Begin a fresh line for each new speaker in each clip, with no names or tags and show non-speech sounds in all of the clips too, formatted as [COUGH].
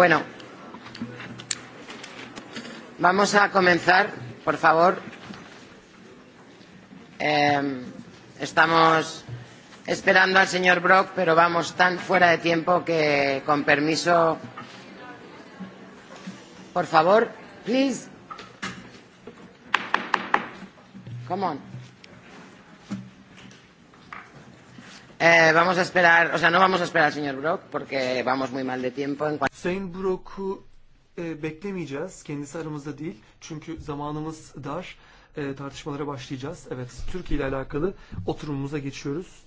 Bueno, vamos a comenzar, por favor. Eh, estamos esperando al señor Brock, pero vamos tan fuera de tiempo que, con permiso, por favor, please. Come on. Eh, vamos a esperar, o sea, no vamos a esperar al señor Brock porque vamos muy mal
de tiempo. En cuanto. Sayın Brok'u e, beklemeyeceğiz. Kendisi aramızda değil. Çünkü zamanımız dar. E, tartışmalara başlayacağız. Evet, Türkiye ile alakalı oturumumuza geçiyoruz.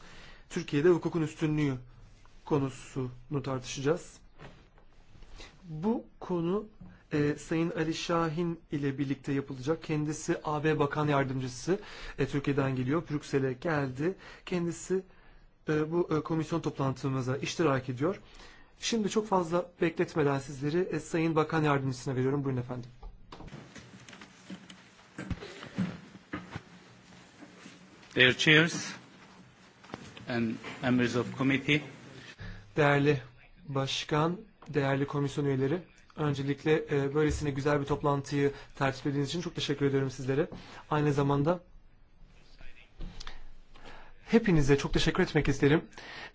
Türkiye'de hukukun üstünlüğü konusunu tartışacağız. Bu konu e, Sayın Ali Şahin ile birlikte yapılacak. Kendisi AB Bakan Yardımcısı e, Türkiye'den geliyor. Brüksel'e geldi. Kendisi e, bu e, komisyon toplantımıza iştirak ediyor. Evet. Şimdi çok fazla bekletmeden sizleri e, Sayın Bakan Yardımcısına veriyorum. Buyurun efendim.
Dear Chairs and members of committee.
Değerli Başkan, değerli komisyon üyeleri, öncelikle e, böylesine güzel bir toplantıyı tertip ettiğiniz için çok teşekkür ediyorum sizlere. Aynı zamanda Hepinize çok teşekkür etmek isterim.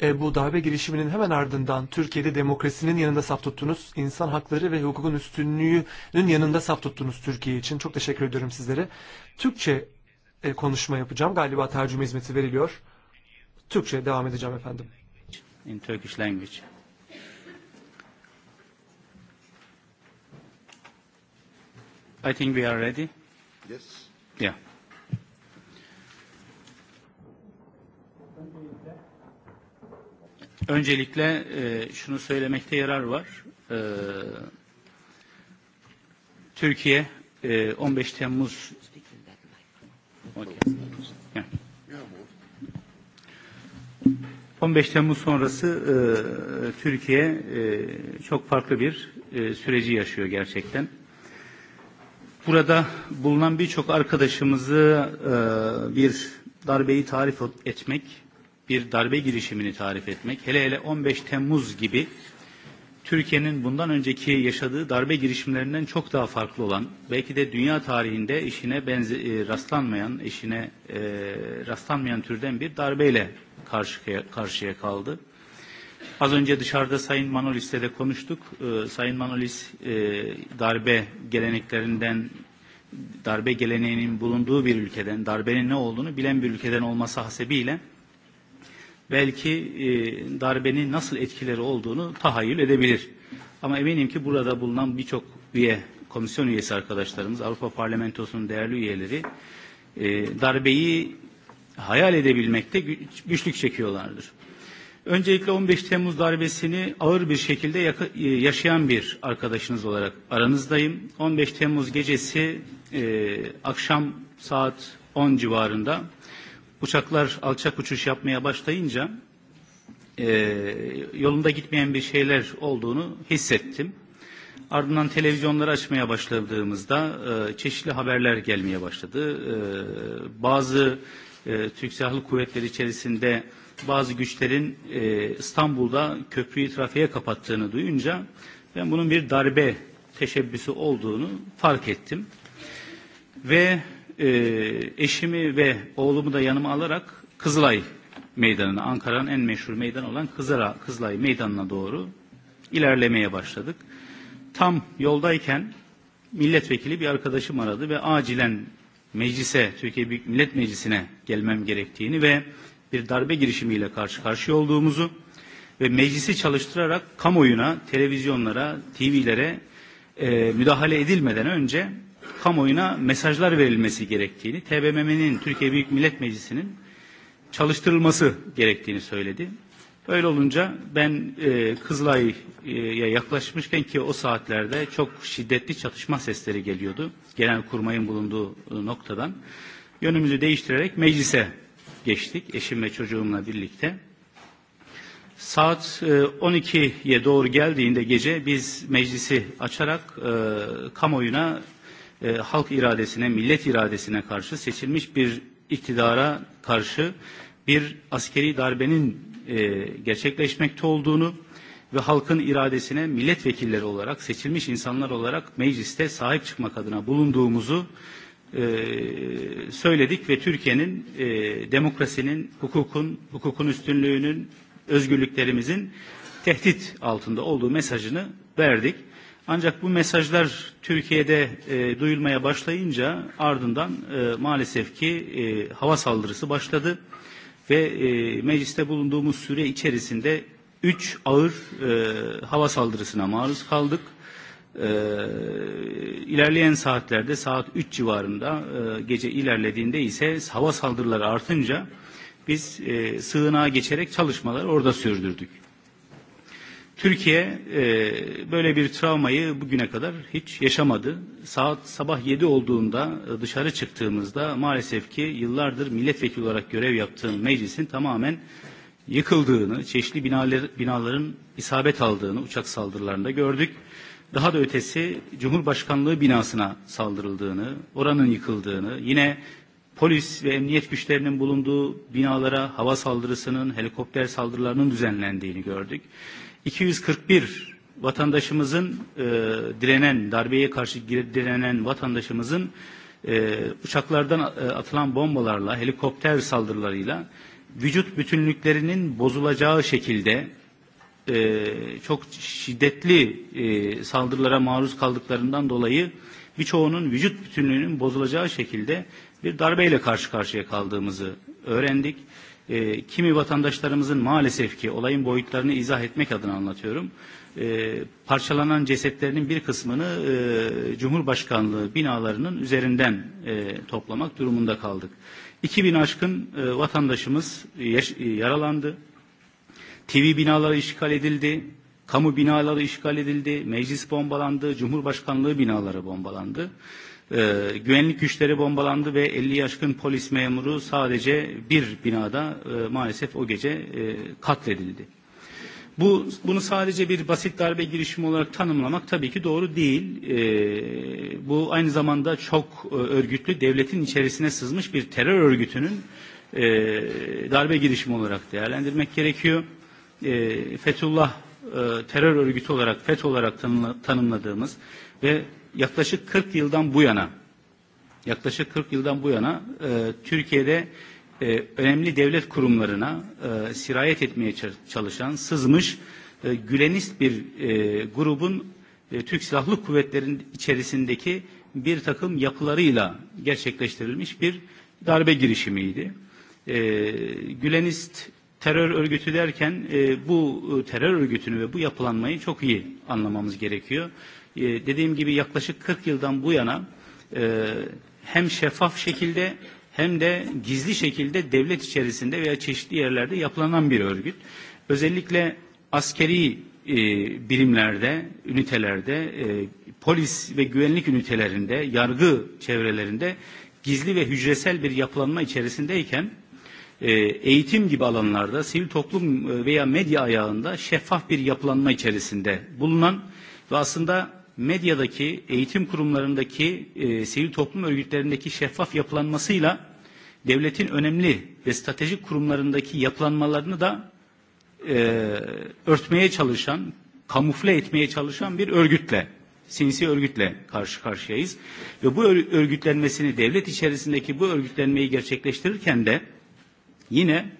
E, bu darbe girişiminin hemen ardından Türkiye'de demokrasinin yanında saf tuttunuz. İnsan hakları ve hukukun üstünlüğünün yanında saf tuttunuz Türkiye için. Çok teşekkür ediyorum sizlere. Türkçe e, konuşma yapacağım. Galiba tercüme hizmeti veriliyor. Türkçe devam edeceğim efendim.
In Turkish language. I think we are ready. Yes. Yeah. Öncelikle e, şunu söylemekte yarar var. E, Türkiye e, 15 Temmuz okay. 15 Temmuz sonrası e, Türkiye e, çok farklı bir e, süreci yaşıyor gerçekten. Burada bulunan birçok arkadaşımızı e, bir darbeyi tarif etmek bir darbe girişimini tarif etmek, hele hele 15 Temmuz gibi Türkiye'nin bundan önceki yaşadığı darbe girişimlerinden çok daha farklı olan, belki de dünya tarihinde işine benze e, rastlanmayan, işine e, rastlanmayan türden bir darbeyle karşıya, karşıya kaldı. Az önce dışarıda Sayın Manolis'le de konuştuk. E, Sayın Manolis e, darbe geleneklerinden, darbe geleneğinin bulunduğu bir ülkeden, darbenin ne olduğunu bilen bir ülkeden olması hasebiyle belki e, darbenin nasıl etkileri olduğunu tahayyül edebilir. Ama eminim ki burada bulunan birçok üye, komisyon üyesi arkadaşlarımız, Avrupa Parlamentosu'nun değerli üyeleri e, darbeyi hayal edebilmekte güç, güçlük çekiyorlardır. Öncelikle 15 Temmuz darbesini ağır bir şekilde e, yaşayan bir arkadaşınız olarak aranızdayım. 15 Temmuz gecesi e, akşam saat 10 civarında uçaklar alçak uçuş yapmaya başlayınca e, yolunda gitmeyen bir şeyler olduğunu hissettim. Ardından televizyonları açmaya başladığımızda e, çeşitli haberler gelmeye başladı. E, bazı e, Türk Silahlı Kuvvetleri içerisinde bazı güçlerin e, İstanbul'da köprüyü trafiğe kapattığını duyunca ben bunun bir darbe teşebbüsü olduğunu fark ettim. Ve E, eşimi ve oğlumu da yanıma alarak Kızılay Meydanı'na, Ankara'nın en meşhur meydanı olan Kızıra, Kızılay Meydanı'na doğru ilerlemeye başladık. Tam yoldayken milletvekili bir arkadaşım aradı ve acilen meclise, Türkiye Büyük Millet Meclisi'ne gelmem gerektiğini ve bir darbe girişimiyle karşı karşıya olduğumuzu ve meclisi çalıştırarak kamuoyuna, televizyonlara, TV'lere e, müdahale edilmeden önce kamuoyuna mesajlar verilmesi gerektiğini, TBMM'nin Türkiye Büyük Millet Meclisi'nin çalıştırılması gerektiğini söyledi. Öyle olunca ben e, Kızılay'a yaklaşmışken ki o saatlerde çok şiddetli çatışma sesleri geliyordu. Genel kurmayın bulunduğu noktadan. Yönümüzü değiştirerek meclise geçtik eşim ve çocuğumla birlikte. Saat 12'ye e, doğru geldiğinde gece biz meclisi açarak e, kamuoyuna e, halk iradesine, millet iradesine karşı seçilmiş bir iktidara karşı bir askeri darbenin e, gerçekleşmekte olduğunu ve halkın iradesine milletvekilleri olarak, seçilmiş insanlar olarak mecliste sahip çıkmak adına bulunduğumuzu e, söyledik ve Türkiye'nin e, demokrasinin, hukukun, hukukun üstünlüğünün, özgürlüklerimizin tehdit altında olduğu mesajını verdik. Ancak bu mesajlar Türkiye'de e, duyulmaya başlayınca ardından e, maalesef ki e, hava saldırısı başladı ve e, mecliste bulunduğumuz süre içerisinde 3 ağır e, hava saldırısına maruz kaldık. E, i̇lerleyen saatlerde saat 3 civarında e, gece ilerlediğinde ise hava saldırıları artınca biz e, sığınağa geçerek çalışmaları orada sürdürdük. Türkiye e, böyle bir travmayı bugüne kadar hiç yaşamadı. Saat sabah 7 olduğunda dışarı çıktığımızda maalesef ki yıllardır milletvekili olarak görev yaptığım meclisin tamamen yıkıldığını, çeşitli binalar, binaların isabet aldığını uçak saldırılarında gördük. Daha da ötesi Cumhurbaşkanlığı binasına saldırıldığını, oranın yıkıldığını, yine polis ve emniyet güçlerinin bulunduğu binalara hava saldırısının, helikopter saldırılarının düzenlendiğini gördük. 241 vatandaşımızın e, direnen, darbeye karşı direnen vatandaşımızın e, uçaklardan e, atılan bombalarla, helikopter saldırılarıyla vücut bütünlüklerinin bozulacağı şekilde e, çok şiddetli e, saldırılara maruz kaldıklarından dolayı birçoğunun vücut bütünlüğünün bozulacağı şekilde bir darbeyle karşı karşıya kaldığımızı öğrendik e, kimi vatandaşlarımızın maalesef ki olayın boyutlarını izah etmek adına anlatıyorum. E, parçalanan cesetlerinin bir kısmını e, Cumhurbaşkanlığı binalarının üzerinden e, toplamak durumunda kaldık. 2000 aşkın e, vatandaşımız e, yaş, e, yaralandı. TV binaları işgal edildi. Kamu binaları işgal edildi. Meclis bombalandı. Cumhurbaşkanlığı binaları bombalandı. Ee, güvenlik güçleri bombalandı ve 50 yaşkın polis memuru sadece bir binada e, maalesef o gece e, katledildi. Bu, bunu sadece bir basit darbe girişimi olarak tanımlamak tabii ki doğru değil. E, bu aynı zamanda çok e, örgütlü devletin içerisine sızmış bir terör örgütünün e, darbe girişimi olarak değerlendirmek gerekiyor. E, Fethullah e, terör örgütü olarak, FETÖ olarak tanımladığımız ve yaklaşık 40 yıldan bu yana yaklaşık 40 yıldan bu yana e, Türkiye'de e, önemli devlet kurumlarına e, sirayet etmeye çalışan, sızmış, e, gülenist bir e, grubun e, Türk Silahlı Kuvvetleri'nin içerisindeki bir takım yapılarıyla gerçekleştirilmiş bir darbe girişimiydi. E, gülenist terör örgütü derken e, bu e, terör örgütünü ve bu yapılanmayı çok iyi anlamamız gerekiyor dediğim gibi yaklaşık 40 yıldan bu yana e, hem şeffaf şekilde hem de gizli şekilde devlet içerisinde veya çeşitli yerlerde yapılanan bir örgüt. Özellikle askeri e, birimlerde, ünitelerde, e, polis ve güvenlik ünitelerinde, yargı çevrelerinde gizli ve hücresel bir yapılanma içerisindeyken e, eğitim gibi alanlarda, sivil toplum e, veya medya ayağında şeffaf bir yapılanma içerisinde bulunan ve aslında medyadaki, eğitim kurumlarındaki, e, sivil toplum örgütlerindeki şeffaf yapılanmasıyla devletin önemli ve stratejik kurumlarındaki yapılanmalarını da e, örtmeye çalışan, kamufle etmeye çalışan bir örgütle, sinsi örgütle karşı karşıyayız. Ve bu örgütlenmesini, devlet içerisindeki bu örgütlenmeyi gerçekleştirirken de yine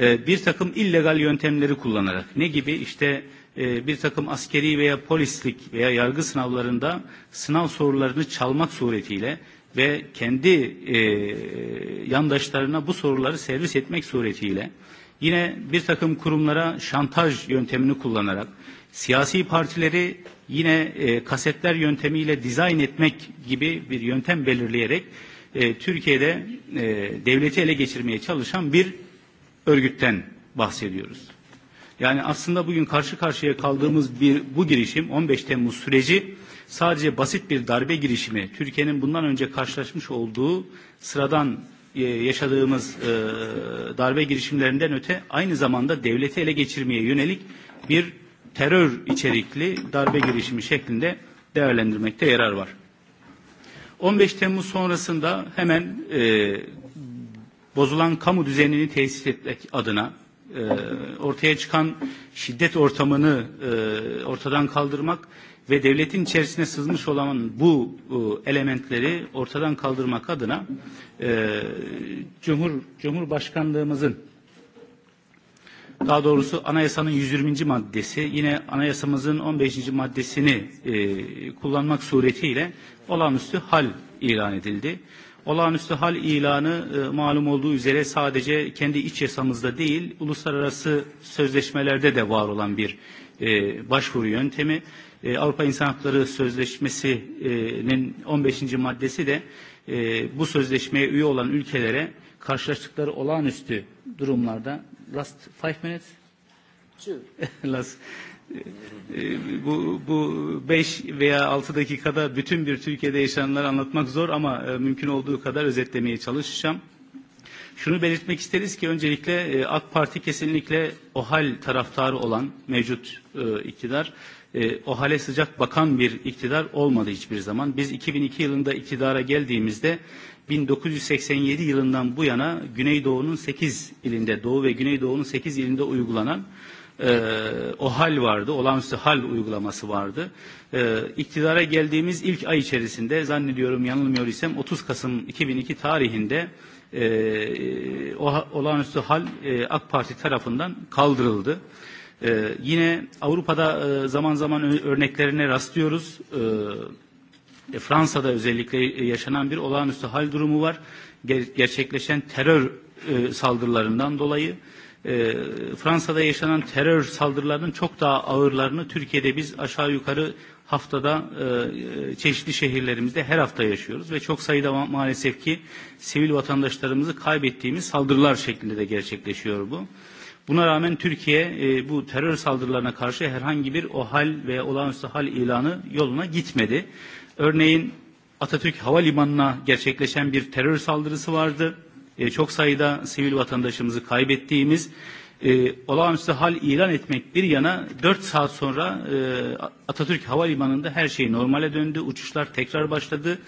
e, bir takım illegal yöntemleri kullanarak, ne gibi işte E, bir takım askeri veya polislik veya yargı sınavlarında sınav sorularını çalmak suretiyle ve kendi e, yandaşlarına bu soruları servis etmek suretiyle yine bir takım kurumlara şantaj yöntemini kullanarak siyasi partileri yine e, kasetler yöntemiyle dizayn etmek gibi bir yöntem belirleyerek e, Türkiye'de e, devleti ele geçirmeye çalışan bir örgütten bahsediyoruz. Yani aslında bugün karşı karşıya kaldığımız bir bu girişim 15 Temmuz süreci sadece basit bir darbe girişimi, Türkiye'nin bundan önce karşılaşmış olduğu sıradan e, yaşadığımız e, darbe girişimlerinden öte aynı zamanda devleti ele geçirmeye yönelik bir terör içerikli darbe girişimi şeklinde değerlendirmekte yarar var. 15 Temmuz sonrasında hemen e, bozulan kamu düzenini tesis etmek adına E, ortaya çıkan şiddet ortamını e, ortadan kaldırmak ve devletin içerisine sızmış olan bu e, elementleri ortadan kaldırmak adına Cumhur Cumhurbaşkanlığımızın daha doğrusu anayasanın 120. maddesi yine anayasamızın 15. maddesini e, kullanmak suretiyle olağanüstü hal ilan edildi olağanüstü hal ilanı e, malum olduğu üzere sadece kendi iç yasamızda değil, uluslararası sözleşmelerde de var olan bir e, başvuru yöntemi. E, Avrupa İnsan Hakları Sözleşmesi'nin 15. maddesi de e, bu sözleşmeye üye olan ülkelere karşılaştıkları olağanüstü durumlarda last five minutes two [LAUGHS] last bu, bu 5 veya 6 dakikada bütün bir Türkiye'de yaşananları anlatmak zor ama e, mümkün olduğu kadar özetlemeye çalışacağım. Şunu belirtmek isteriz ki öncelikle e, AK Parti kesinlikle OHAL taraftarı olan mevcut e, iktidar. OHAL'e sıcak bakan bir iktidar olmadı hiçbir zaman. Biz 2002 yılında iktidara geldiğimizde 1987 yılından bu yana Güneydoğu'nun 8 ilinde, Doğu ve Güneydoğu'nun 8 ilinde uygulanan e, o hal vardı, olağanüstü hal uygulaması vardı. E, iktidara geldiğimiz ilk ay içerisinde zannediyorum yanılmıyor isem 30 Kasım 2002 tarihinde e, o, olağanüstü hal e, AK Parti tarafından kaldırıldı. E, yine Avrupa'da e, zaman zaman örneklerine rastlıyoruz. E, e, Fransa'da özellikle yaşanan bir olağanüstü hal durumu var. Ger gerçekleşen terör e, saldırılarından dolayı e, Fransa'da yaşanan terör saldırılarının çok daha ağırlarını Türkiye'de biz aşağı yukarı haftada e, e, çeşitli şehirlerimizde her hafta yaşıyoruz ve çok sayıda ma maalesef ki sivil vatandaşlarımızı kaybettiğimiz saldırılar şeklinde de gerçekleşiyor bu. Buna rağmen Türkiye e, bu terör saldırılarına karşı herhangi bir OHAL ve olağanüstü hal ilanı yoluna gitmedi. Örneğin Atatürk Havalimanı'na gerçekleşen bir terör saldırısı vardı e, çok sayıda sivil vatandaşımızı kaybettiğimiz e, olağanüstü hal ilan etmek bir yana 4 saat sonra e, Atatürk Havalimanı'nda her şey normale döndü. Uçuşlar tekrar başladı.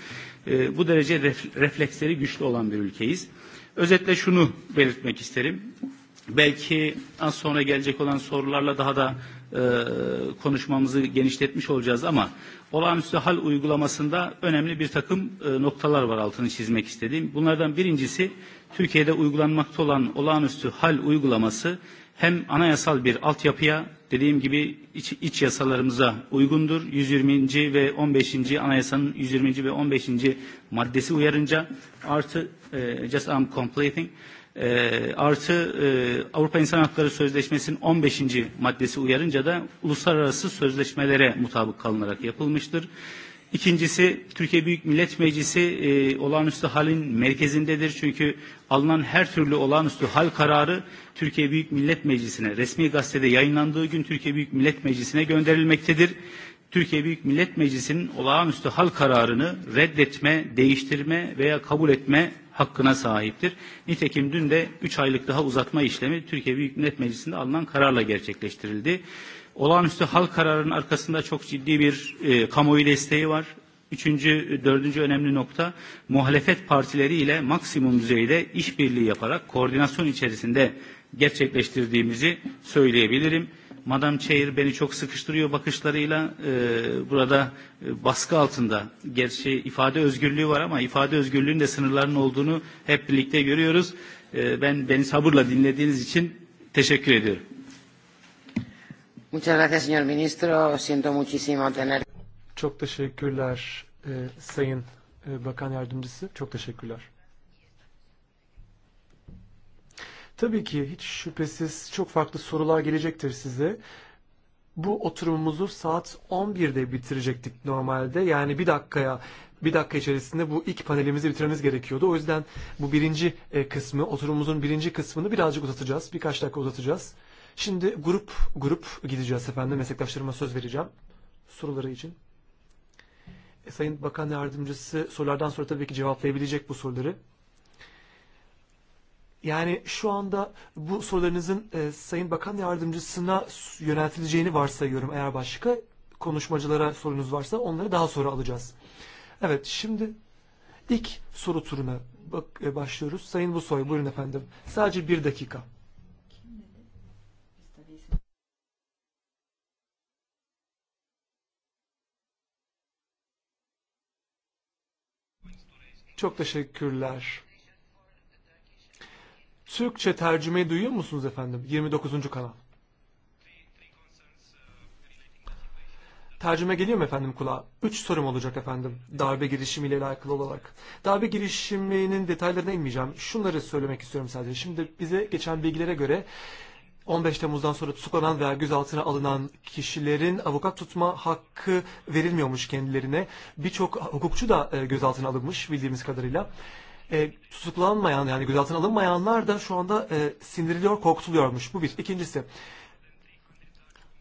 E, bu derece ref, refleksleri güçlü olan bir ülkeyiz. Özetle şunu belirtmek isterim belki az sonra gelecek olan sorularla daha da e, konuşmamızı genişletmiş olacağız ama olağanüstü hal uygulamasında önemli bir takım e, noktalar var altını çizmek istediğim. Bunlardan birincisi Türkiye'de uygulanmakta olan olağanüstü hal uygulaması hem anayasal bir altyapıya dediğim gibi iç, iç yasalarımıza uygundur. 120. ve 15. anayasanın 120. ve 15. maddesi uyarınca artı e, just I'm completing E, artı e, Avrupa İnsan Hakları Sözleşmesi'nin 15. maddesi uyarınca da uluslararası sözleşmelere mutabık kalınarak yapılmıştır. İkincisi Türkiye Büyük Millet Meclisi e, olağanüstü halin merkezindedir. Çünkü alınan her türlü olağanüstü hal kararı Türkiye Büyük Millet Meclisi'ne resmi gazetede yayınlandığı gün Türkiye Büyük Millet Meclisi'ne gönderilmektedir. Türkiye Büyük Millet Meclisi'nin olağanüstü hal kararını reddetme, değiştirme veya kabul etme hakkına sahiptir. Nitekim dün de 3 aylık daha uzatma işlemi Türkiye Büyük Millet Meclisi'nde alınan kararla gerçekleştirildi. Olağanüstü halk kararının arkasında çok ciddi bir e, kamuoyu desteği var. Üçüncü, dördüncü önemli nokta muhalefet partileriyle maksimum düzeyde işbirliği yaparak koordinasyon içerisinde gerçekleştirdiğimizi söyleyebilirim. Madam Chair beni çok sıkıştırıyor bakışlarıyla e, burada e, baskı altında. Gerçi ifade özgürlüğü var ama ifade özgürlüğünün de sınırlarının olduğunu hep birlikte görüyoruz. E, ben beni sabırla dinlediğiniz için teşekkür ediyorum.
Muchas gracias, señor ministro. Siento muchísimo tener...
Çok teşekkürler e, Sayın e, Bakan Yardımcısı. Çok teşekkürler. Tabii ki hiç şüphesiz çok farklı sorular gelecektir size. Bu oturumumuzu saat 11'de bitirecektik normalde. Yani bir dakikaya bir dakika içerisinde bu ilk panelimizi bitirmemiz gerekiyordu. O yüzden bu birinci e, kısmı, oturumumuzun birinci kısmını birazcık uzatacağız. Birkaç dakika uzatacağız. Şimdi grup grup gideceğiz efendim. Meslektaşlarıma söz vereceğim soruları için. E, Sayın Bakan Yardımcısı sorulardan sonra tabii ki cevaplayabilecek bu soruları. Yani şu anda bu sorularınızın e, Sayın Bakan Yardımcısına yöneltileceğini varsayıyorum. Eğer başka konuşmacılara sorunuz varsa onları daha sonra alacağız. Evet şimdi ilk soru turuna bak, e, başlıyoruz. Sayın Busoy buyurun efendim. Sadece bir dakika. Çok teşekkürler. Türkçe tercümeyi duyuyor musunuz efendim? 29. kanal. Tercüme geliyor mu efendim kulağa? Üç sorum olacak efendim darbe girişimiyle alakalı olarak. Darbe girişiminin detaylarına inmeyeceğim. Şunları söylemek istiyorum sadece. Şimdi bize geçen bilgilere göre 15 Temmuz'dan sonra tutuklanan veya gözaltına alınan kişilerin avukat tutma hakkı verilmiyormuş kendilerine. Birçok hukukçu da e, gözaltına alınmış bildiğimiz kadarıyla e, tutuklanmayan yani gözaltına alınmayanlar da şu anda e, sindiriliyor, korkutuluyormuş. Bu bir. İkincisi,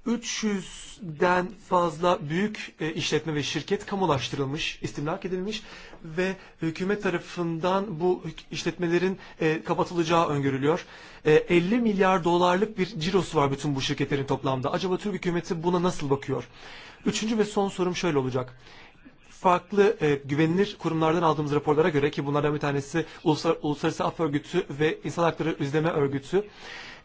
300'den fazla büyük e, işletme ve şirket kamulaştırılmış, istimlak edilmiş ve hükümet tarafından bu işletmelerin e, kapatılacağı öngörülüyor. E, 50 milyar dolarlık bir cirosu var bütün bu şirketlerin toplamda. Acaba Türk hükümeti buna nasıl bakıyor? Üçüncü ve son sorum şöyle olacak farklı e, güvenilir kurumlardan aldığımız raporlara göre ki bunlardan bir tanesi Uluslar, Uluslararası Af Örgütü ve İnsan Hakları İzleme Örgütü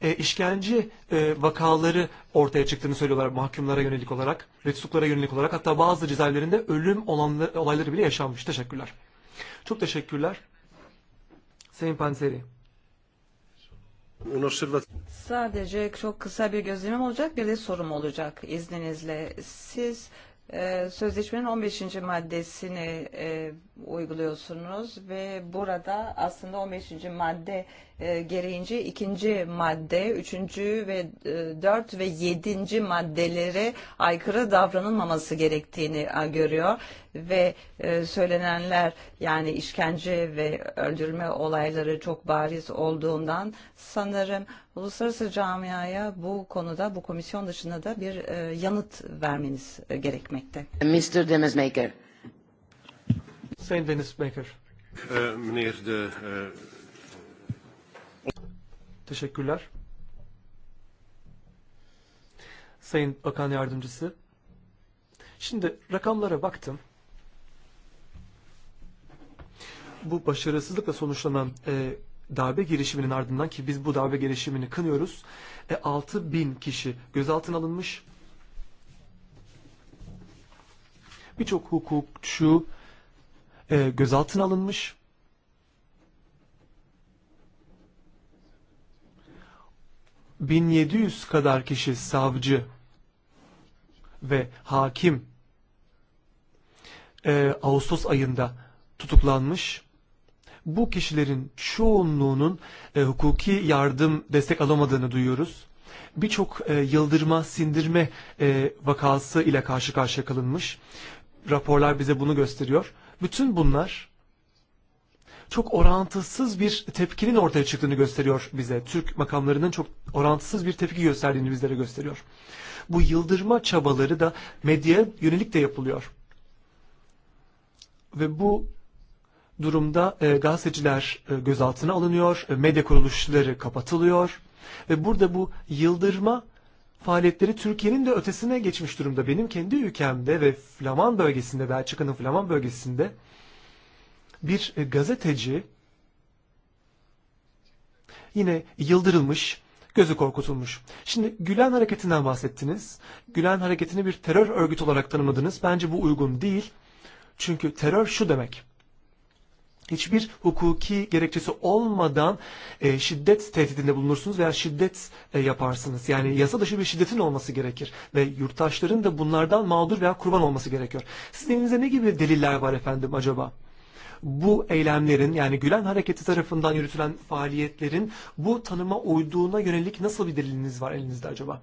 e, işkence e, vakaları ortaya çıktığını söylüyorlar mahkumlara yönelik olarak ve tutuklara yönelik olarak hatta bazı cezaevlerinde ölüm olanlar, olayları bile yaşanmış. Teşekkürler. Çok teşekkürler. Sayın Panseri.
Sadece çok kısa bir gözlemim olacak, bir de sorum olacak izninizle. Siz Sözleşmenin 15. maddesini e, uyguluyorsunuz ve burada aslında 15. madde gerinci ikinci madde, üçüncü ve e, dört ve yedinci maddelere aykırı davranılmaması gerektiğini görüyor ve e, söylenenler yani işkence ve öldürme olayları çok bariz olduğundan sanırım uluslararası camiaya bu konuda bu komisyon dışında da bir e, yanıt vermeniz gerekmekte.
Mr. Demesmaker. Sayın Demesmaker.
Uh, eh, meneer de uh,
Teşekkürler. Sayın Bakan Yardımcısı. Şimdi rakamlara baktım. Bu başarısızlıkla sonuçlanan e, darbe girişiminin ardından ki biz bu darbe girişimini kınıyoruz. E, 6 bin kişi gözaltına alınmış. Birçok hukukçu e, gözaltına alınmış. 1700 kadar kişi savcı ve hakim e, Ağustos ayında tutuklanmış. Bu kişilerin çoğunluğunun e, hukuki yardım destek alamadığını duyuyoruz. Birçok e, yıldırma, sindirme e, vakası ile karşı karşıya kalınmış. Raporlar bize bunu gösteriyor. Bütün bunlar çok orantısız bir tepkinin ortaya çıktığını gösteriyor bize. Türk makamlarının çok orantısız bir tepki gösterdiğini bizlere gösteriyor. Bu yıldırma çabaları da medya yönelik de yapılıyor. Ve bu durumda e, gazeteciler e, gözaltına alınıyor, e, medya kuruluşları kapatılıyor ve burada bu yıldırma faaliyetleri Türkiye'nin de ötesine geçmiş durumda. Benim kendi ülkemde ve Flaman bölgesinde, Belçika'nın Flaman bölgesinde bir gazeteci yine yıldırılmış, gözü korkutulmuş. Şimdi Gülen hareketinden bahsettiniz. Gülen hareketini bir terör örgütü olarak tanımladınız. Bence bu uygun değil. Çünkü terör şu demek. Hiçbir hukuki gerekçesi olmadan e, şiddet tehdidinde bulunursunuz veya şiddet e, yaparsınız. Yani yasa dışı bir şiddetin olması gerekir ve yurttaşların da bunlardan mağdur veya kurban olması gerekiyor. Sizin elinizde ne gibi deliller var efendim acaba? Bu eylemlerin yani Gülen Hareketi tarafından yürütülen faaliyetlerin bu tanıma uyduğuna yönelik nasıl bir deliliniz var elinizde acaba?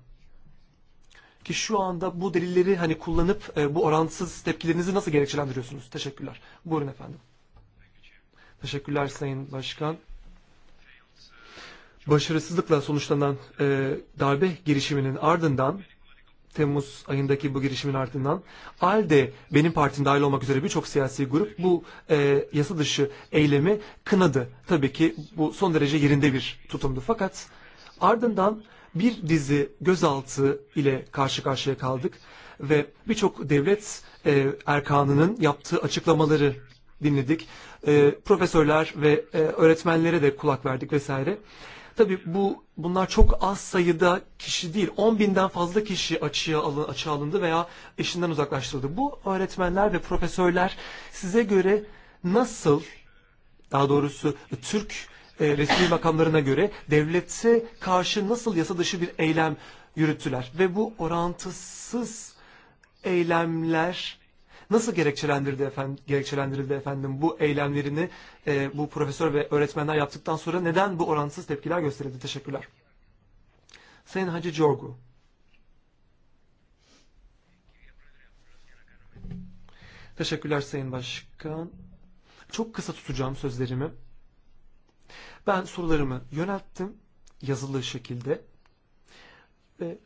Ki şu anda bu delilleri hani kullanıp e, bu orantısız tepkilerinizi nasıl gerekçelendiriyorsunuz? Teşekkürler. Buyurun efendim. Teşekkürler Sayın Başkan başarısızlıkla sonuçlanan e, darbe girişiminin ardından Temmuz ayındaki bu girişimin ardından ALDE benim partim dahil olmak üzere birçok siyasi grup bu e, eh, yasa dışı eylemi kınadı. Tabii ki bu son derece yerinde bir tutumdu fakat ardından bir dizi gözaltı ile karşı karşıya kaldık ve birçok devlet e, erkanının yaptığı açıklamaları dinledik. E, profesörler ve e, öğretmenlere de kulak verdik vesaire. Tabii bu bunlar çok az sayıda kişi değil, 10 binden fazla kişi açığa, alın, açığa alındı veya işinden uzaklaştırıldı. Bu öğretmenler ve profesörler size göre nasıl, daha doğrusu Türk e, resmi makamlarına göre devlete karşı nasıl yasa dışı bir eylem yürüttüler? Ve bu orantısız eylemler Nasıl gerekçelendirdi efendim, gerekçelendirildi efendim bu eylemlerini e, bu profesör ve öğretmenler yaptıktan sonra neden bu oransız tepkiler gösterildi? Teşekkürler. Sayın Hacı Corgu. Teşekkürler Sayın Başkan. Çok kısa tutacağım sözlerimi. Ben sorularımı yönelttim yazılı şekilde ve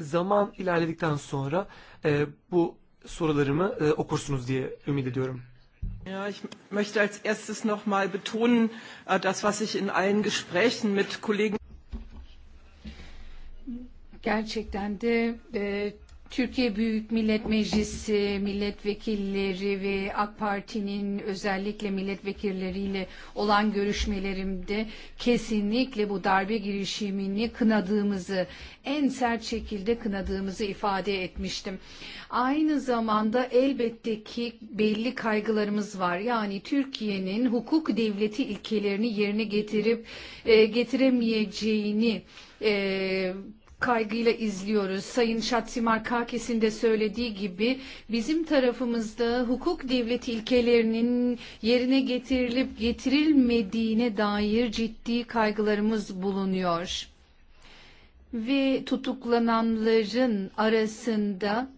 zaman ilerledikten sonra e, bu sorularımı e, okursunuz diye ümit ediyorum.
Ja, ich möchte als erstes noch mal betonen, äh, das, was ich in allen Gesprächen mit Kollegen
Gerçekten de e, Türkiye Büyük Millet Meclisi milletvekilleri ve AK Parti'nin özellikle milletvekilleriyle olan görüşmelerimde kesinlikle bu darbe girişimini kınadığımızı, en sert şekilde kınadığımızı ifade etmiştim. Aynı zamanda elbette ki belli kaygılarımız var. Yani Türkiye'nin hukuk devleti ilkelerini yerine getirip e, getiremeyeceğini e, kaygıyla izliyoruz. Sayın Şatsimarkakis'in de söylediği gibi bizim tarafımızda hukuk devleti ilkelerinin yerine getirilip getirilmediğine dair ciddi kaygılarımız bulunuyor. Ve tutuklananların arasında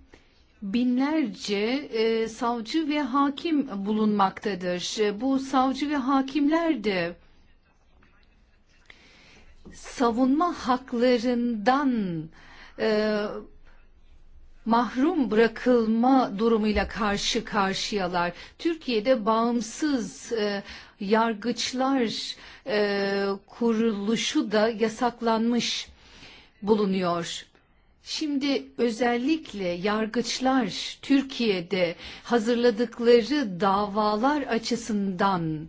binlerce e, savcı ve hakim bulunmaktadır. Bu savcı ve hakimler de savunma haklarından e, mahrum bırakılma durumuyla karşı karşıyalar. Türkiye'de bağımsız e, yargıçlar e, kuruluşu da yasaklanmış bulunuyor. Şimdi özellikle yargıçlar Türkiye'de hazırladıkları davalar açısından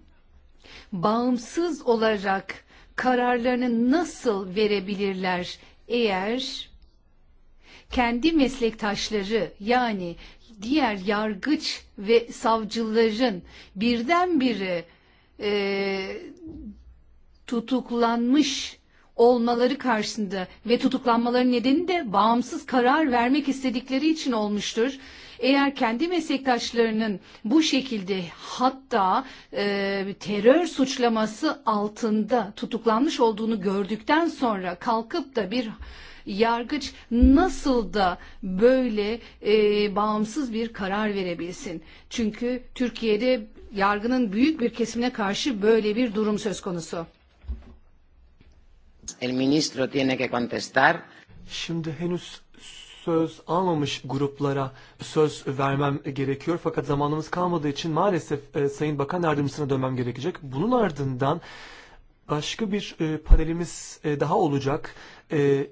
bağımsız olarak kararlarını nasıl verebilirler eğer kendi meslektaşları yani diğer yargıç ve savcıların birdenbire e, tutuklanmış olmaları karşısında ve tutuklanmaların nedeni de bağımsız karar vermek istedikleri için olmuştur. Eğer kendi meslektaşlarının bu şekilde hatta e, terör suçlaması altında tutuklanmış olduğunu gördükten sonra kalkıp da bir yargıç nasıl da böyle e, bağımsız bir karar verebilsin? Çünkü Türkiye'de yargının büyük bir kesimine karşı böyle bir durum söz konusu.
El ministro tiene que contestar.
Şimdi henüz söz almamış gruplara söz vermem gerekiyor. Fakat zamanımız kalmadığı için maalesef e, Sayın Bakan Yardımcısına dönmem gerekecek. Bunun ardından başka bir e, panelimiz e, daha olacak. E,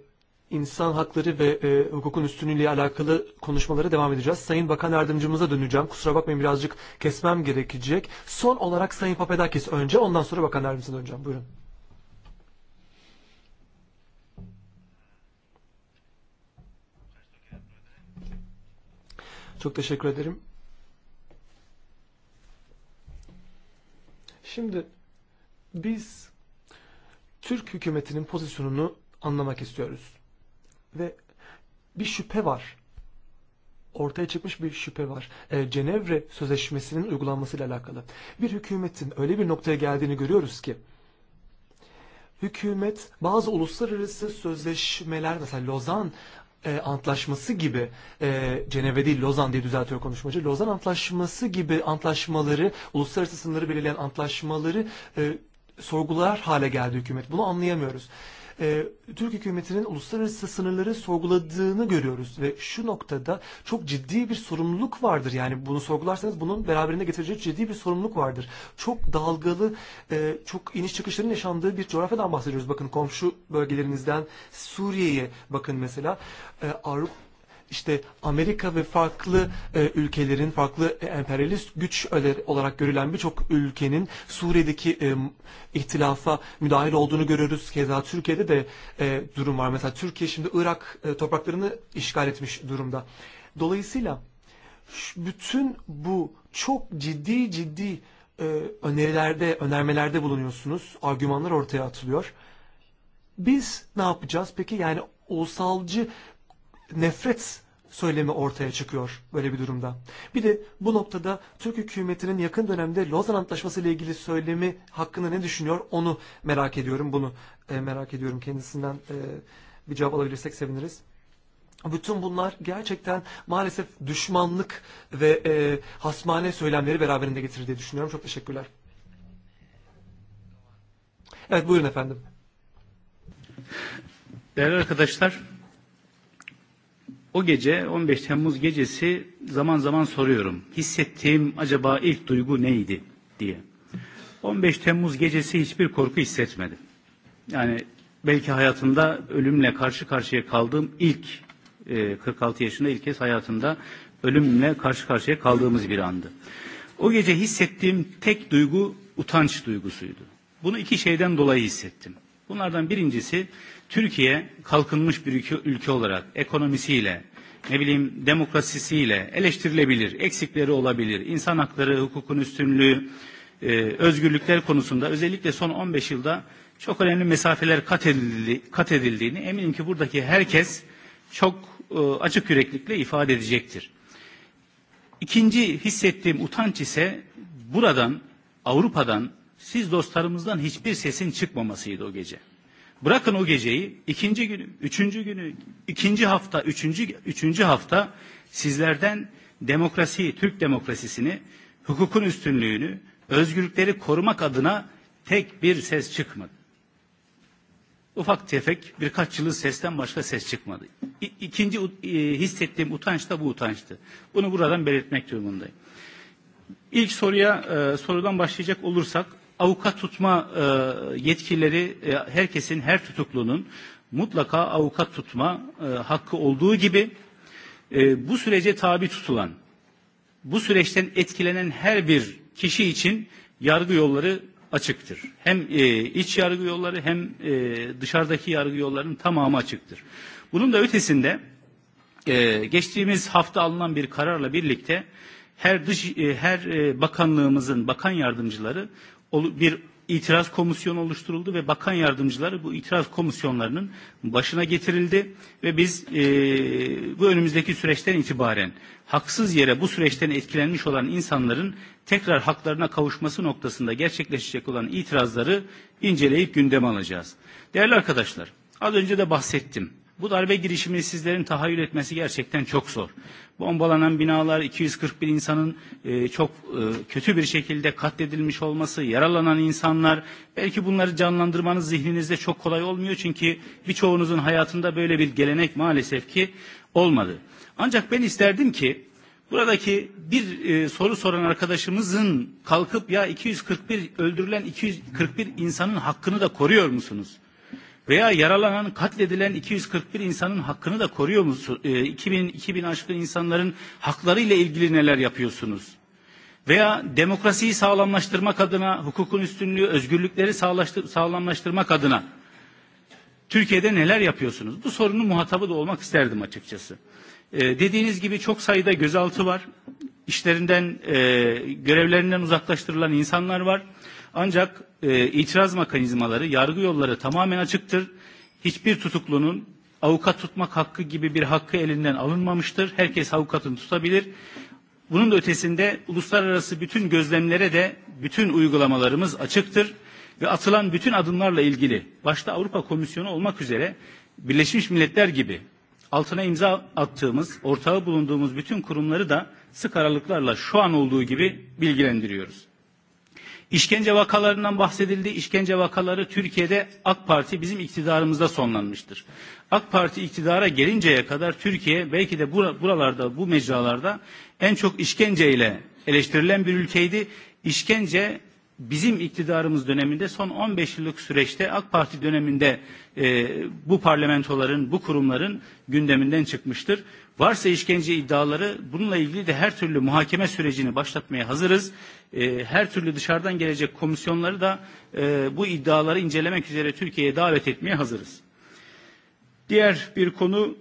insan hakları ve e, hukukun üstünlüğüyle alakalı konuşmalara devam edeceğiz. Sayın Bakan Yardımcımıza döneceğim. Kusura bakmayın birazcık kesmem gerekecek. Son olarak Sayın Papadakis önce ondan sonra Bakan Yardımcısına döneceğim. Buyurun. Çok teşekkür ederim. Şimdi biz Türk hükümetinin pozisyonunu anlamak istiyoruz. Ve bir şüphe var. Ortaya çıkmış bir şüphe var. E, Cenevre Sözleşmesi'nin uygulanmasıyla alakalı. Bir hükümetin öyle bir noktaya geldiğini görüyoruz ki hükümet bazı uluslararası sözleşmeler mesela Lozan antlaşması gibi e, Ceneve değil Lozan diye düzeltiyor konuşmacı. Lozan antlaşması gibi antlaşmaları, uluslararası sınırları belirleyen antlaşmaları e, sorgular hale geldi hükümet. Bunu anlayamıyoruz e, Türk hükümetinin uluslararası sınırları sorguladığını görüyoruz ve şu noktada çok ciddi bir sorumluluk vardır. Yani bunu sorgularsanız bunun beraberinde getireceği ciddi bir sorumluluk vardır. Çok dalgalı, e, çok iniş çıkışların yaşandığı bir coğrafyadan bahsediyoruz. Bakın komşu bölgelerinizden Suriye'ye bakın mesela e, Avrupa işte Amerika ve farklı e, ülkelerin farklı e, emperyalist güç olarak görülen birçok ülkenin Suriye'deki e, ihtilafa müdahil olduğunu görüyoruz. Keza Türkiye'de de e, durum var. Mesela Türkiye şimdi Irak e, topraklarını işgal etmiş durumda. Dolayısıyla bütün bu çok ciddi ciddi e, önerilerde, önermelerde bulunuyorsunuz. Argümanlar ortaya atılıyor. Biz ne yapacağız peki? Yani ulusalcı nefret söylemi ortaya çıkıyor böyle bir durumda. Bir de bu noktada Türk hükümetinin yakın dönemde Lozan Antlaşması ile ilgili söylemi hakkında ne düşünüyor onu merak ediyorum. Bunu e, merak ediyorum kendisinden e, bir cevap alabilirsek seviniriz. Bütün bunlar gerçekten maalesef düşmanlık ve e, hasmane söylemleri beraberinde getirir diye düşünüyorum. Çok teşekkürler. Evet buyurun efendim.
Değerli arkadaşlar, O gece 15 Temmuz gecesi zaman zaman soruyorum. Hissettiğim acaba ilk duygu neydi diye. 15 Temmuz gecesi hiçbir korku hissetmedim. Yani belki hayatımda ölümle karşı karşıya kaldığım ilk 46 e, yaşında ilk kez hayatımda ölümle karşı karşıya kaldığımız bir andı. O gece hissettiğim tek duygu utanç duygusuydu. Bunu iki şeyden dolayı hissettim. Bunlardan birincisi Türkiye kalkınmış bir ülke, ülke olarak ekonomisiyle, ne bileyim demokrasisiyle eleştirilebilir, eksikleri olabilir, insan hakları, hukukun üstünlüğü, e, özgürlükler konusunda özellikle son 15 yılda çok önemli mesafeler kat, edildi, kat edildiğini eminim ki buradaki herkes çok e, açık yüreklikle ifade edecektir. İkinci hissettiğim utanç ise buradan, Avrupa'dan, siz dostlarımızdan hiçbir sesin çıkmamasıydı o gece. Bırakın o geceyi ikinci günü, üçüncü günü, ikinci hafta, üçüncü, üçüncü hafta sizlerden demokrasiyi, Türk demokrasisini, hukukun üstünlüğünü, özgürlükleri korumak adına tek bir ses çıkmadı. Ufak tefek birkaç yıllık sesten başka ses çıkmadı. İ ikinci e, hissettiğim utanç da bu utançtı. Bunu buradan belirtmek durumundayım. İlk soruya e, sorudan başlayacak olursak avukat tutma e, yetkileri e, herkesin, her tutuklunun mutlaka avukat tutma e, hakkı olduğu gibi e, bu sürece tabi tutulan, bu süreçten etkilenen her bir kişi için yargı yolları açıktır. Hem e, iç yargı yolları hem e, dışarıdaki yargı yollarının tamamı açıktır. Bunun da ötesinde e, geçtiğimiz hafta alınan bir kararla birlikte her dış e, her e, bakanlığımızın bakan yardımcıları bir itiraz komisyonu oluşturuldu ve bakan yardımcıları bu itiraz komisyonlarının başına getirildi ve biz e, bu önümüzdeki süreçten itibaren haksız yere bu süreçten etkilenmiş olan insanların tekrar haklarına kavuşması noktasında gerçekleşecek olan itirazları inceleyip gündeme alacağız. Değerli arkadaşlar, az önce de bahsettim. Bu darbe girişimini sizlerin tahayyül etmesi gerçekten çok zor. Bombalanan binalar, 241 insanın e, çok e, kötü bir şekilde katledilmiş olması, yaralanan insanlar, belki bunları canlandırmanız zihninizde çok kolay olmuyor çünkü birçoğunuzun hayatında böyle bir gelenek maalesef ki olmadı. Ancak ben isterdim ki buradaki bir e, soru soran arkadaşımızın kalkıp ya 241 öldürülen 241 insanın hakkını da koruyor musunuz? veya yaralanan, katledilen 241 insanın hakkını da koruyor musunuz? E, 2000, 2000 aşkın insanların haklarıyla ilgili neler yapıyorsunuz? Veya demokrasiyi sağlamlaştırmak adına, hukukun üstünlüğü, özgürlükleri sağlamlaştırmak adına Türkiye'de neler yapıyorsunuz? Bu sorunun muhatabı da olmak isterdim açıkçası. E, dediğiniz gibi çok sayıda gözaltı var. İşlerinden, e, görevlerinden uzaklaştırılan insanlar var. Ancak e, itiraz mekanizmaları yargı yolları tamamen açıktır. Hiçbir tutuklunun avukat tutmak hakkı gibi bir hakkı elinden alınmamıştır. Herkes avukatını tutabilir. Bunun da ötesinde uluslararası bütün gözlemlere de bütün uygulamalarımız açıktır ve atılan bütün adımlarla ilgili başta Avrupa Komisyonu olmak üzere Birleşmiş Milletler gibi altına imza attığımız, ortağı bulunduğumuz bütün kurumları da sık aralıklarla şu an olduğu gibi bilgilendiriyoruz. İşkence vakalarından bahsedildi. İşkence vakaları Türkiye'de AK Parti bizim iktidarımızda sonlanmıştır. AK Parti iktidara gelinceye kadar Türkiye belki de buralarda, bu mecralarda en çok işkenceyle eleştirilen bir ülkeydi. İşkence bizim iktidarımız döneminde son 15 yıllık süreçte AK Parti döneminde e, bu parlamentoların, bu kurumların gündeminden çıkmıştır. Varsa işkence iddiaları bununla ilgili de her türlü muhakeme sürecini başlatmaya hazırız. E, her türlü dışarıdan gelecek komisyonları da e, bu iddiaları incelemek üzere Türkiye'ye davet etmeye hazırız. Diğer bir konu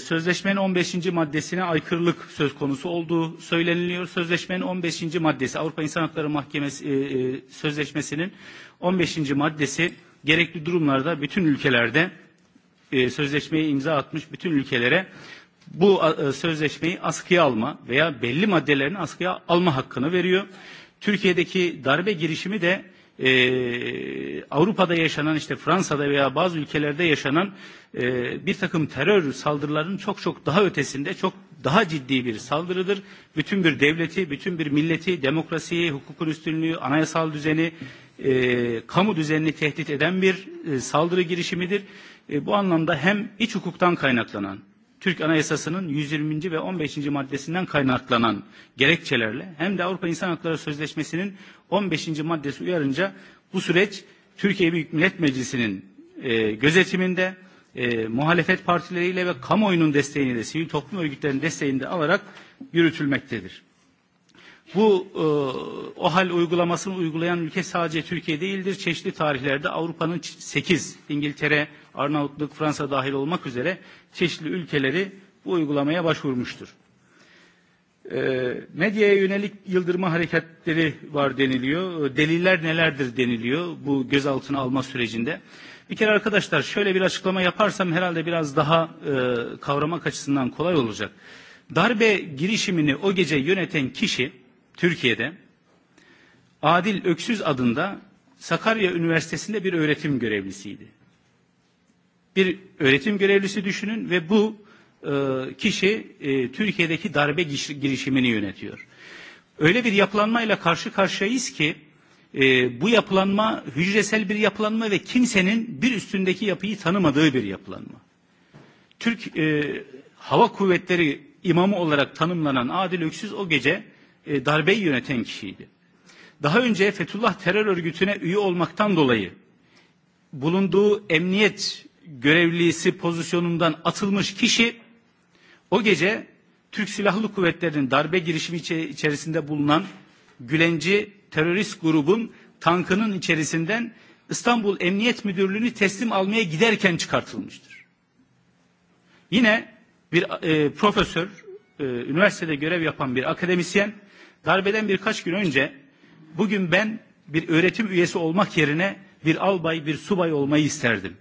sözleşmenin 15. maddesine aykırılık söz konusu olduğu söyleniliyor. Sözleşmenin 15. maddesi Avrupa İnsan Hakları Mahkemesi e, e, Sözleşmesi'nin 15. maddesi gerekli durumlarda bütün ülkelerde e, sözleşmeyi imza atmış bütün ülkelere bu sözleşmeyi askıya alma veya belli maddelerini askıya alma hakkını veriyor. Türkiye'deki darbe girişimi de e, Avrupa'da yaşanan işte Fransa'da veya bazı ülkelerde yaşanan e, bir takım terör saldırılarının çok çok daha ötesinde çok daha ciddi bir saldırıdır. Bütün bir devleti, bütün bir milleti, demokrasiyi, hukukun üstünlüğü, anayasal düzeni, e, kamu düzenini tehdit eden bir e, saldırı girişimidir. E, bu anlamda hem iç hukuktan kaynaklanan Türk Anayasası'nın 120. ve 15. maddesinden kaynaklanan gerekçelerle hem de Avrupa İnsan Hakları Sözleşmesi'nin 15. maddesi uyarınca bu süreç Türkiye Büyük Millet Meclisi'nin e, gözetiminde e, muhalefet partileriyle ve kamuoyunun desteğini de sivil toplum örgütlerinin desteğini de alarak yürütülmektedir. Bu e, OHAL uygulamasını uygulayan ülke sadece Türkiye değildir. Çeşitli tarihlerde Avrupa'nın 8, İngiltere, Arnavutluk, Fransa dahil olmak üzere çeşitli ülkeleri bu uygulamaya başvurmuştur. E, medyaya yönelik yıldırma hareketleri var deniliyor. Deliller nelerdir deniliyor bu gözaltına alma sürecinde. Bir kere arkadaşlar şöyle bir açıklama yaparsam herhalde biraz daha e, kavramak açısından kolay olacak. Darbe girişimini o gece yöneten kişi Türkiye'de Adil Öksüz adında Sakarya Üniversitesi'nde bir öğretim görevlisiydi bir öğretim görevlisi düşünün ve bu e, kişi e, Türkiye'deki darbe girişimini yönetiyor. Öyle bir yapılanmayla karşı karşıyayız ki e, bu yapılanma hücresel bir yapılanma ve kimsenin bir üstündeki yapıyı tanımadığı bir yapılanma. Türk e, Hava Kuvvetleri imamı olarak tanımlanan Adil Öksüz o gece e, darbeyi yöneten kişiydi. Daha önce Fethullah terör örgütüne üye olmaktan dolayı bulunduğu emniyet görevlisi pozisyonundan atılmış kişi o gece Türk Silahlı Kuvvetleri'nin darbe girişimi içerisinde bulunan Gülenci terörist grubun tankının içerisinden İstanbul Emniyet Müdürlüğü'nü teslim almaya giderken çıkartılmıştır. Yine bir e, profesör, e, üniversitede görev yapan bir akademisyen darbeden birkaç gün önce bugün ben bir öğretim üyesi olmak yerine bir albay, bir subay olmayı isterdim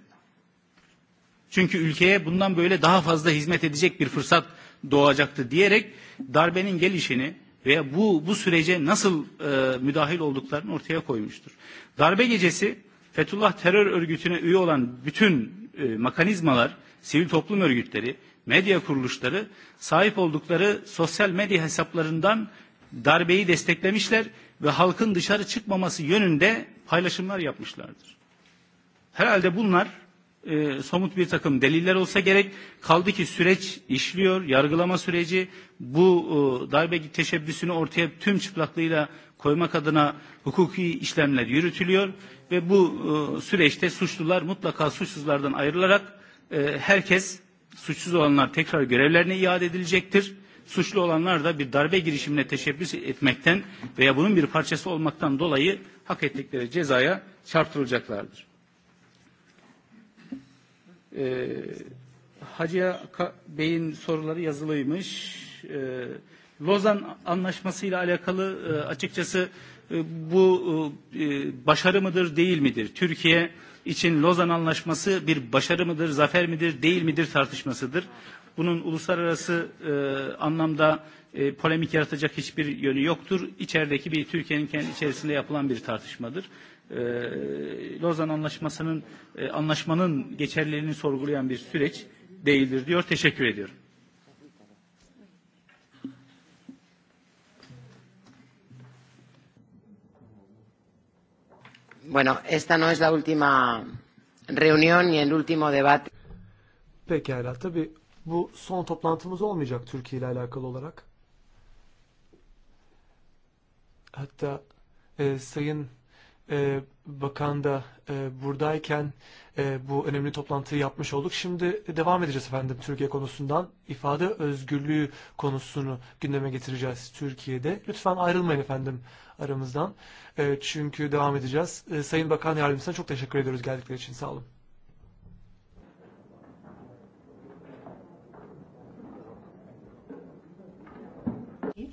Çünkü ülkeye bundan böyle daha fazla hizmet edecek bir fırsat doğacaktı diyerek darbenin gelişini ve bu, bu sürece nasıl e, müdahil olduklarını ortaya koymuştur. Darbe gecesi Fethullah terör örgütüne üye olan bütün e, mekanizmalar, sivil toplum örgütleri, medya kuruluşları sahip oldukları sosyal medya hesaplarından darbeyi desteklemişler ve halkın dışarı çıkmaması yönünde paylaşımlar yapmışlardır. Herhalde bunlar e, somut bir takım deliller olsa gerek. Kaldı ki süreç işliyor, yargılama süreci bu e, darbe teşebbüsünü ortaya tüm çıplaklığıyla koymak adına hukuki işlemler yürütülüyor ve bu e, süreçte suçlular mutlaka suçsuzlardan ayrılarak e, herkes suçsuz olanlar tekrar görevlerine iade edilecektir. Suçlu olanlar da bir darbe girişimine teşebbüs etmekten veya bunun bir parçası olmaktan dolayı hak ettikleri cezaya çarptırılacaklardır. Ee, Hacı Bey'in soruları yazılıymış. Lozan Anlaşması ile alakalı e, açıkçası e, bu e, başarı mıdır değil midir? Türkiye için Lozan Anlaşması bir başarı mıdır, zafer midir, değil midir tartışmasıdır. Bunun uluslararası e, anlamda e, polemik yaratacak hiçbir yönü yoktur. İçerideki bir Türkiye'nin kendi içerisinde yapılan bir tartışmadır. Lozan Anlaşması'nın e, anlaşmanın geçerliliğini sorgulayan bir süreç değildir diyor. Teşekkür ediyorum.
Bueno, esta no es la última reunión ni el último
debate. Pekala, tabi bu son toplantımız olmayacak Türkiye ile alakalı olarak. Hatta e, Sayın e, bakan da e, buradayken e, bu önemli toplantıyı yapmış olduk. Şimdi devam edeceğiz efendim Türkiye konusundan. ifade özgürlüğü konusunu gündeme getireceğiz Türkiye'de. Lütfen ayrılmayın efendim aramızdan. E, çünkü devam edeceğiz. E, Sayın Bakan Yardımcısına çok teşekkür ediyoruz geldikleri için. Sağ olun.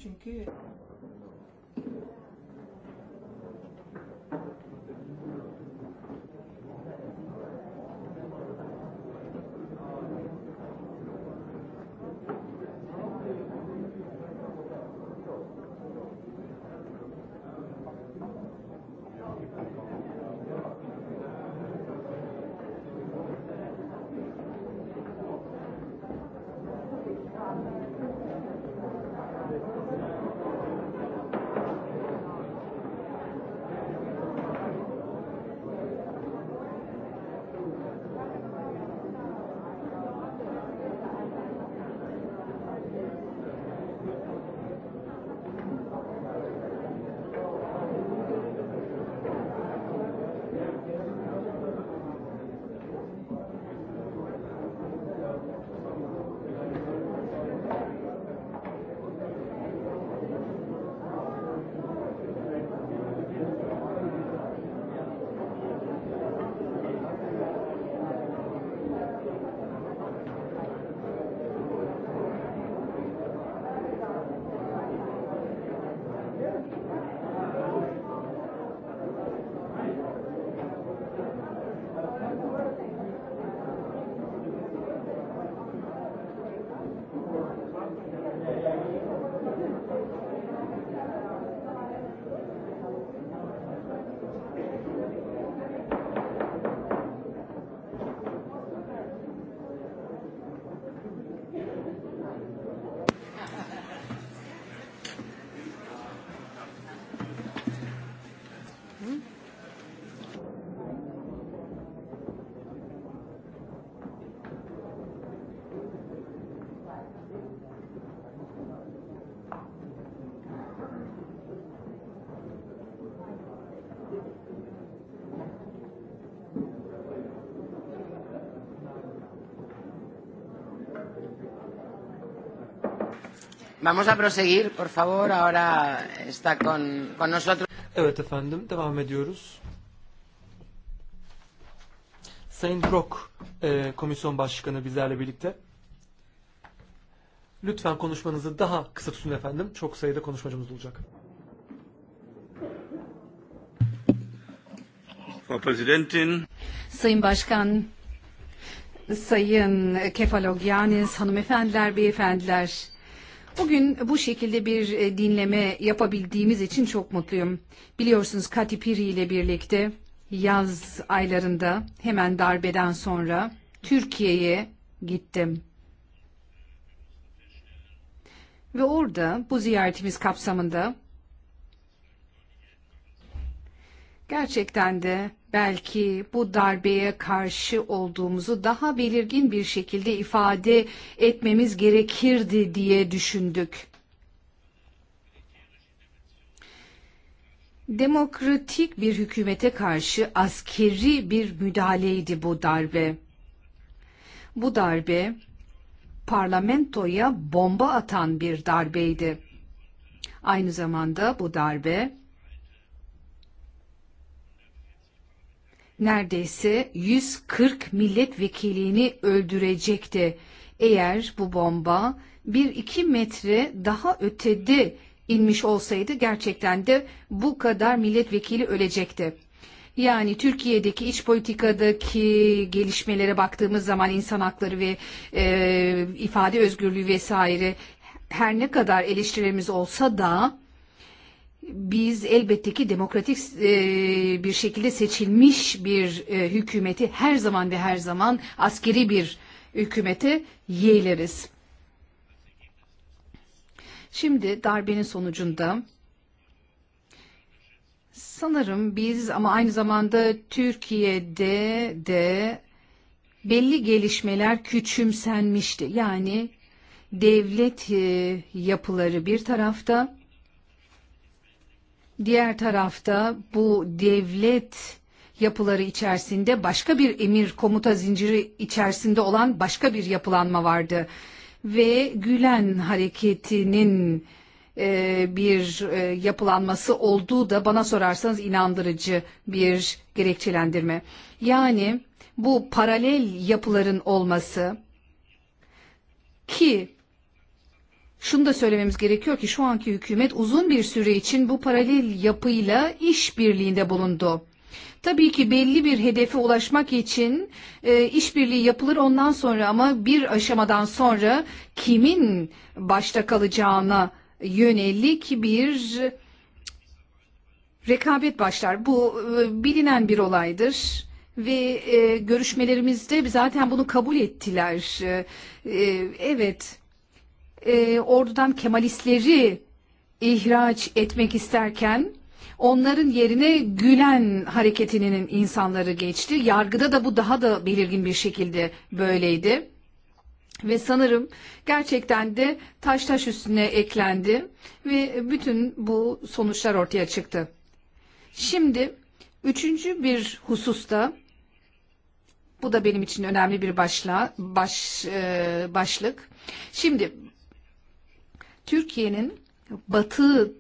Çünkü
Vamos a proseguir, por favor. Ahora está con, con nosotros. Evet efendim, devam
ediyoruz. Sayın Brock, e, komisyon başkanı bizlerle birlikte. Lütfen konuşmanızı daha kısa tutun efendim. Çok sayıda konuşmacımız olacak.
Frau Präsidentin.
Sayın Başkan, Sayın Kefalogyanis, hanımefendiler, beyefendiler. Bugün bu şekilde bir e, dinleme yapabildiğimiz için çok mutluyum. Biliyorsunuz Kati Piri ile birlikte yaz aylarında hemen darbeden sonra Türkiye'ye gittim. Ve orada bu ziyaretimiz kapsamında gerçekten de belki bu darbeye karşı olduğumuzu daha belirgin bir şekilde ifade etmemiz gerekirdi diye düşündük. Demokratik bir hükümete karşı askeri bir müdahaleydi bu darbe. Bu darbe parlamentoya bomba atan bir darbeydi. Aynı zamanda bu darbe neredeyse 140 milletvekilini öldürecekti eğer bu bomba 1-2 metre daha ötede inmiş olsaydı gerçekten de bu kadar milletvekili ölecekti. Yani Türkiye'deki iç politikadaki gelişmelere baktığımız zaman insan hakları ve e, ifade özgürlüğü vesaire her ne kadar eleştirilerimiz olsa da biz elbette ki demokratik e, bir şekilde seçilmiş bir e, hükümeti her zaman ve her zaman askeri bir hükümeti yeğleriz. Şimdi darbenin sonucunda sanırım biz ama aynı zamanda Türkiye'de de belli gelişmeler küçümsenmişti. Yani devlet e, yapıları bir tarafta Diğer tarafta bu devlet yapıları içerisinde başka bir emir komuta zinciri içerisinde olan başka bir yapılanma vardı. Ve Gülen hareketinin e, bir e, yapılanması olduğu da bana sorarsanız inandırıcı bir gerekçelendirme. Yani bu paralel yapıların olması ki Şunu da söylememiz gerekiyor ki şu anki hükümet uzun bir süre için bu paralel yapıyla işbirliğinde bulundu. Tabii ki belli bir hedefe ulaşmak için e, işbirliği yapılır ondan sonra ama bir aşamadan sonra kimin başta kalacağına yönelik bir rekabet başlar. Bu e, bilinen bir olaydır ve e, görüşmelerimizde zaten bunu kabul ettiler. E, e, evet e, ordudan Kemalistleri ihraç etmek isterken onların yerine Gülen hareketinin insanları geçti. Yargıda da bu daha da belirgin bir şekilde böyleydi. Ve sanırım gerçekten de taş taş üstüne eklendi ve bütün bu sonuçlar ortaya çıktı. Şimdi üçüncü bir hususta bu da benim için önemli bir başla, baş, e, başlık. Şimdi Türkiye'nin batı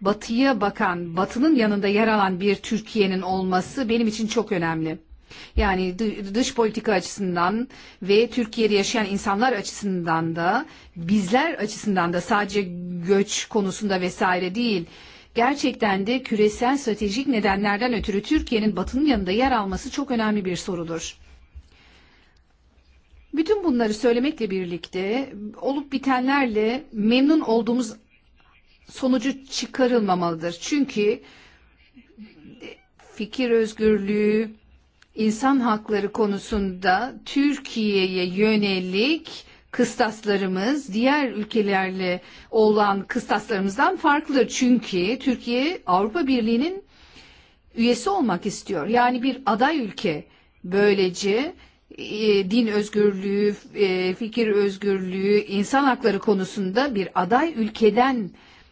batıya bakan, batının yanında yer alan bir Türkiye'nin olması benim için çok önemli. Yani dış politika açısından ve Türkiye'de yaşayan insanlar açısından da bizler açısından da sadece göç konusunda vesaire değil gerçekten de küresel stratejik nedenlerden ötürü Türkiye'nin batının yanında yer alması çok önemli bir sorudur. Bütün bunları söylemekle birlikte olup bitenlerle memnun olduğumuz sonucu çıkarılmamalıdır. Çünkü fikir özgürlüğü, insan hakları konusunda Türkiye'ye yönelik kıstaslarımız diğer ülkelerle olan kıstaslarımızdan farklı. Çünkü Türkiye Avrupa Birliği'nin üyesi olmak istiyor. Yani bir aday ülke böylece E, din özgürlüğü, e, fikir özgürlüğü, insan hakları konusunda bir aday ülkeden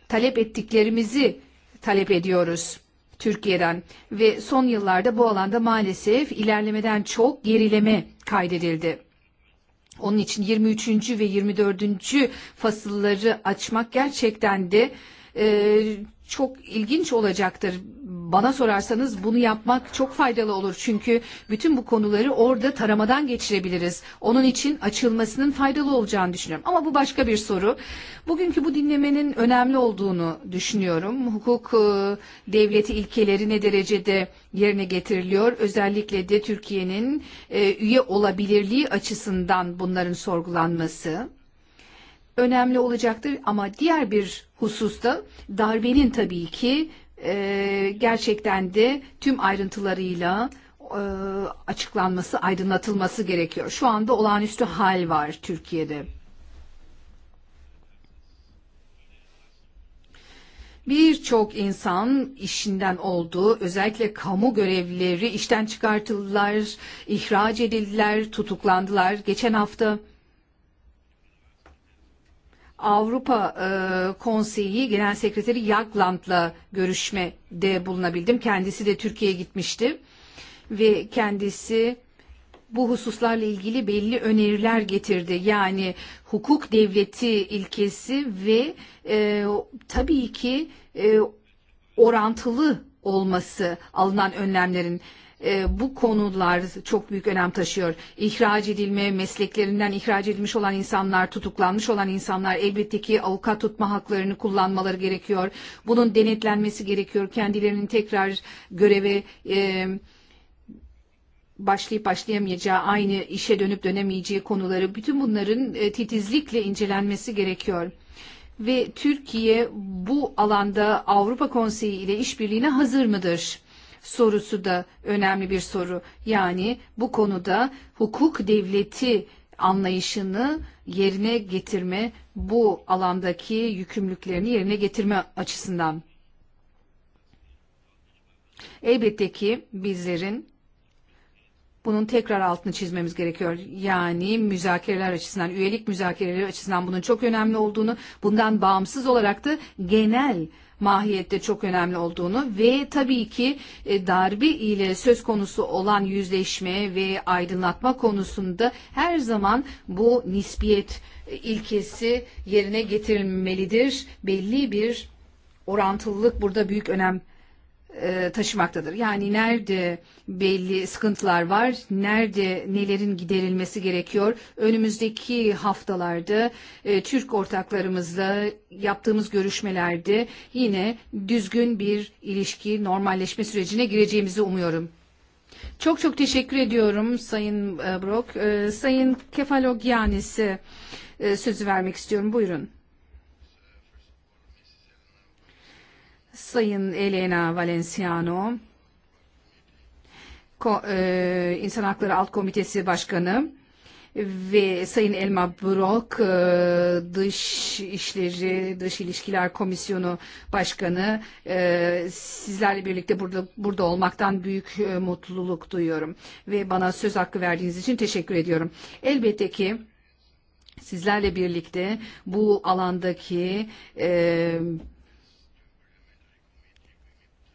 talep ettiklerimizi talep ediyoruz Türkiye'den ve son yıllarda bu alanda maalesef ilerlemeden çok gerileme kaydedildi. Onun için 23. ve 24. fasılları açmak gerçekten de e, çok ilginç olacaktır bana sorarsanız bunu yapmak çok faydalı olur. Çünkü bütün bu konuları orada taramadan geçirebiliriz. Onun için açılmasının faydalı olacağını düşünüyorum. Ama bu başka bir soru. Bugünkü bu dinlemenin önemli olduğunu düşünüyorum. Hukuk e, devleti ilkeleri ne derecede yerine getiriliyor? Özellikle de Türkiye'nin e, üye olabilirliği açısından bunların sorgulanması önemli olacaktır ama diğer bir hususta darbenin tabii ki e, gerçekten de tüm ayrıntılarıyla e, açıklanması, aydınlatılması gerekiyor. Şu anda olağanüstü hal var Türkiye'de. Birçok insan işinden oldu. Özellikle kamu görevlileri işten çıkartıldılar, ihraç edildiler, tutuklandılar. Geçen hafta Avrupa e, Konseyi Genel Sekreteri Yagland'la görüşmede bulunabildim. Kendisi de Türkiye'ye gitmişti ve kendisi bu hususlarla ilgili belli öneriler getirdi. Yani hukuk devleti ilkesi ve e, tabii ki e, orantılı olması alınan önlemlerin e, bu konular çok büyük önem taşıyor. İhraç edilme, mesleklerinden ihraç edilmiş olan insanlar, tutuklanmış olan insanlar elbette ki avukat tutma haklarını kullanmaları gerekiyor. Bunun denetlenmesi gerekiyor. Kendilerinin tekrar göreve e, başlayıp başlayamayacağı, aynı işe dönüp dönemeyeceği konuları, bütün bunların e, titizlikle incelenmesi gerekiyor. Ve Türkiye bu alanda Avrupa Konseyi ile işbirliğine hazır mıdır? sorusu da önemli bir soru. Yani bu konuda hukuk devleti anlayışını yerine getirme, bu alandaki yükümlülüklerini yerine getirme açısından. Elbette ki bizlerin bunun tekrar altını çizmemiz gerekiyor. Yani müzakereler açısından, üyelik müzakereleri açısından bunun çok önemli olduğunu, bundan bağımsız olarak da genel mahiyette çok önemli olduğunu ve tabii ki e, darbe ile söz konusu olan yüzleşme ve aydınlatma konusunda her zaman bu nispiyet e, ilkesi yerine getirilmelidir. Belli bir orantılılık burada büyük önem taşımaktadır. Yani nerede belli sıkıntılar var, nerede nelerin giderilmesi gerekiyor. Önümüzdeki haftalarda e, Türk ortaklarımızla yaptığımız görüşmelerde yine düzgün bir ilişki, normalleşme sürecine gireceğimizi umuyorum. Çok çok teşekkür ediyorum Sayın e, Brok. E, Sayın Kefalogyanis'e sözü vermek istiyorum. Buyurun. Sayın Elena Valenciano, Ko, e, eh, Hakları Alt Komitesi Başkanı ve Sayın Elma Brok, e, eh, Dış İşleri, Dış İlişkiler Komisyonu Başkanı, eh, sizlerle birlikte burada burada olmaktan büyük mutluluk duyuyorum ve bana söz hakkı verdiğiniz için teşekkür ediyorum. Elbette ki sizlerle birlikte bu alandaki e,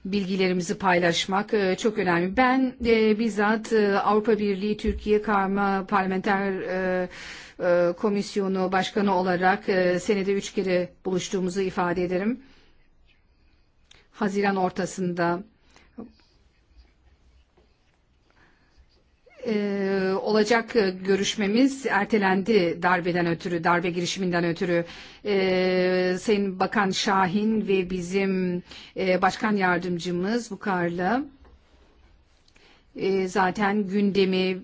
bilgilerimizi paylaşmak e, çok önemli. Ben e, bizzat e, Avrupa Birliği Türkiye Karma Parlamenter Komisyonu Başkanı olarak senede üç kere buluştuğumuzu ifade ederim. Haziran ortasında e, olacak görüşmemiz ertelendi darbeden ötürü, darbe girişiminden ötürü. E, Sayın Bakan Şahin ve bizim e, Başkan Yardımcımız Bukar'la e, zaten gündemi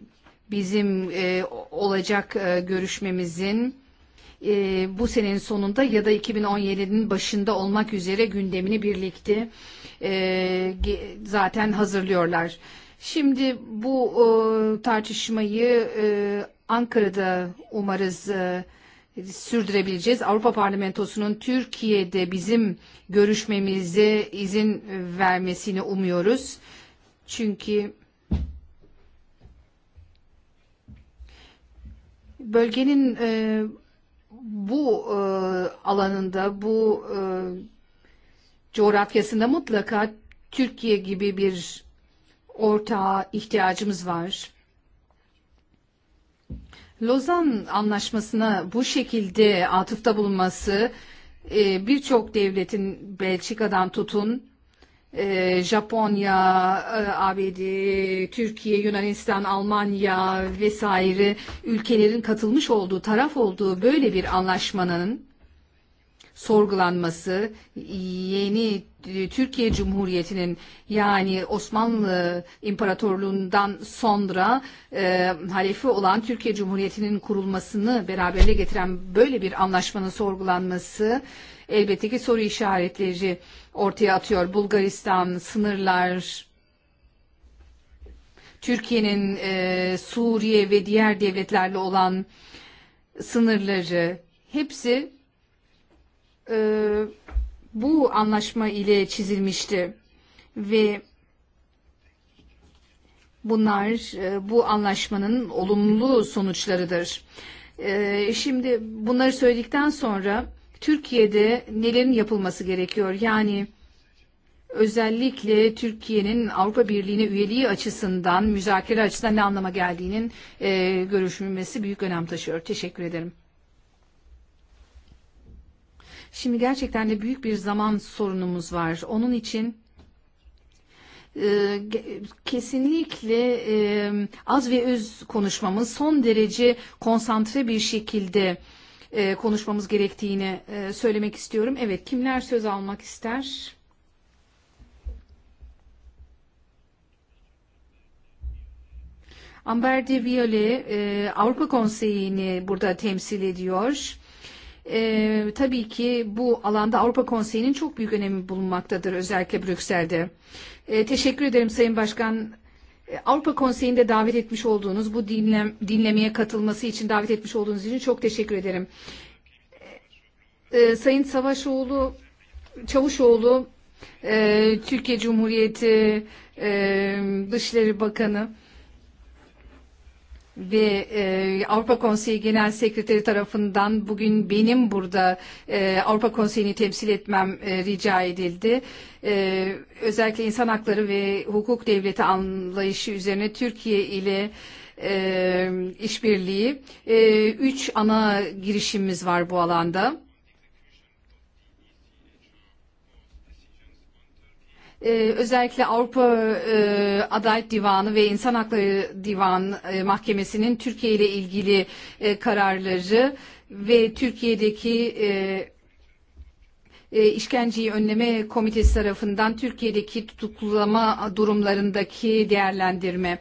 bizim e, olacak e, görüşmemizin e, bu senenin sonunda ya da 2017'nin başında olmak üzere gündemini birlikte e, zaten hazırlıyorlar. Şimdi bu e, tartışmayı e, Ankara'da umarız e, sürdürebileceğiz. Avrupa Parlamentosu'nun Türkiye'de bizim görüşmemize izin vermesini umuyoruz. Çünkü bölgenin e, bu e, alanında, bu e, coğrafyasında mutlaka Türkiye gibi bir u ta' ihtiyaç var. Lozan Anlaşması'na bu şekilde atıfta bulunması e, birçok devletin Belçika'dan tutun e, Japonya, e, ABD, Türkiye, Yunanistan, Almanya vesaire ülkelerin katılmış olduğu, taraf olduğu böyle bir anlaşmanın sorgulanması, yeni E, Türkiye Cumhuriyeti'nin yani Osmanlı İmparatorluğundan sonra e, halefi olan Türkiye Cumhuriyeti'nin kurulmasını beraberine getiren böyle bir anlaşmanın sorgulanması elbette ki soru işaretleri ortaya atıyor. Bulgaristan, sınırlar, Türkiye'nin e, Suriye ve diğer devletlerle olan sınırları hepsi e, bu anlaşma ile çizilmişti ve bunlar e, bu anlaşmanın olumlu sonuçlarıdır. E, şimdi bunları söyledikten sonra Türkiye'de nelerin yapılması gerekiyor? Yani özellikle Türkiye'nin Avrupa Birliği'ne üyeliği açısından, müzakere açısından ne anlama geldiğinin e, görüşülmesi büyük önem taşıyor. Teşekkür ederim. Şimdi gerçekten de büyük bir zaman sorunumuz var. Onun için e, kesinlikle e, az ve öz konuşmamız son derece konsantre bir şekilde e, konuşmamız gerektiğini söylemek istiyorum. Evet, kimler söz almak ister? Amber de Viole Avrupa Konseyi'ni burada temsil ediyor e, tabii ki bu alanda Avrupa Konseyi'nin çok büyük önemi bulunmaktadır özellikle Brüksel'de. E, teşekkür ederim Sayın Başkan. E, Avrupa Konseyi'nde davet etmiş olduğunuz bu dinlem, dinlemeye katılması için davet etmiş olduğunuz için çok teşekkür ederim. E, e Sayın Savaşoğlu, Çavuşoğlu, e, Türkiye Cumhuriyeti e, Dışişleri Bakanı, E, ve e, Avrupa Konseyi Genel Sekreteri tarafından bugün benim burada e, Avrupa Konseyi'ni temsil etmem e, rica edildi. E, özellikle insan hakları ve hukuk devleti anlayışı üzerine Türkiye ile e, işbirliği. E, üç ana girişimimiz var bu alanda. Ee, özellikle Avrupa e, Adalet Divanı ve İnsan Hakları Divan e, Mahkemesi'nin Türkiye ile ilgili e, kararları ve Türkiye'deki e, e, işkenceyi önleme komitesi tarafından Türkiye'deki tutuklama durumlarındaki değerlendirme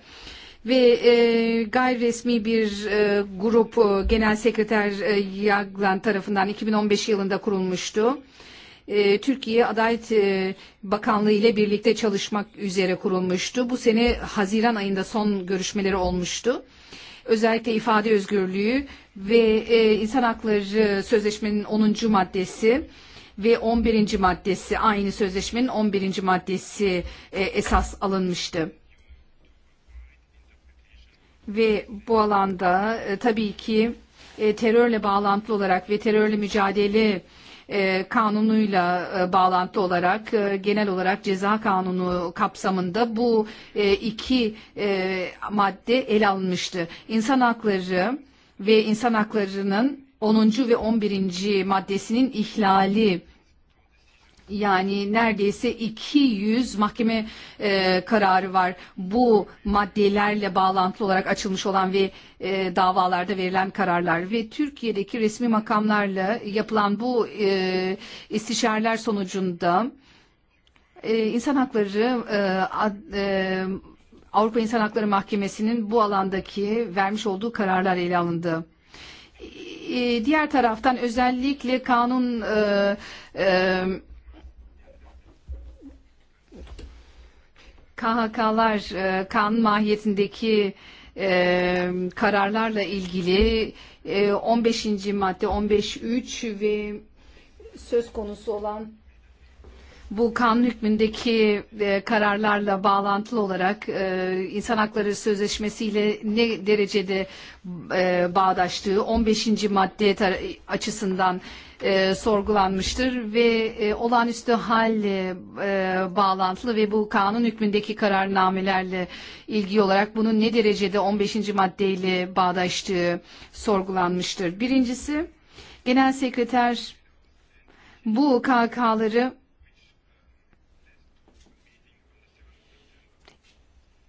ve e, gayri resmi bir e, grup e, Genel Sekreter e, Yaglan tarafından 2015 yılında kurulmuştu e, Türkiye Adalet e, Bakanlığı ile birlikte çalışmak üzere kurulmuştu. Bu sene Haziran ayında son görüşmeleri olmuştu. Özellikle ifade özgürlüğü ve e, insan hakları sözleşmenin 10. maddesi ve 11. maddesi aynı sözleşmenin 11. maddesi e, esas alınmıştı ve bu alanda e, tabii ki e, terörle bağlantılı olarak ve terörle mücadele E, kanunuyla e, bağlantı olarak e, genel olarak ceza kanunu kapsamında bu iki madde ele alınmıştı. İnsan hakları ve insan haklarının 10. ve 11. maddesinin ihlali yani neredeyse 200 mahkeme e, kararı var. Bu maddelerle bağlantılı olarak açılmış olan ve e, davalarda verilen kararlar ve Türkiye'deki resmi makamlarla yapılan bu e, istişareler sonucunda e, insan hakları e, ad, e, Avrupa İnsan Hakları Mahkemesi'nin bu alandaki vermiş olduğu kararlar ele alındı E, diğer taraftan özellikle kanun e, e, KHK'lar e, kanun mahiyetindeki e, kararlarla ilgili e, 15. madde 15.3 ve söz konusu olan bu kanun hükmündeki e, kararlarla bağlantılı olarak e, insan hakları sözleşmesiyle ne derecede e, bağdaştığı 15. madde açısından e, e, sorgulanmıştır ve e, olağanüstü hal e, e, bağlantılı ve bu kanun hükmündeki kararnamelerle ilgili olarak bunun ne derecede 15. maddeyle bağdaştığı sorgulanmıştır. Birincisi Genel Sekreter bu KK'ları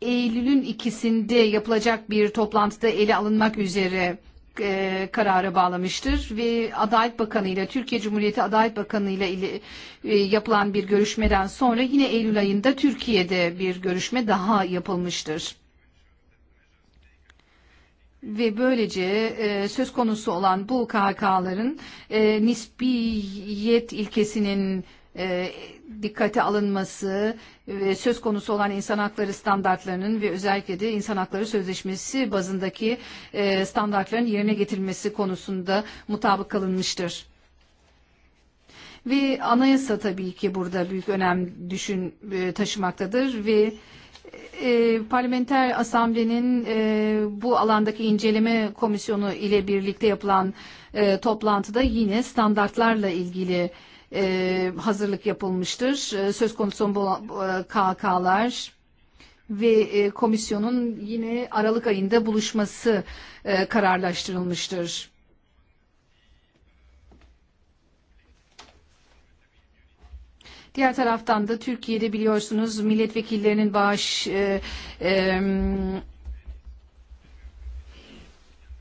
Eylül'ün ikisinde yapılacak bir toplantıda ele alınmak üzere e, kararı bağlamıştır ve Adalet Bakanı ile Türkiye Cumhuriyeti Adalet Bakanı ile e, yapılan bir görüşmeden sonra yine Eylül ayında Türkiye'de bir görüşme daha yapılmıştır. Ve böylece e, söz konusu olan bu KHK'ların e, nispiyet ilkesinin e, dikkate alınması ve söz konusu olan insan hakları standartlarının ve özellikle de insan hakları sözleşmesi bazındaki e, standartların yerine getirilmesi konusunda mutabık kalınmıştır. Ve anayasa tabii ki burada büyük önem düşün e, taşımaktadır ve e, parlamenter asamblenin e, bu alandaki inceleme komisyonu ile birlikte yapılan e, toplantıda yine standartlarla ilgili e, e, hazırlık yapılmıştır. E, söz konusu olan e, KK'lar ve e, komisyonun yine Aralık ayında buluşması e, kararlaştırılmıştır. Diğer taraftan da Türkiye'de biliyorsunuz milletvekillerinin bağış e, e,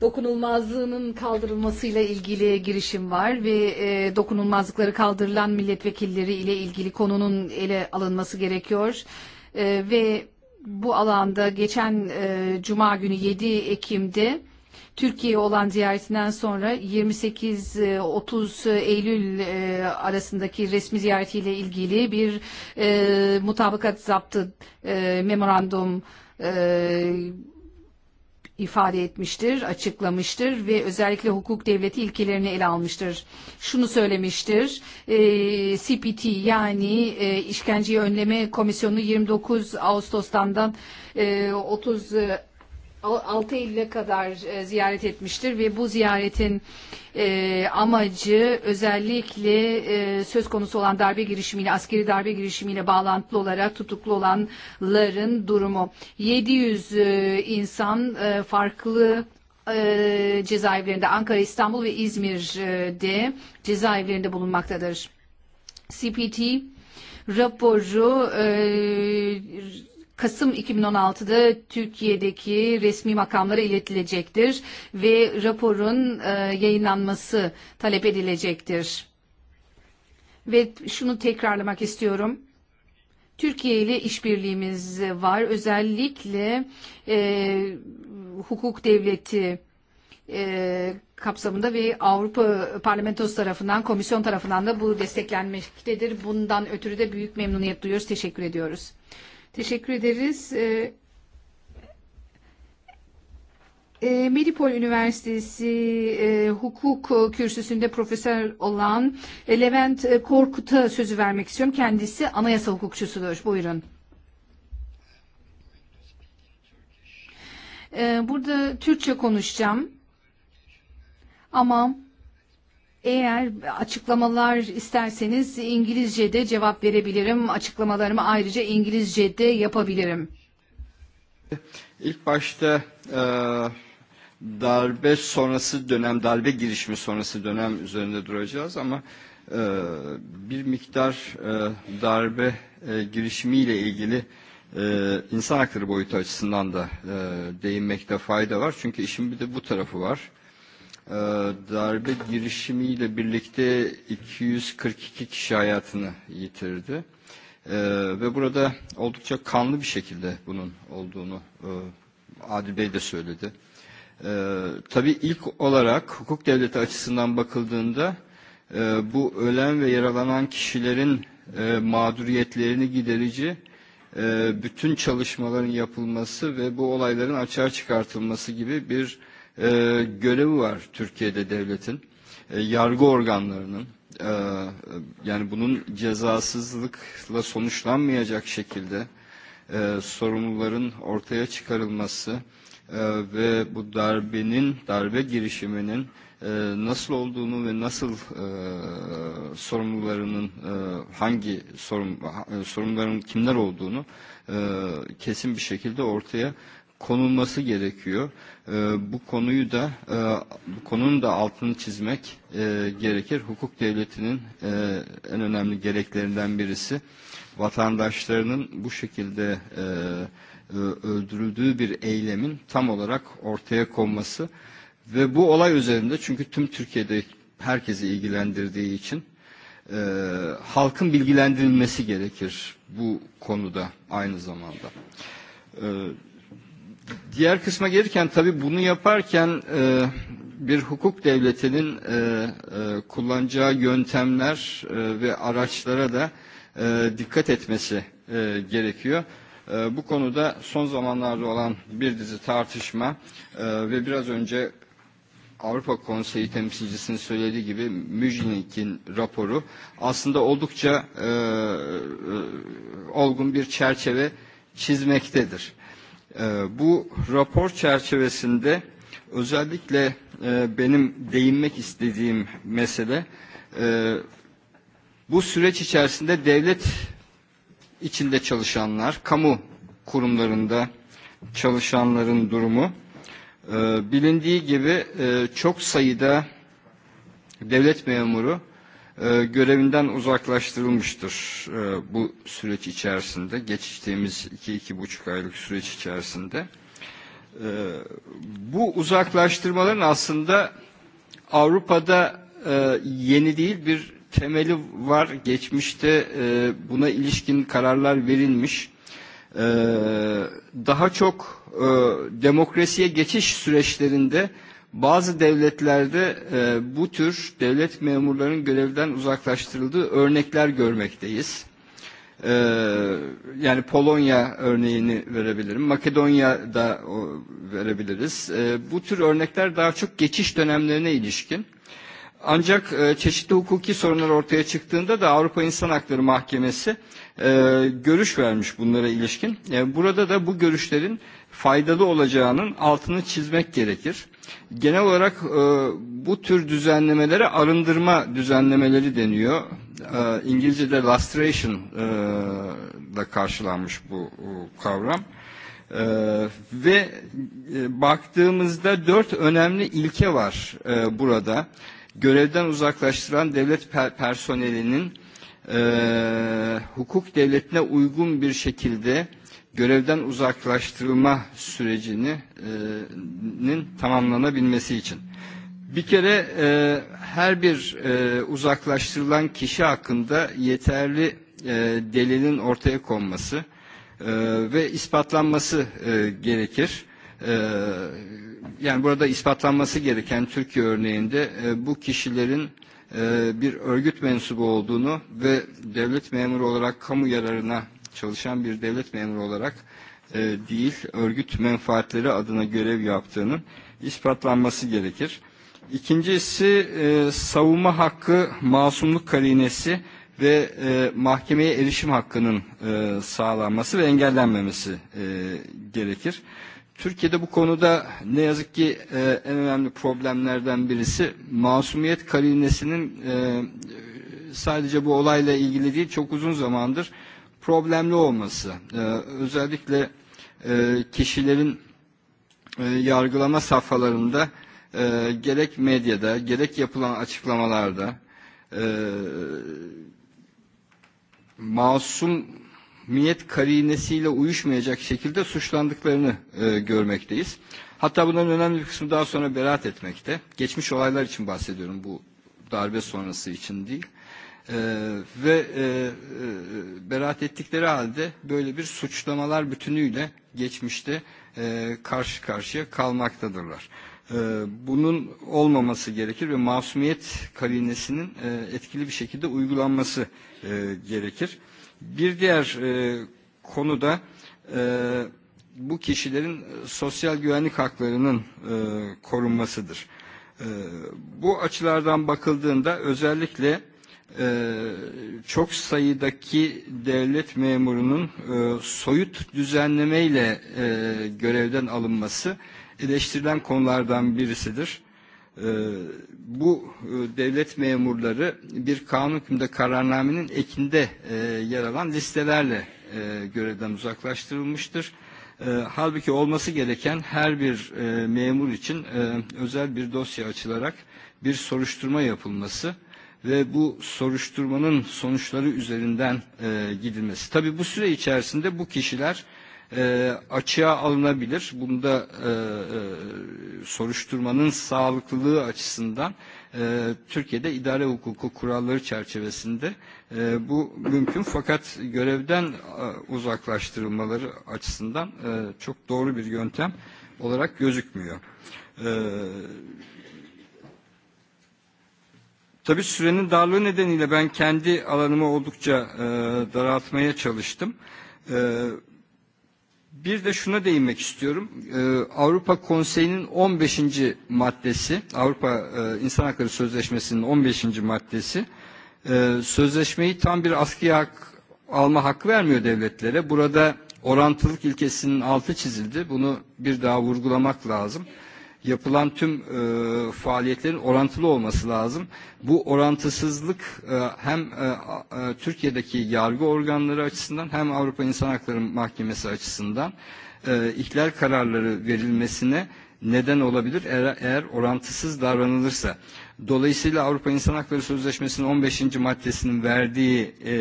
dokunulmazlığının kaldırılmasıyla ilgili girişim var ve e, dokunulmazlıkları kaldırılan milletvekilleri ile ilgili konunun ele alınması gerekiyor e, ve bu alanda geçen e, Cuma günü 7 Ekim'de Türkiye'ye olan ziyaretinden sonra 28-30 e, Eylül e, arasındaki resmi ziyaretiyle ilgili bir e, mutabakat zaptı e, memorandum e, ifade etmiştir, açıklamıştır ve özellikle hukuk devleti ilkelerini ele almıştır. Şunu söylemiştir, e, CPT yani e, işkenceyi Önleme Komisyonu 29 Ağustos'tan e, 30 e, 6 Eylül'e kadar e, ziyaret etmiştir ve bu ziyaretin e, amacı özellikle e, söz konusu olan darbe girişimiyle, askeri darbe girişimiyle bağlantılı olarak tutuklu olanların durumu. 700 e, insan e, farklı e, cezaevlerinde Ankara, İstanbul ve İzmir'de cezaevlerinde bulunmaktadır. CPT raporu e, Kasım 2016'da Türkiye'deki resmi makamlara iletilecektir ve raporun e, yayınlanması talep edilecektir. Ve şunu tekrarlamak istiyorum. Türkiye ile işbirliğimiz var. Özellikle e, hukuk devleti e, kapsamında ve Avrupa Parlamentosu tarafından, komisyon tarafından da bu desteklenmektedir. Bundan ötürü de büyük memnuniyet duyuyoruz. Teşekkür ediyoruz. Teşekkür ederiz. E, Medipol Üniversitesi e, hukuk kürsüsünde profesör olan e, Levent Korkut'a sözü vermek istiyorum. Kendisi anayasa hukukçusudur. Buyurun. E, burada Türkçe konuşacağım. Ama... Eğer açıklamalar isterseniz İngilizce'de cevap verebilirim. Açıklamalarımı ayrıca İngilizce'de yapabilirim.
İlk başta e, darbe sonrası dönem, darbe girişimi sonrası dönem üzerinde duracağız ama e, bir miktar e, darbe e, girişimiyle ilgili e, insan hakları boyutu açısından da e, değinmekte fayda var. Çünkü işin bir de bu tarafı var E, darbe girişimiyle birlikte 242 kişi hayatını yitirdi. E, ve burada oldukça kanlı bir şekilde bunun olduğunu e, Adil Bey de söyledi. E, tabii ilk olarak hukuk devleti açısından bakıldığında e, bu ölen ve yaralanan kişilerin e, mağduriyetlerini giderici e, bütün çalışmaların yapılması ve bu olayların açığa çıkartılması gibi bir e, görevi var Türkiye'de devletin. E, yargı organlarının e, e, yani bunun cezasızlıkla sonuçlanmayacak şekilde e, sorumluların ortaya çıkarılması e, ve bu darbenin, darbe girişiminin e, nasıl olduğunu ve nasıl e, sorumlularının e, hangi sorum, e, sorumluların kimler olduğunu e, kesin bir şekilde ortaya çıkarılması konulması gerekiyor. E, bu konuyu da e, bu konunun da altını çizmek e, gerekir. Hukuk devletinin e, en önemli gereklerinden birisi vatandaşlarının bu şekilde e, e, öldürüldüğü bir eylemin tam olarak ortaya konması ve bu olay üzerinde çünkü tüm Türkiye'de herkesi ilgilendirdiği için e, halkın bilgilendirilmesi gerekir bu konuda aynı zamanda. E, Diğer kısma gelirken tabii bunu yaparken e, bir hukuk devletinin e, e, kullanacağı yöntemler e, ve araçlara da e, dikkat etmesi e, gerekiyor. E, bu konuda son zamanlarda olan bir dizi tartışma e, ve biraz önce Avrupa Konseyi temsilcisinin söylediği gibi Müjnik'in raporu aslında oldukça e, e, olgun bir çerçeve çizmektedir. Bu rapor çerçevesinde özellikle e, benim değinmek istediğim mesele e, bu süreç içerisinde devlet içinde çalışanlar, kamu kurumlarında çalışanların durumu e, bilindiği gibi çok sayıda devlet memuru E, görevinden uzaklaştırılmıştır e, bu süreç içerisinde. Geçtiğimiz iki, iki buçuk aylık süreç içerisinde. E, bu uzaklaştırmaların aslında Avrupa'da e, yeni değil bir temeli var. Geçmişte e, buna ilişkin kararlar verilmiş. E, daha çok e, demokrasiye geçiş süreçlerinde e, Bazı devletlerde e, bu tür devlet memurlarının görevden uzaklaştırıldığı örnekler görmekteyiz. E, yani Polonya örneğini verebilirim, Makedonya'da verebiliriz. E, bu tür örnekler daha çok geçiş dönemlerine ilişkin. Ancak e, çeşitli hukuki sorunlar ortaya çıktığında da Avrupa İnsan Hakları Mahkemesi e, görüş vermiş bunlara ilişkin. E, burada da bu görüşlerin faydalı olacağının altını çizmek gerekir. Genel olarak e, bu tür düzenlemelere arındırma düzenlemeleri deniyor. E, İngilizce'de lustration e, da karşılanmış bu o, kavram. Ee, ve e, baktığımızda dört önemli ilke var e, Burada görevden uzaklaştıran devlet per personelinin e, hukuk devletine uygun bir şekilde görevden uzaklaştırılma sürecinin e, tamamlanabilmesi için. Bir kere e, her bir e, uzaklaştırılan kişi hakkında yeterli e, delilin ortaya konması e, ve ispatlanması e, gerekir. E, yani burada ispatlanması gereken Türkiye örneğinde e, bu kişilerin e, bir örgüt mensubu olduğunu ve devlet memuru olarak kamu yararına çalışan bir devlet memuru olarak e, değil örgüt menfaatleri adına görev yaptığının ispatlanması gerekir. İkincisi e, savunma hakkı, masumluk karinesi ve e, mahkemeye erişim hakkının e, sağlanması ve engellenmemesi e, gerekir. E, Türkiye'de bu konuda ne yazık ki e, en önemli problemlerden birisi masumiyet kalinesinin e, sadece bu olayla ilgili değil çok uzun zamandır problemli olması. E, özellikle e, kişilerin e, yargılama safhalarında e, gerek medyada gerek yapılan açıklamalarda e, masum millet karinesiyle uyuşmayacak şekilde suçlandıklarını e, görmekteyiz. Hatta bunların önemli bir kısmı daha sonra beraat etmekte. Geçmiş olaylar için bahsediyorum bu darbe sonrası için değil. E, ve e, e, beraat ettikleri halde böyle bir suçlamalar bütünüyle geçmişte e, karşı karşıya kalmaktadırlar. E, bunun olmaması gerekir ve masumiyet karinesinin e, etkili bir şekilde uygulanması e, gerekir. Bir diğer e, konu da e, bu kişilerin e, sosyal güvenlik haklarının e, korunmasıdır. E, bu açılardan bakıldığında özellikle e, çok sayıdaki devlet memurunun e, soyut düzenlemeyle e, görevden alınması eleştirilen konulardan birisidir bu e, devlet memurları bir kanun hükmünde kararnamenin ekinde e, yer alan listelerle e, görevden uzaklaştırılmıştır. Halbuki olması gereken her bir memur için özel bir dosya açılarak bir soruşturma yapılması ve bu soruşturmanın sonuçları üzerinden gidilmesi. Tabii bu süre içerisinde bu kişiler e, açığa alınabilir. Bunda e, e, soruşturmanın sağlıklılığı açısından e, Türkiye'de idare hukuku kuralları çerçevesinde e, bu mümkün fakat görevden e, uzaklaştırılmaları açısından e, çok doğru bir yöntem olarak gözükmüyor. E, Tabi sürenin darlığı nedeniyle ben kendi alanımı oldukça e, daraltmaya çalıştım. E, Bir de şuna değinmek istiyorum. Ee, Avrupa Konseyi'nin 15. maddesi, Avrupa e, İnsan Hakları Sözleşmesi'nin 15. maddesi, e, sözleşmeyi tam bir askıya hak, alma hakkı vermiyor devletlere. Burada orantılık ilkesinin altı çizildi. Bunu bir daha vurgulamak lazım. Evet yapılan tüm e, faaliyetlerin orantılı olması lazım. Bu orantısızlık e, hem e, e, Türkiye'deki yargı organları açısından hem Avrupa İnsan Hakları Mahkemesi açısından e, ihlal kararları verilmesine neden olabilir eğer, eğer orantısız davranılırsa. Dolayısıyla Avrupa İnsan Hakları Sözleşmesi'nin 15. maddesinin verdiği e,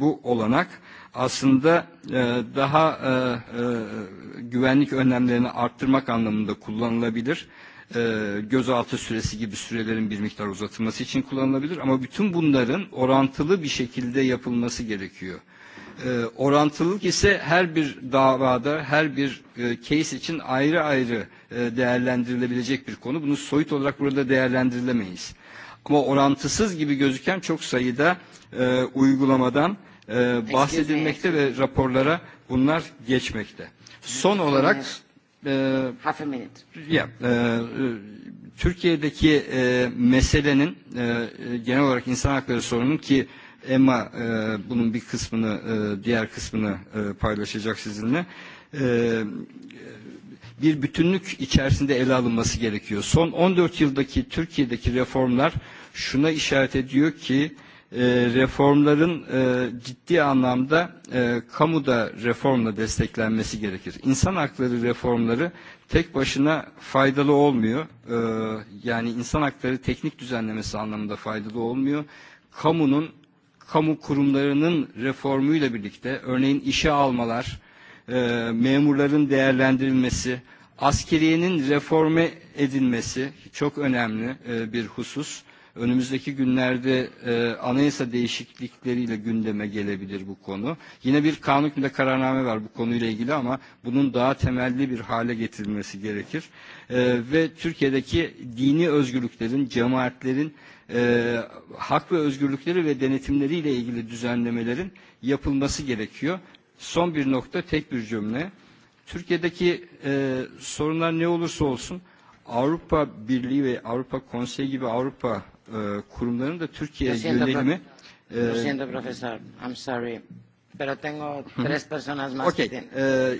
bu olanak aslında e, daha e, e, güvenlik önlemlerini arttırmak anlamında kullanılabilir. E, gözaltı süresi gibi sürelerin bir miktar uzatılması için kullanılabilir ama bütün bunların orantılı bir şekilde yapılması gerekiyor. E, orantılılık ise her bir davada, her bir e, case için ayrı ayrı e, değerlendirilebilecek bir konu. Bunu soyut olarak burada değerlendirilemeyiz. Ama orantısız gibi gözüken çok sayıda e, uygulamadan e, bahsedilmekte ve raporlara bunlar geçmekte. Son olarak
e, Half a minute.
Yeah, e, Türkiye'deki e, meselenin e, genel olarak insan hakları sorunun ki Emma e, bunun bir kısmını e, diğer kısmını e, paylaşacak sizinle. E, bir bütünlük içerisinde ele alınması gerekiyor. Son 14 yıldaki Türkiye'deki reformlar şuna işaret ediyor ki e, E, reformların e, ciddi anlamda e, kamuda reformla desteklenmesi gerekir. İnsan hakları reformları tek başına faydalı olmuyor. Yani insan hakları teknik düzenlemesi anlamında faydalı olmuyor. Kamunun, kamu kurumlarının reformuyla birlikte örneğin işe almalar, memurların değerlendirilmesi, askeriyenin reforme edilmesi çok önemli bir husus. Önümüzdeki günlerde e, anayasa değişiklikleriyle gündeme gelebilir bu konu. Yine bir kanun hükmünde kararname var bu konuyla ilgili ama bunun daha temelli bir hale getirilmesi gerekir. E, ve Türkiye'deki dini özgürlüklerin, cemaatlerin e, hak ve özgürlükleri ve denetimleriyle ilgili düzenlemelerin yapılması gerekiyor. Son bir nokta, tek bir cümle. Türkiye'deki e, sorunlar ne olursa olsun Avrupa Birliği ve Avrupa Konseyi gibi Avrupa E, kurumların da Türkiye yönelimi... Lo e, siento, profesor.
I'm sorry. Pero tengo tres personas más okay.
Ee,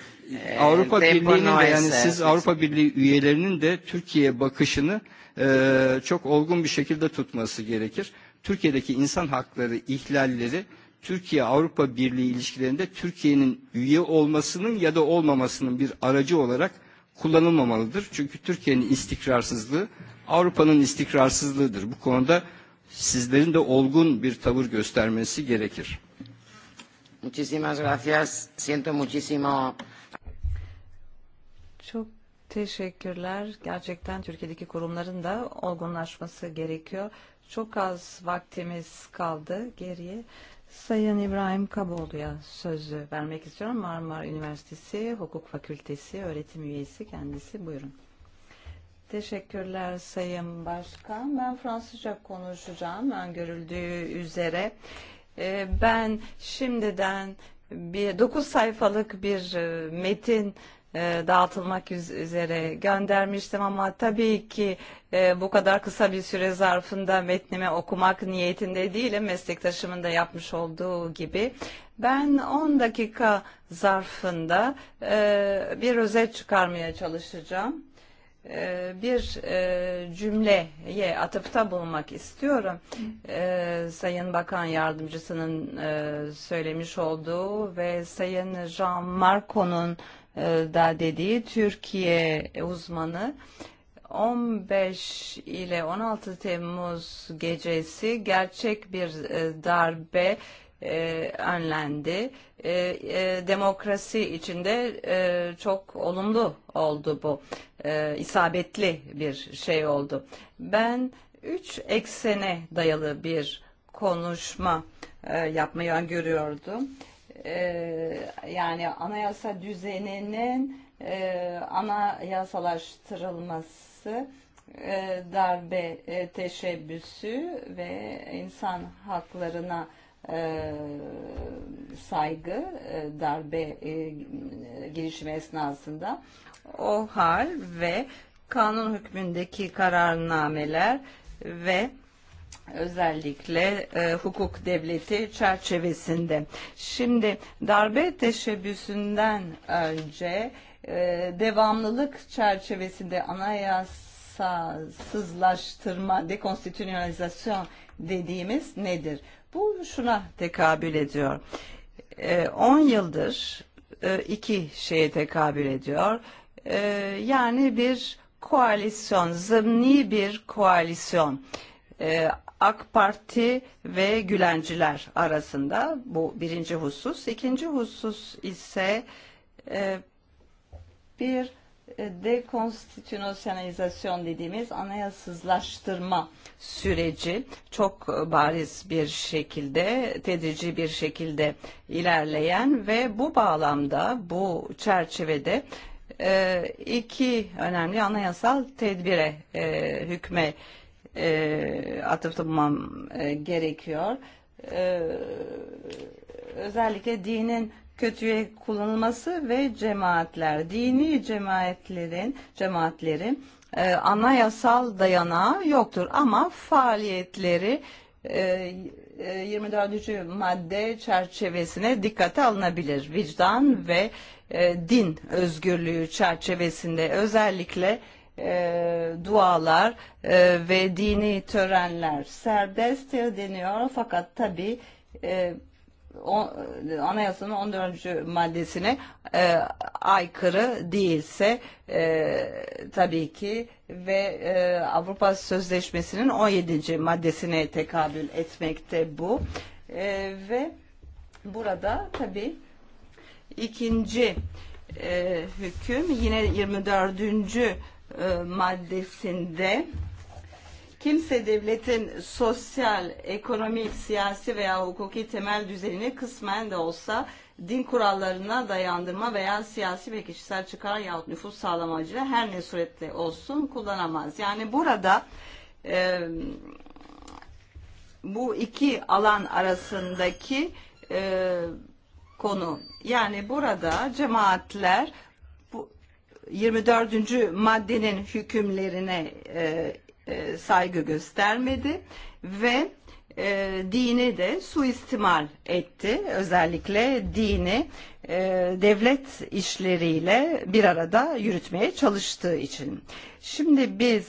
e, Avrupa Birliği'nin no de yani eh, siz Avrupa Birliği üyelerinin de Türkiye bakışını e, çok olgun bir şekilde tutması gerekir. Türkiye'deki insan hakları ihlalleri Türkiye Avrupa Birliği ilişkilerinde Türkiye'nin üye olmasının ya da olmamasının bir aracı olarak kullanılmamalıdır. Çünkü Türkiye'nin istikrarsızlığı Avrupa'nın istikrarsızlığıdır. Bu konuda sizlerin de olgun bir tavır göstermesi gerekir.
Muchísimas gracias. Siento muchísimo.
Çok teşekkürler. Gerçekten Türkiye'deki kurumların da olgunlaşması gerekiyor. Çok az vaktimiz kaldı geriye. Sayın İbrahim Kaboldu'ya söz vermek istiyorum. Marmara Üniversitesi Hukuk Fakültesi öğretim üyesi kendisi. Buyurun. Teşekkürler Sayın Başkan. Ben Fransızca konuşacağım. Ben görüldüğü üzere. Ben şimdiden bir 9 sayfalık bir e, metin E, dağıtılmak üzere göndermiştim ama tabii ki e, bu kadar kısa bir süre zarfında metnimi okumak niyetinde değilim meslektaşımın da yapmış olduğu gibi. Ben 10 dakika zarfında e, bir özet çıkarmaya çalışacağım. Bir cümleye atıfta bulmak istiyorum. Sayın Bakan Yardımcısının söylemiş olduğu ve Sayın Jean Marco'nun da dedi Türkiye uzmanı 15 ile 16 Temmuz gecesi gerçek bir e, darbe e, önlendi. E, demokrasi içinde çok olumlu oldu bu. isabetli bir şey oldu. Ben üç eksene dayalı bir konuşma yapmayı görüyordum yani anayasa düzeninin e, anayasalaştırılması e, darbe e, teşebbüsü ve insan haklarına saygı darbe girişimi esnasında o hal ve kanun hükmündeki kararnameler ve özellikle e, hukuk devleti çerçevesinde. Şimdi darbe teşebbüsünden önce e, devamlılık çerçevesinde anayasasızlaştırma, dekonstitüsyonalizasyon dediğimiz nedir? Bu şuna tekabül ediyor. 10 e, yıldır e, iki şeye tekabül ediyor. E, yani bir koalisyon, zımni bir koalisyon. E, AK Parti ve Gülenciler arasında bu birinci husus. İkinci husus ise e, bir dekonstitüsyonalizasyon dediğimiz anayasızlaştırma süreci çok bariz bir şekilde, tedirici bir şekilde ilerleyen ve bu bağlamda, bu çerçevede e, iki önemli anayasal tedbire e, hükme hükme E, atriftu ma' e, Kjor. E, zalike dinin kötüye kullanılması ve cemaatler, dini cemaatlerin, cemaatlerin anayasal dayanağı yoktur. Ama faaliyetleri 24. madde çerçevesine dikkate alınabilir. Vicdan ve din özgürlüğü çerçevesinde özellikle E, dualar e, ve dini törenler serbest e, deniyor fakat tabi anayasanın 14. maddesine aykırı değilse e, tabii ki ve Avrupa Sözleşmesi'nin 17. maddesine tekabül etmekte bu ve burada tabi ikinci e, hüküm yine 24 maddi sinde. Kimse devletin sosyal, ekonomik, siyasi veya hukuki temel düzenini kısmen de olsa din kurallarına dayandırma veya siyasi ve kişisel çıkar yahut nüfus sağlama amacıyla her ne suretle olsun kullanamaz. Yani burada e, bu iki alan arasındaki e, konu. Yani burada cemaatler 24. maddenin hükümlerine e, e, saygı göstermedi ve e, dini de suistimal etti. Özellikle dini e, devlet işleriyle bir arada yürütmeye çalıştığı için. Şimdi biz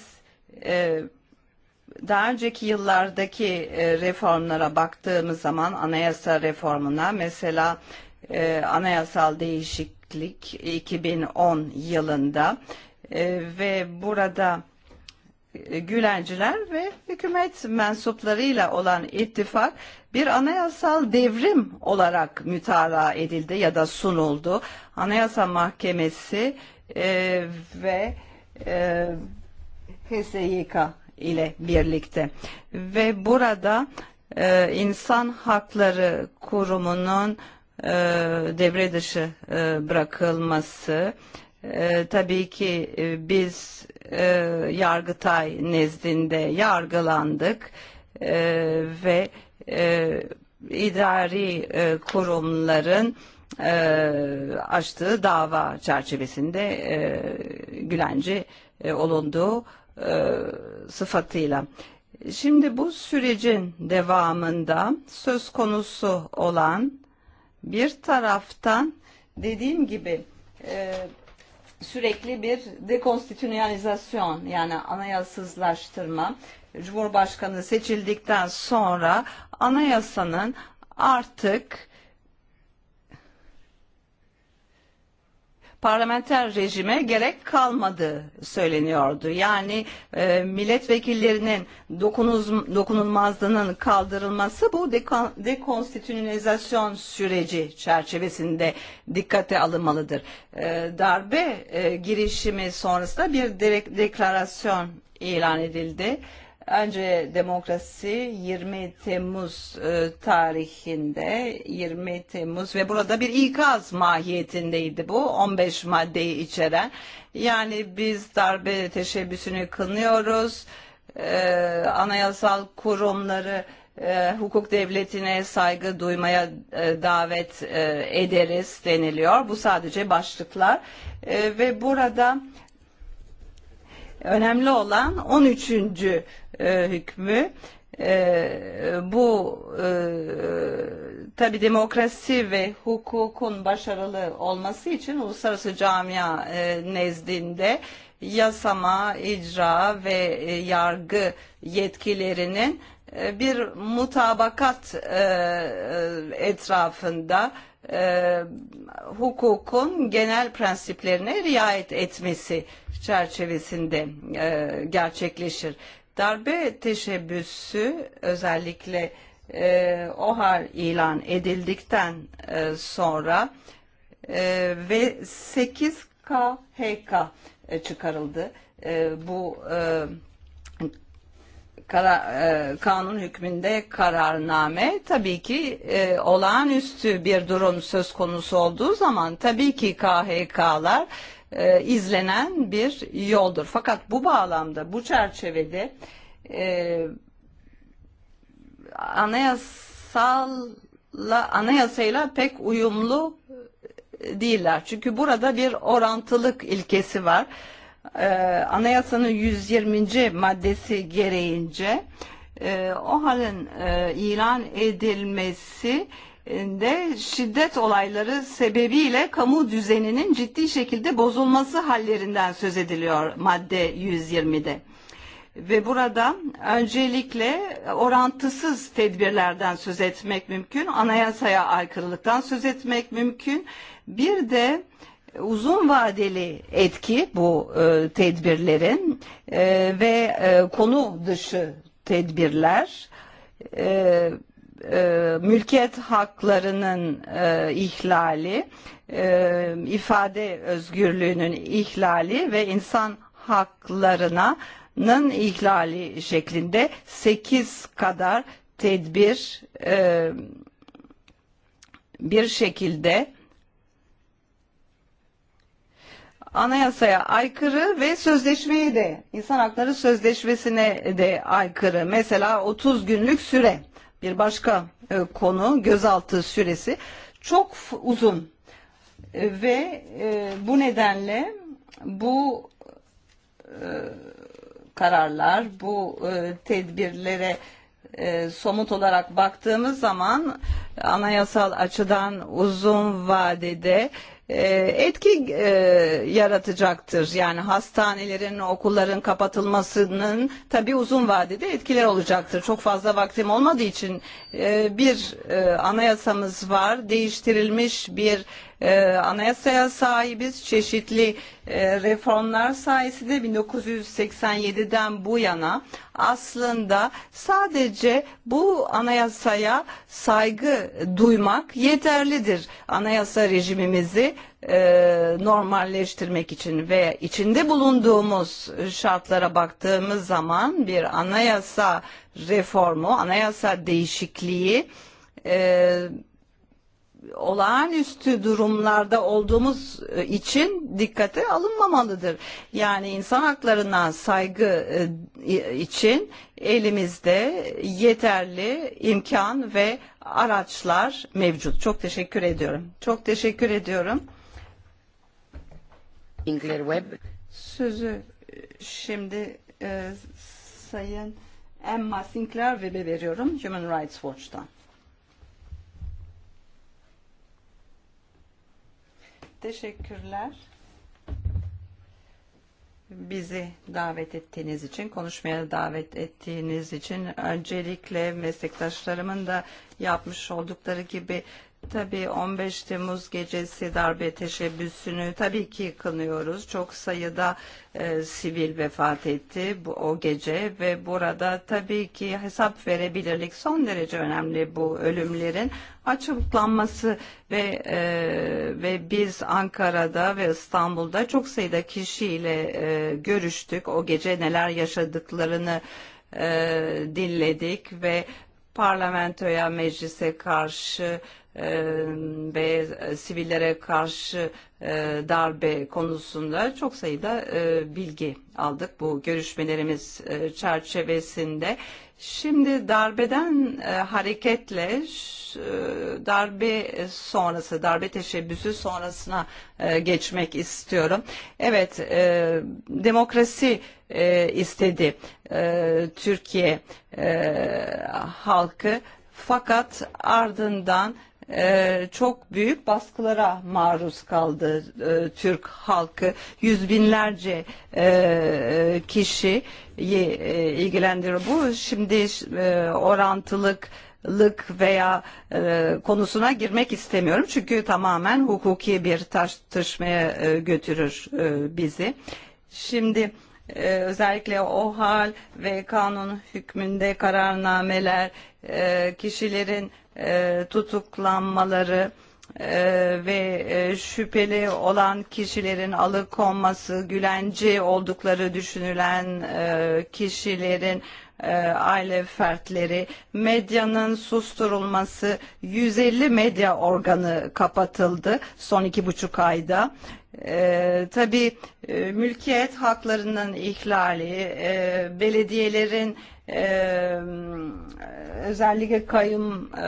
e, daha önceki yıllardaki e, reformlara baktığımız zaman anayasa reformuna mesela e, anayasal değişik değişiklik 2010 yılında e, ve burada e, Gülenciler ve hükümet mensuplarıyla olan ittifak bir anayasal devrim olarak mütala edildi ya da sunuldu. Anayasa Mahkemesi e, ve e, HSYK ile birlikte ve burada e, insan hakları kurumunun e, devre dışı bırakılması. Tabii ki biz Yargıtay nezdinde yargılandık ve idari kurumların açtığı dava çerçevesinde Gülenci olunduğu sıfatıyla. Şimdi bu sürecin devamında söz konusu olan bir taraftan dediğim gibi e, sürekli bir dekonstitüsyonalizasyon yani anayasızlaştırma Cumhurbaşkanı seçildikten sonra anayasanın artık e, parlamenter rejime gerek kalmadı söyleniyordu. Yani e, milletvekillerinin dokunuz, dokunulmazlığının kaldırılması bu dekon, dekonstitüsyonizasyon süreci çerçevesinde dikkate alınmalıdır. E, darbe e, girişimi sonrasında bir de, deklarasyon ilan edildi. E, Önce demokrasi 20 Temmuz e, eh, tarihinde 20 Temmuz ve burada bir ikaz mahiyetindeydi bu 15 maddeyi iċera. Jani biz darbe teşebbüsünü kınıyoruz. E, anayasal kurumları e, hukuk devletine saygı duymaya e, davet e, ederiz deniliyor. Bu sadece başlıklar e, ve burada önemli olan 13 hükmü eh, eh, bu eh, tabi demokrasi ve hukukun başarılı olması için uluslararası camia nezdinde yasama, icra ve yargı yetkilerinin bir mutabakat etrafında hukukun genel prensiplerine riayet etmesi çerçevesinde gerçekleşir darbe teşebbüsü özellikle e, OHAR ilan edildikten e, sonra e, ve 8 khk e, çıkarıldı. E, bu e, kara, e, kanun hükmünde kararname tabii ki e, olağanüstü bir durum söz konusu olduğu zaman tabii ki KHK'lar e, e, izlenen bir yoldur. Fakat bu bağlamda, bu çerçevede e, anayasalla, anayasayla pek uyumlu değiller. Çünkü burada bir orantılık ilkesi var. E, anayasanın 120. maddesi gereğince e, o halin e, ilan edilmesi e, de şiddet olayları sebebiyle kamu düzeninin ciddi şekilde bozulması hallerinden söz ediliyor madde 120'de. Ve burada öncelikle orantısız tedbirlerden söz etmek mümkün, anayasaya aykırılıktan söz etmek mümkün. Bir de uzun vadeli etki bu e, tedbirlerin e, ve e, konu dışı tedbirler e, e, mülkiyet haklarının e, ihlali, e, ifade özgürlüğünün ihlali ve insan haklarının ihlali şeklinde 8 kadar tedbir e, bir şekilde anayasaya aykırı ve sözleşmeye de insan hakları sözleşmesine de aykırı. Mesela 30 günlük süre bir başka e, konu gözaltı süresi çok uzun e, ve e, bu nedenle bu e, kararlar, bu e, tedbirlere e, somut olarak baktığımız zaman anayasal açıdan uzun vadede e, Eh, etki eh, yaratacaktır. Yani hastanelerin, okulların kapatılmasının tabi uzun vadede etkiler olacaktır. Çok fazla vaktim olmadığı için eh, bir anayasamız var, değiştirilmiş bir anayasaya sahibiz. Çeşitli e, reformlar sayesinde 1987'den bu yana aslında sadece bu anayasaya saygı duymak yeterlidir. Anayasa rejimimizi e, normalleştirmek için ve içinde bulunduğumuz şartlara baktığımız zaman bir anayasa reformu, anayasa değişikliği e, olağanüstü durumlarda olduğumuz e, için dikkate alınmamalıdır. Yani insan haklarına saygı e, için elimizde yeterli imkan ve araçlar mevcut. Çok teşekkür ediyorum. Çok teşekkür ediyorum. Winkler Web. Sözü e, şimdi e, Sayın Emma Sinclair Web'e veriyorum Human Rights Watch'tan. Teşekkürler. Bizi davet ettiğiniz için, konuşmaya davet ettiğiniz için öncelikle meslektaşlarımın da yapmış oldukları gibi Tabii 15 Temmuz gecesi darbe teşebbüsünü tabii ki kınıyoruz. Çok sayıda e, sivil vefat etti bu, o gece ve burada tabii ki hesap verebilirlik son derece önemli bu ölümlerin açıklanması ve e, ve biz Ankara'da ve İstanbul'da çok sayıda kişiyle e, görüştük. O gece neler yaşadıklarını e, dinledik ve parlamentoya meclise karşı e, ve sivillere karşı e, darbe konusunda çok sayıda e, bilgi aldık bu görüşmelerimiz e, çerçevesinde. Şimdi darbeden hareketle darbe sonrası, darbe teşebbüsü sonrasına geçmek istiyorum. Evet, demokrasi istedi Türkiye halkı fakat ardından e, çok büyük baskılara maruz kaldı e, Türk halkı. Yüz binlerce e, e kişi e, ilgilendiriyor. Bu şimdi e, orantılık lık veya e, konusuna girmek istemiyorum çünkü tamamen hukuki bir tartışmaya e, götürür e, bizi. Şimdi e, özellikle OHAL ve kanun hükmünde kararnameler e, kişilerin E, tutuklanmaları e, ve e, şüpheli olan kişilerin alıkonması, gülenci oldukları düşünülen e, kişilerin e, aile fertleri, medyanın susturulması, 150 medya organı kapatıldı son iki buçuk ayda. E, tabii e, mülkiyet haklarının ihlali, e, belediyelerin e, özellikle kayım e,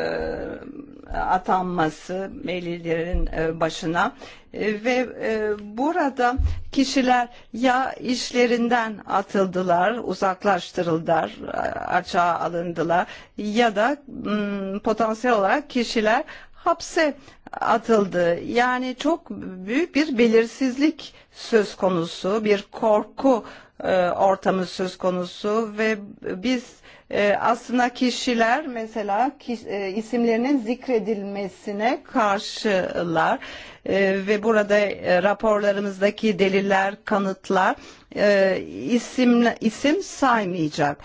atanması belediyelerin e, başına e, ve e, burada kişiler ya işlerinden atıldılar, uzaklaştırıldılar, e, açığa alındılar ya da m, potansiyel olarak kişiler hapse atıldı. Yani çok büyük bir belirsizlik söz konusu, bir korku e, ortamı söz konusu ve biz e, aslında kişiler mesela ki, e, isimlerinin zikredilmesine karşılar e, ve burada e, raporlarımızdaki deliller, kanıtlar e, isim isim saymayacak.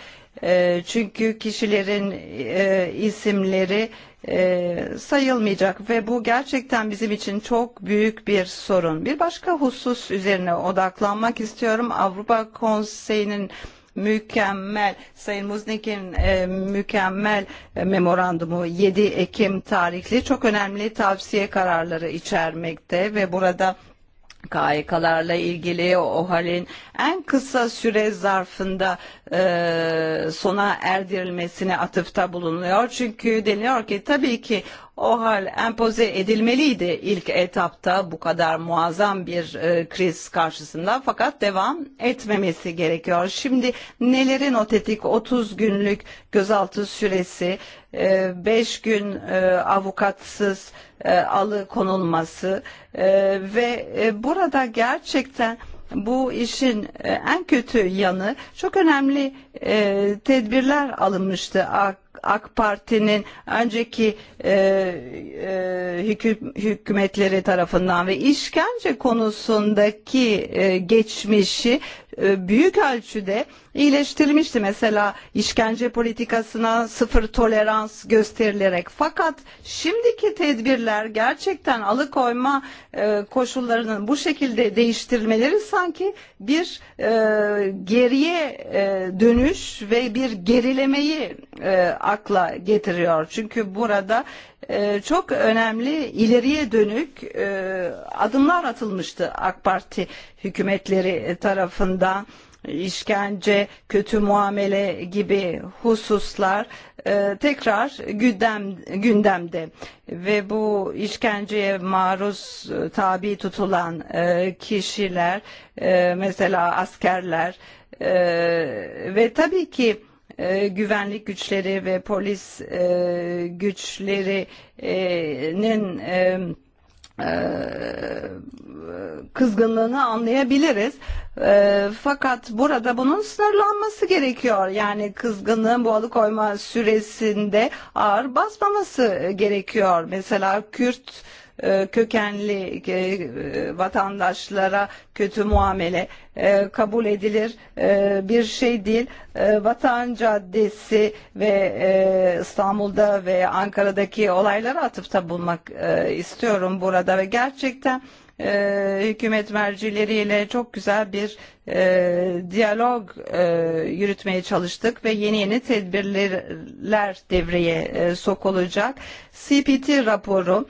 E, çünkü kişilerin e, isimleri e, e, sayılmayacak ve bu gerçekten bizim için çok büyük bir sorun. Bir başka husus üzerine odaklanmak istiyorum. Avrupa Konseyi'nin mükemmel Sayın Muznik'in e, mükemmel e, memorandumu 7 Ekim tarihli çok önemli tavsiye kararları içermekte ve burada KYK'larla ilgili o halin en kısa süre zarfında e, sona erdirilmesine atıfta bulunuyor. Çünkü deniyor ki tabii ki o hal empoze edilmeliydi ilk etapta bu kadar muazzam bir e, kriz karşısında fakat devam etmemesi gerekiyor. Şimdi nelerin o tetik 30 günlük gözaltı süresi 5 gün e, avukatsız e, alıkonulması e, ve burada gerçekten bu işin en kötü yanı çok önemli tedbirler alınmıştı AK Parti'nin önceki e, e, hüküm, hükümetleri tarafından ve işkence konusundaki e, geçmişi E, büyük ölçüde iyileştirmişti. Mesela işkence politikasına sıfır tolerans gösterilerek. Fakat şimdiki tedbirler gerçekten alıkoyma e, koşullarının bu şekilde değiştirmeleri sanki bir e, geriye dönüş ve bir gerilemeyi akla getiriyor. Çünkü burada çok önemli ileriye dönük e, adımlar atılmıştı AK Parti hükümetleri tarafından işkence, kötü muamele gibi hususlar e, tekrar gündem, gündemde ve bu işkenceye maruz e, tabi tutulan e, kişiler e, mesela askerler e, ve tabii ki e, E, güvenlik güçleri ve polis e, güçlerinin e, e, e, kızgınlığını anlayabiliriz. Fakat burada bunun sınırlanması gerekiyor. Yani kızgınlığın bu alıkoyma süresinde ağır basmaması gerekiyor. Mesela Kürt E, kökenli e, vatandaşlara kötü muamele e, kabul edilir bir şey değil. Vatan Caddesi ve İstanbul'da ve Ankara'daki olaylara atıfta bulmak istiyorum burada ve gerçekten e, hükümet mercileriyle çok güzel bir e, diyalog e, yürütmeye çalıştık ve yeni yeni tedbirler devreye e, sokulacak. CPT raporu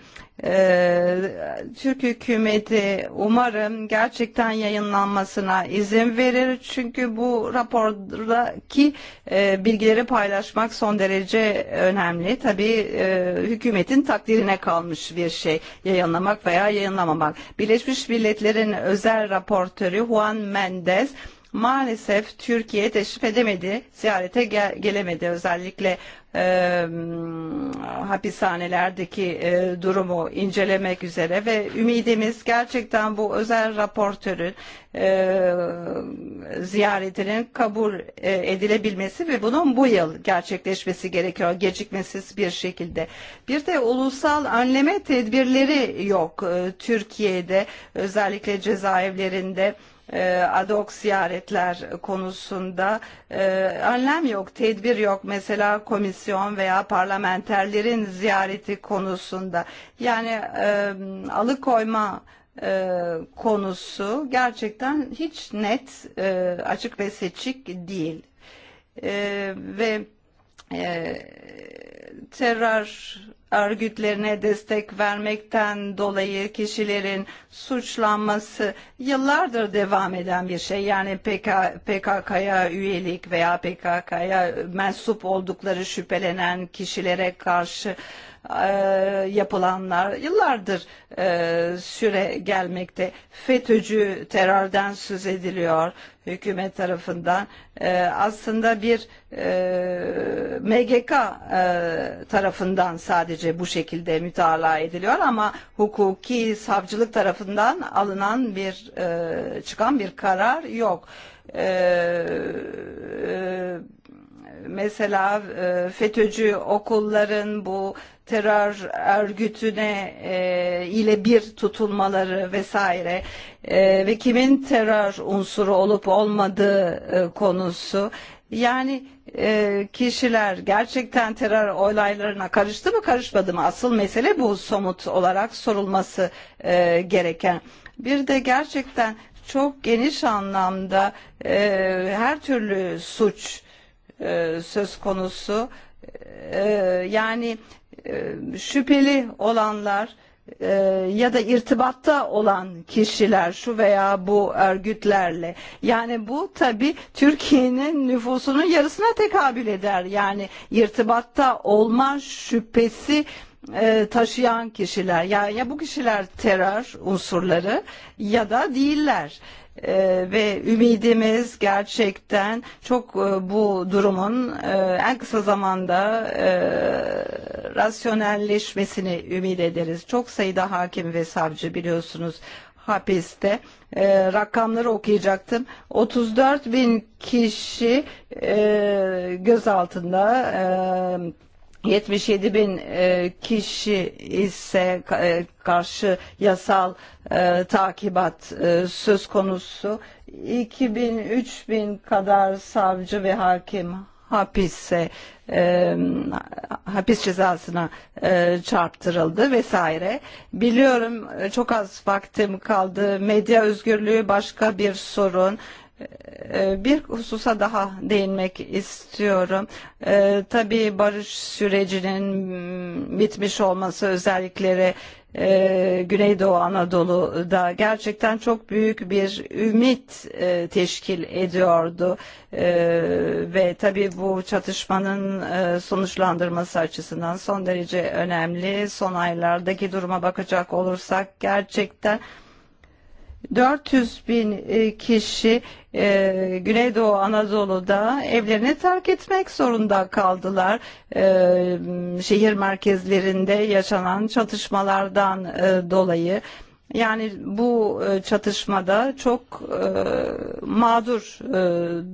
Türk hükümeti umarım gerçekten yayınlanmasına izin verir. Çünkü bu rapordaki e, bilgileri paylaşmak son derece önemli. Tabii e, hükümetin takdirine kalmış bir şey yayınlamak veya yayınlamamak. Birleşmiş Milletler'in özel raportörü Juan Mendes maalesef Türkiye teşrif edemedi, ziyarete ge gelemedi özellikle e, hapishanelerdeki e, durumu incelemek üzere ve ümidimiz gerçekten bu özel raportörün e, ziyaretinin kabul e, edilebilmesi ve bunun bu yıl gerçekleşmesi gerekiyor gecikmesiz bir şekilde. Bir de ulusal önleme tedbirleri yok e, Türkiye'de özellikle cezaevlerinde. E, Eh, adok ziyaretler konusunda önlem eh, yok, tedbir yok. Mesela komisyon veya parlamenterlerin ziyareti konusunda. Yani eh, alıkoyma konusu gerçekten hiç net, açık ve seçik değil. Ve terör örgütlerine destek vermekten dolayı kişilerin suçlanması yıllardır devam eden bir şey. Yani PK, PKK'ya üyelik veya PKK'ya mensup oldukları şüphelenen kişilere karşı e, E, yapılanlar yıllardır e, süre gelmekte. FETÖ'cü terörden söz ediliyor hükümet tarafından. E, aslında bir e, MGK e, tarafından sadece bu şekilde mütalaa ediliyor ama hukuki savcılık tarafından alınan bir e, çıkan bir karar yok. E, e, mesela e, FETÖ'cü okulların bu terör örgütüne e, ile bir tutulmaları vesaire e, ve kimin terör unsuru olup olmadığı e, konusu yani e, kişiler gerçekten terör olaylarına karıştı mı karışmadı mı asıl mesele bu somut olarak sorulması e, gereken bir de gerçekten çok geniş anlamda e, her türlü suç E, söz konusu. E, yani e, şüpheli olanlar ya da irtibatta olan kişiler şu veya bu örgütlerle. Yani bu tabi Türkiye'nin nüfusunun yarısına tekabül eder. Yani irtibatta olma şüphesi taşıyan kişiler ya, ya bu kişiler terör unsurları ya da değiller ve ümidimiz gerçekten çok e, bu durumun e, en kısa zamanda e, rasyonelleşmesini ümit ederiz. Çok sayıda hakim ve savcı biliyorsunuz hapiste e, rakamları okuyacaktım. 34 bin kişi e, gözaltında e, 77 bin e, kişi ise e, karşı yasal e, takibat e, söz konusu. 2000-3000 kadar savcı ve hakim hapise e, hapis cezasına e, çarptırıldı vesaire. Biliyorum e, çok az vaktim kaldı. Medya özgürlüğü başka bir sorun bir hususa daha değinmek istiyorum. E, tabii barış sürecinin bitmiş olması özellikleri e, Güneydoğu Anadolu'da gerçekten çok büyük bir ümit e, teşkil ediyordu e, ve tabii bu çatışmanın e, sonuçlandırması açısından son derece önemli. Son aylardaki duruma bakacak olursak gerçekten e, 400 bin e, kişi e, Güneydoğu Anadolu'da evlerini terk etmek zorunda kaldılar. E, şehir merkezlerinde yaşanan çatışmalardan e, dolayı. Yani bu e, çatışmada çok e, mağdur e,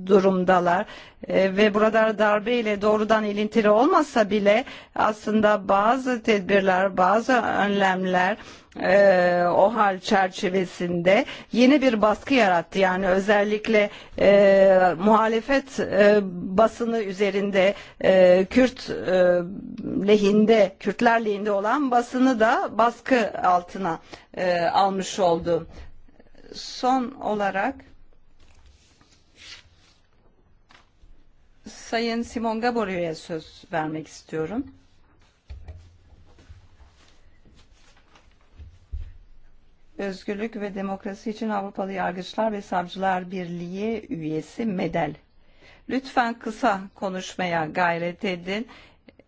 durumdalar. E, ve burada ile doğrudan ilintili olmasa bile aslında bazı tedbirler, bazı önlemler e, OHAL çerçevesinde yeni bir baskı yarattı. Yani özellikle e, muhalefet e, basını üzerinde e, Kürt e, lehinde, Kürtler lehinde olan basını da baskı altına e, almış oldu. Son olarak Sayın Simon Gaboru'ya söz vermek istiyorum. Özgürlük ve Demokrasi için Avrupalı Yargıçlar ve Savcılar Birliği üyesi Medel. Lütfen kısa konuşmaya gayret edin.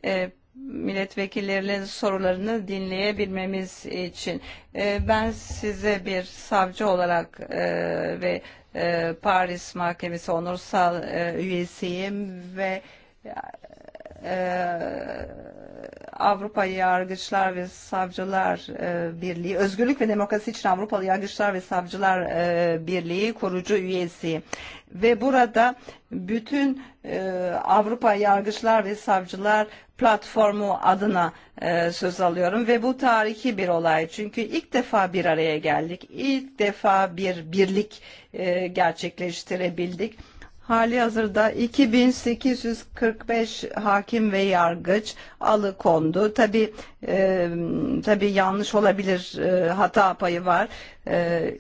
E, milletvekillerinin sorularını dinleyebilmemiz için. E, ben size bir savcı olarak e, ve Eh, Paris ma kemi onursal sal eh, UECM ve eh, Avrupa Yargıçlar ve Savcılar Birliği, Özgürlük ve Demokrasi için Avrupalı Yargıçlar ve Savcılar Birliği kurucu üyesi. Ve burada bütün Avrupa Yargıçlar ve Savcılar platformu adına e, söz alıyorum ve bu tarihi bir olay. Çünkü ilk defa bir araya geldik, ilk defa bir birlik e, gerçekleştirebildik. Hali hazırda 2845 hakim ve yargıç alıkondu. Tabi e, tabi yanlış olabilir e, hata payı var. E,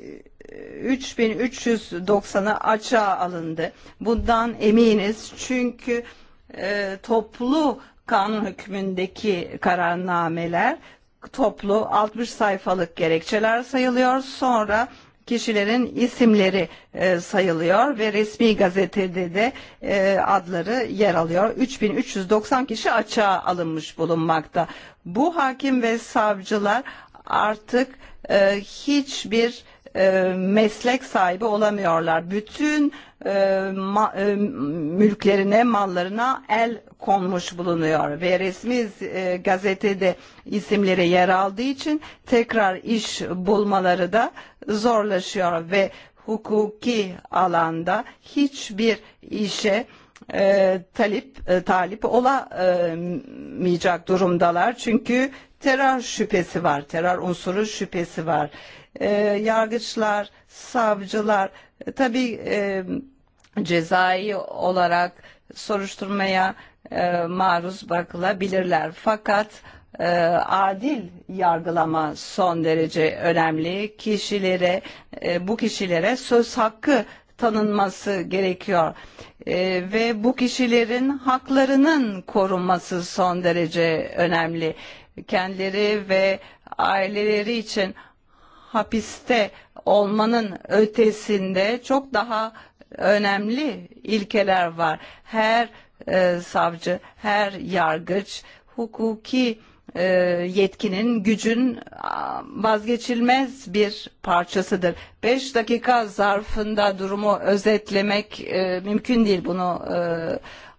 3390'a açığa alındı. Bundan eminiz çünkü e, toplu kanun hükmündeki kararnameler toplu 60 sayfalık gerekçeler sayılıyor. Sonra kişilerin isimleri e, sayılıyor ve resmi gazetede de e, adları yer alıyor. 3390 kişi açığa alınmış bulunmakta. Bu hakim ve savcılar artık e, hiçbir e, meslek sahibi olamıyorlar. Bütün e, ma, e, mülklerine, mallarına el konmuş bulunuyor ve resmi e, gazetede isimleri yer aldığı için tekrar iş bulmaları da zorlaşıyor ve hukuki alanda hiçbir işe e, talip e, talip olamayacak durumdalar çünkü terör şüphesi var, terör unsuru şüphesi var e, yargıçlar, savcılar tabi e, cezai olarak soruşturmaya e, maruz bırakılabilirler. Fakat e, adil yargılama son derece önemli. Kişilere e, bu kişilere söz hakkı tanınması gerekiyor. E, ve bu kişilerin haklarının korunması son derece önemli. Kendileri ve aileleri için hapiste olmanın ötesinde çok daha önemli ilkeler var. Her e, savcı, her yargıç hukuki e, yetkinin, gücün vazgeçilmez bir parçasıdır. Beş dakika zarfında durumu özetlemek e, mümkün değil bunu e,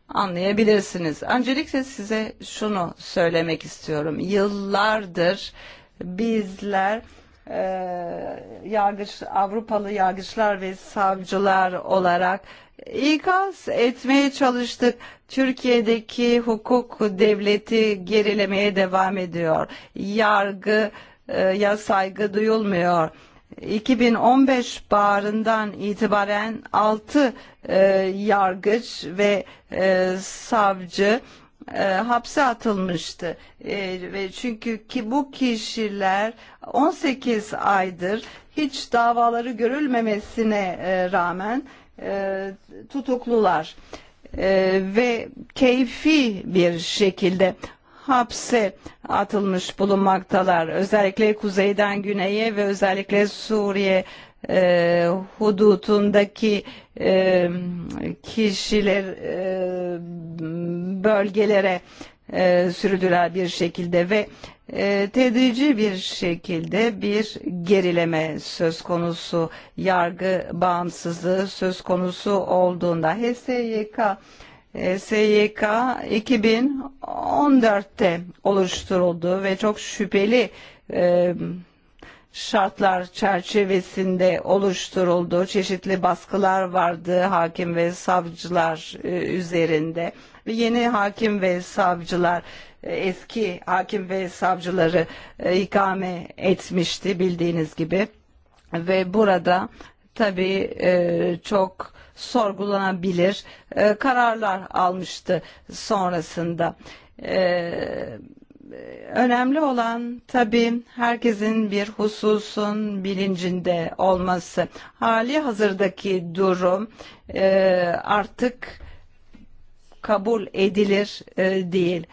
anlayabilirsiniz. Öncelikle size şunu söylemek istiyorum. Yıllardır bizler e, E, yargıç Avrupalı yargıçlar ve savcılar olarak ikaz etmeye çalıştık. Türkiye'deki hukuk devleti gerilemeye devam ediyor. Yargı e, ya saygı duyulmuyor. 2015 baharından itibaren 6 e, yargıç ve e, savcı e, e, hapse atılmıştı. E, ve çünkü ki bu kişiler 18 aydır hiç davaları görülmemesine e, rağmen e, tutuklular e, ve keyfi bir şekilde hapse atılmış bulunmaktalar. Özellikle kuzeyden güneye ve özellikle Suriye'ye. Eh, hudutundaki e, eh, kişiler e, eh, bölgelere e, bir şekilde ve tedrici bir şekilde bir gerileme söz konusu yargı bağımsızlığı söz konusu olduğunda HSYK SYK 2014'te oluşturuldu ve çok şüpheli e, şartlar çerçevesinde oluşturuldu. Çeşitli baskılar vardı hakim ve savcılar e, üzerinde. Yeni hakim ve savcılar e, eski hakim ve savcıları e, ikame etmişti bildiğiniz gibi. Ve burada tabii çok sorgulanabilir kararlar almıştı sonrasında. Evet önemli olan tabi herkesin bir hususun bilincinde olması. Hali hazırdaki durum e, artık kabul edilir e, değil.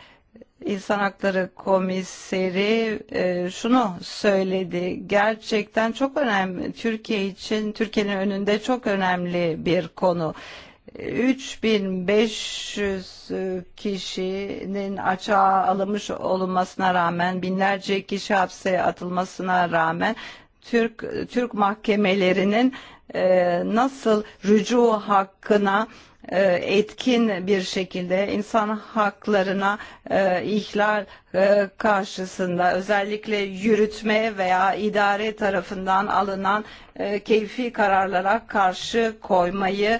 İnsan Hakları Komiseri e, şunu söyledi. Gerçekten çok önemli. Türkiye için, Türkiye'nin önünde çok önemli bir konu. 3500 e, kişinin açığa alınmış olunmasına rağmen binlerce kişi hapse atılmasına rağmen Türk Türk mahkemelerinin e, nasıl rücu hakkına e, E, etkin bir şekilde insan haklarına e, ihlal e, karşısında özellikle yürütme veya idare tarafından alınan keyfi kararlara karşı koymayı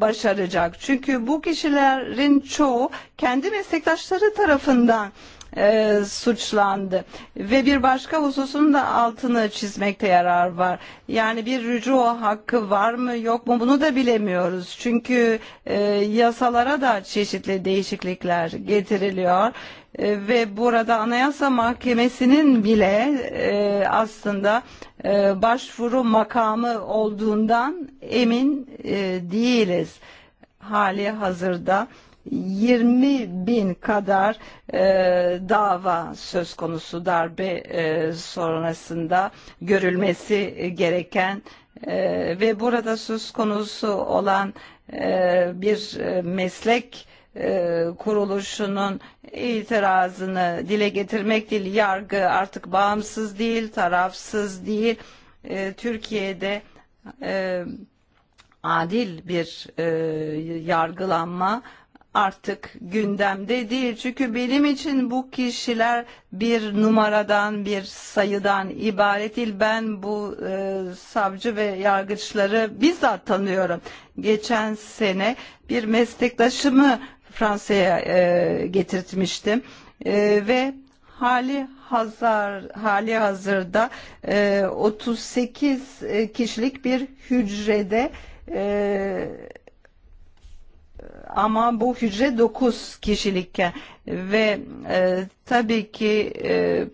başaracak. Çünkü bu kişilerin çoğu kendi meslektaşları tarafından e, suçlandı. Ve bir başka hususun da altını çizmekte yarar var. Yani bir rücu hakkı var mı yok mu bunu da bilemiyoruz. Çünkü e, yasalara da çeşitli değişiklikler getiriliyor e, ve burada Anayasa Mahkemesi'nin bile e, aslında e, başvuru makamı olduğundan emin e, değiliz hali hazırda. 20 bin kadar e, dava söz konusu darbe e, sonrasında görülmesi gereken e, ve burada söz konusu olan e, bir meslek e, kuruluşunun itirazını dile getirmek değil, yargı artık bağımsız değil, tarafsız değil. E, Türkiye'de e, adil bir e, yargılanma artık gündemde değil. Çünkü benim için bu kişiler bir numaradan, bir sayıdan ibaret değil. Ben bu e, savcı ve yargıçları bizzat tanıyorum. Geçen sene bir meslektaşımı Fransa'ya e, getirtmiştim e, ve hali hazar hali hazırda e, 38 e, kişilik bir hücrede e, ama bu hücre 9 kişilikken ve e, tabii ki e,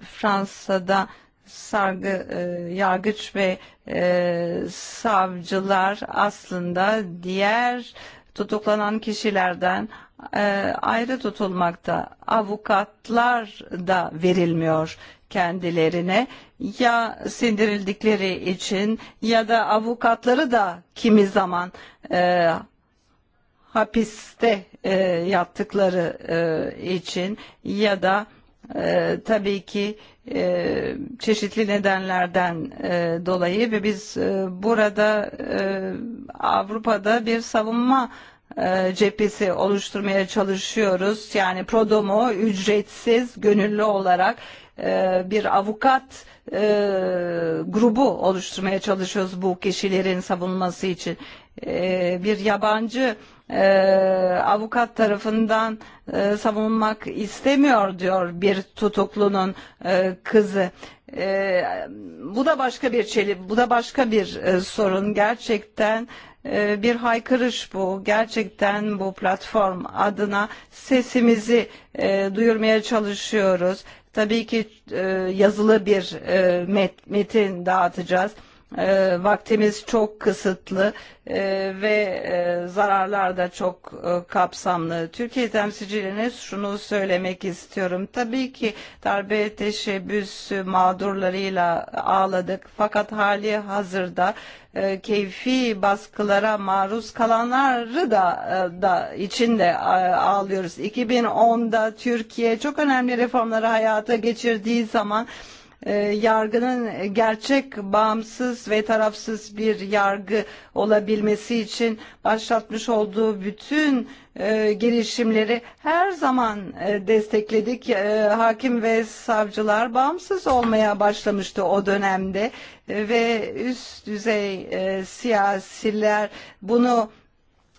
Fransa'da sargı e, yargıç ve e, savcılar aslında diğer tutuklanan kişilerden e, ayrı tutulmakta. Avukatlar da verilmiyor kendilerine ya sindirildikleri için ya da avukatları da kimi zaman e, hapiste e, yaptıkları e, için ya da e, tabii ki e, çeşitli nedenlerden e, dolayı ve biz e, burada e, Avrupa'da bir savunma e, cephesi oluşturmaya çalışıyoruz. Yani Prodomo ücretsiz gönüllü olarak e, bir avukat e, grubu oluşturmaya çalışıyoruz bu kişilerin savunması için. E, bir yabancı e, avukat tarafından e, savunmak istemiyor diyor bir tutuklunun e, kızı. E, bu da başka bir çelip, bu da başka bir e, sorun. Gerçekten e, bir haykırış bu. Gerçekten bu platform adına sesimizi e, duyurmaya çalışıyoruz. Tabii ki e, yazılı bir e, met, metin dağıtacağız. E, vaktimiz çok kısıtlı e, ve e, zararlar da çok e, kapsamlı. Türkiye temsilcilerine şunu söylemek istiyorum. Tabii ki darbe teşebbüsü mağdurlarıyla ağladık fakat hali hazırda e, keyfi baskılara maruz kalanları da, e, da içinde e, ağlıyoruz. 2010'da Türkiye çok önemli reformları hayata geçirdiği zaman e, yargının gerçek, bağımsız ve tarafsız bir yargı olabilmesi için başlatmış olduğu bütün e, girişimleri her zaman e, destekledik. E, hakim ve savcılar bağımsız olmaya başlamıştı o dönemde e, ve üst düzey e, siyasiler bunu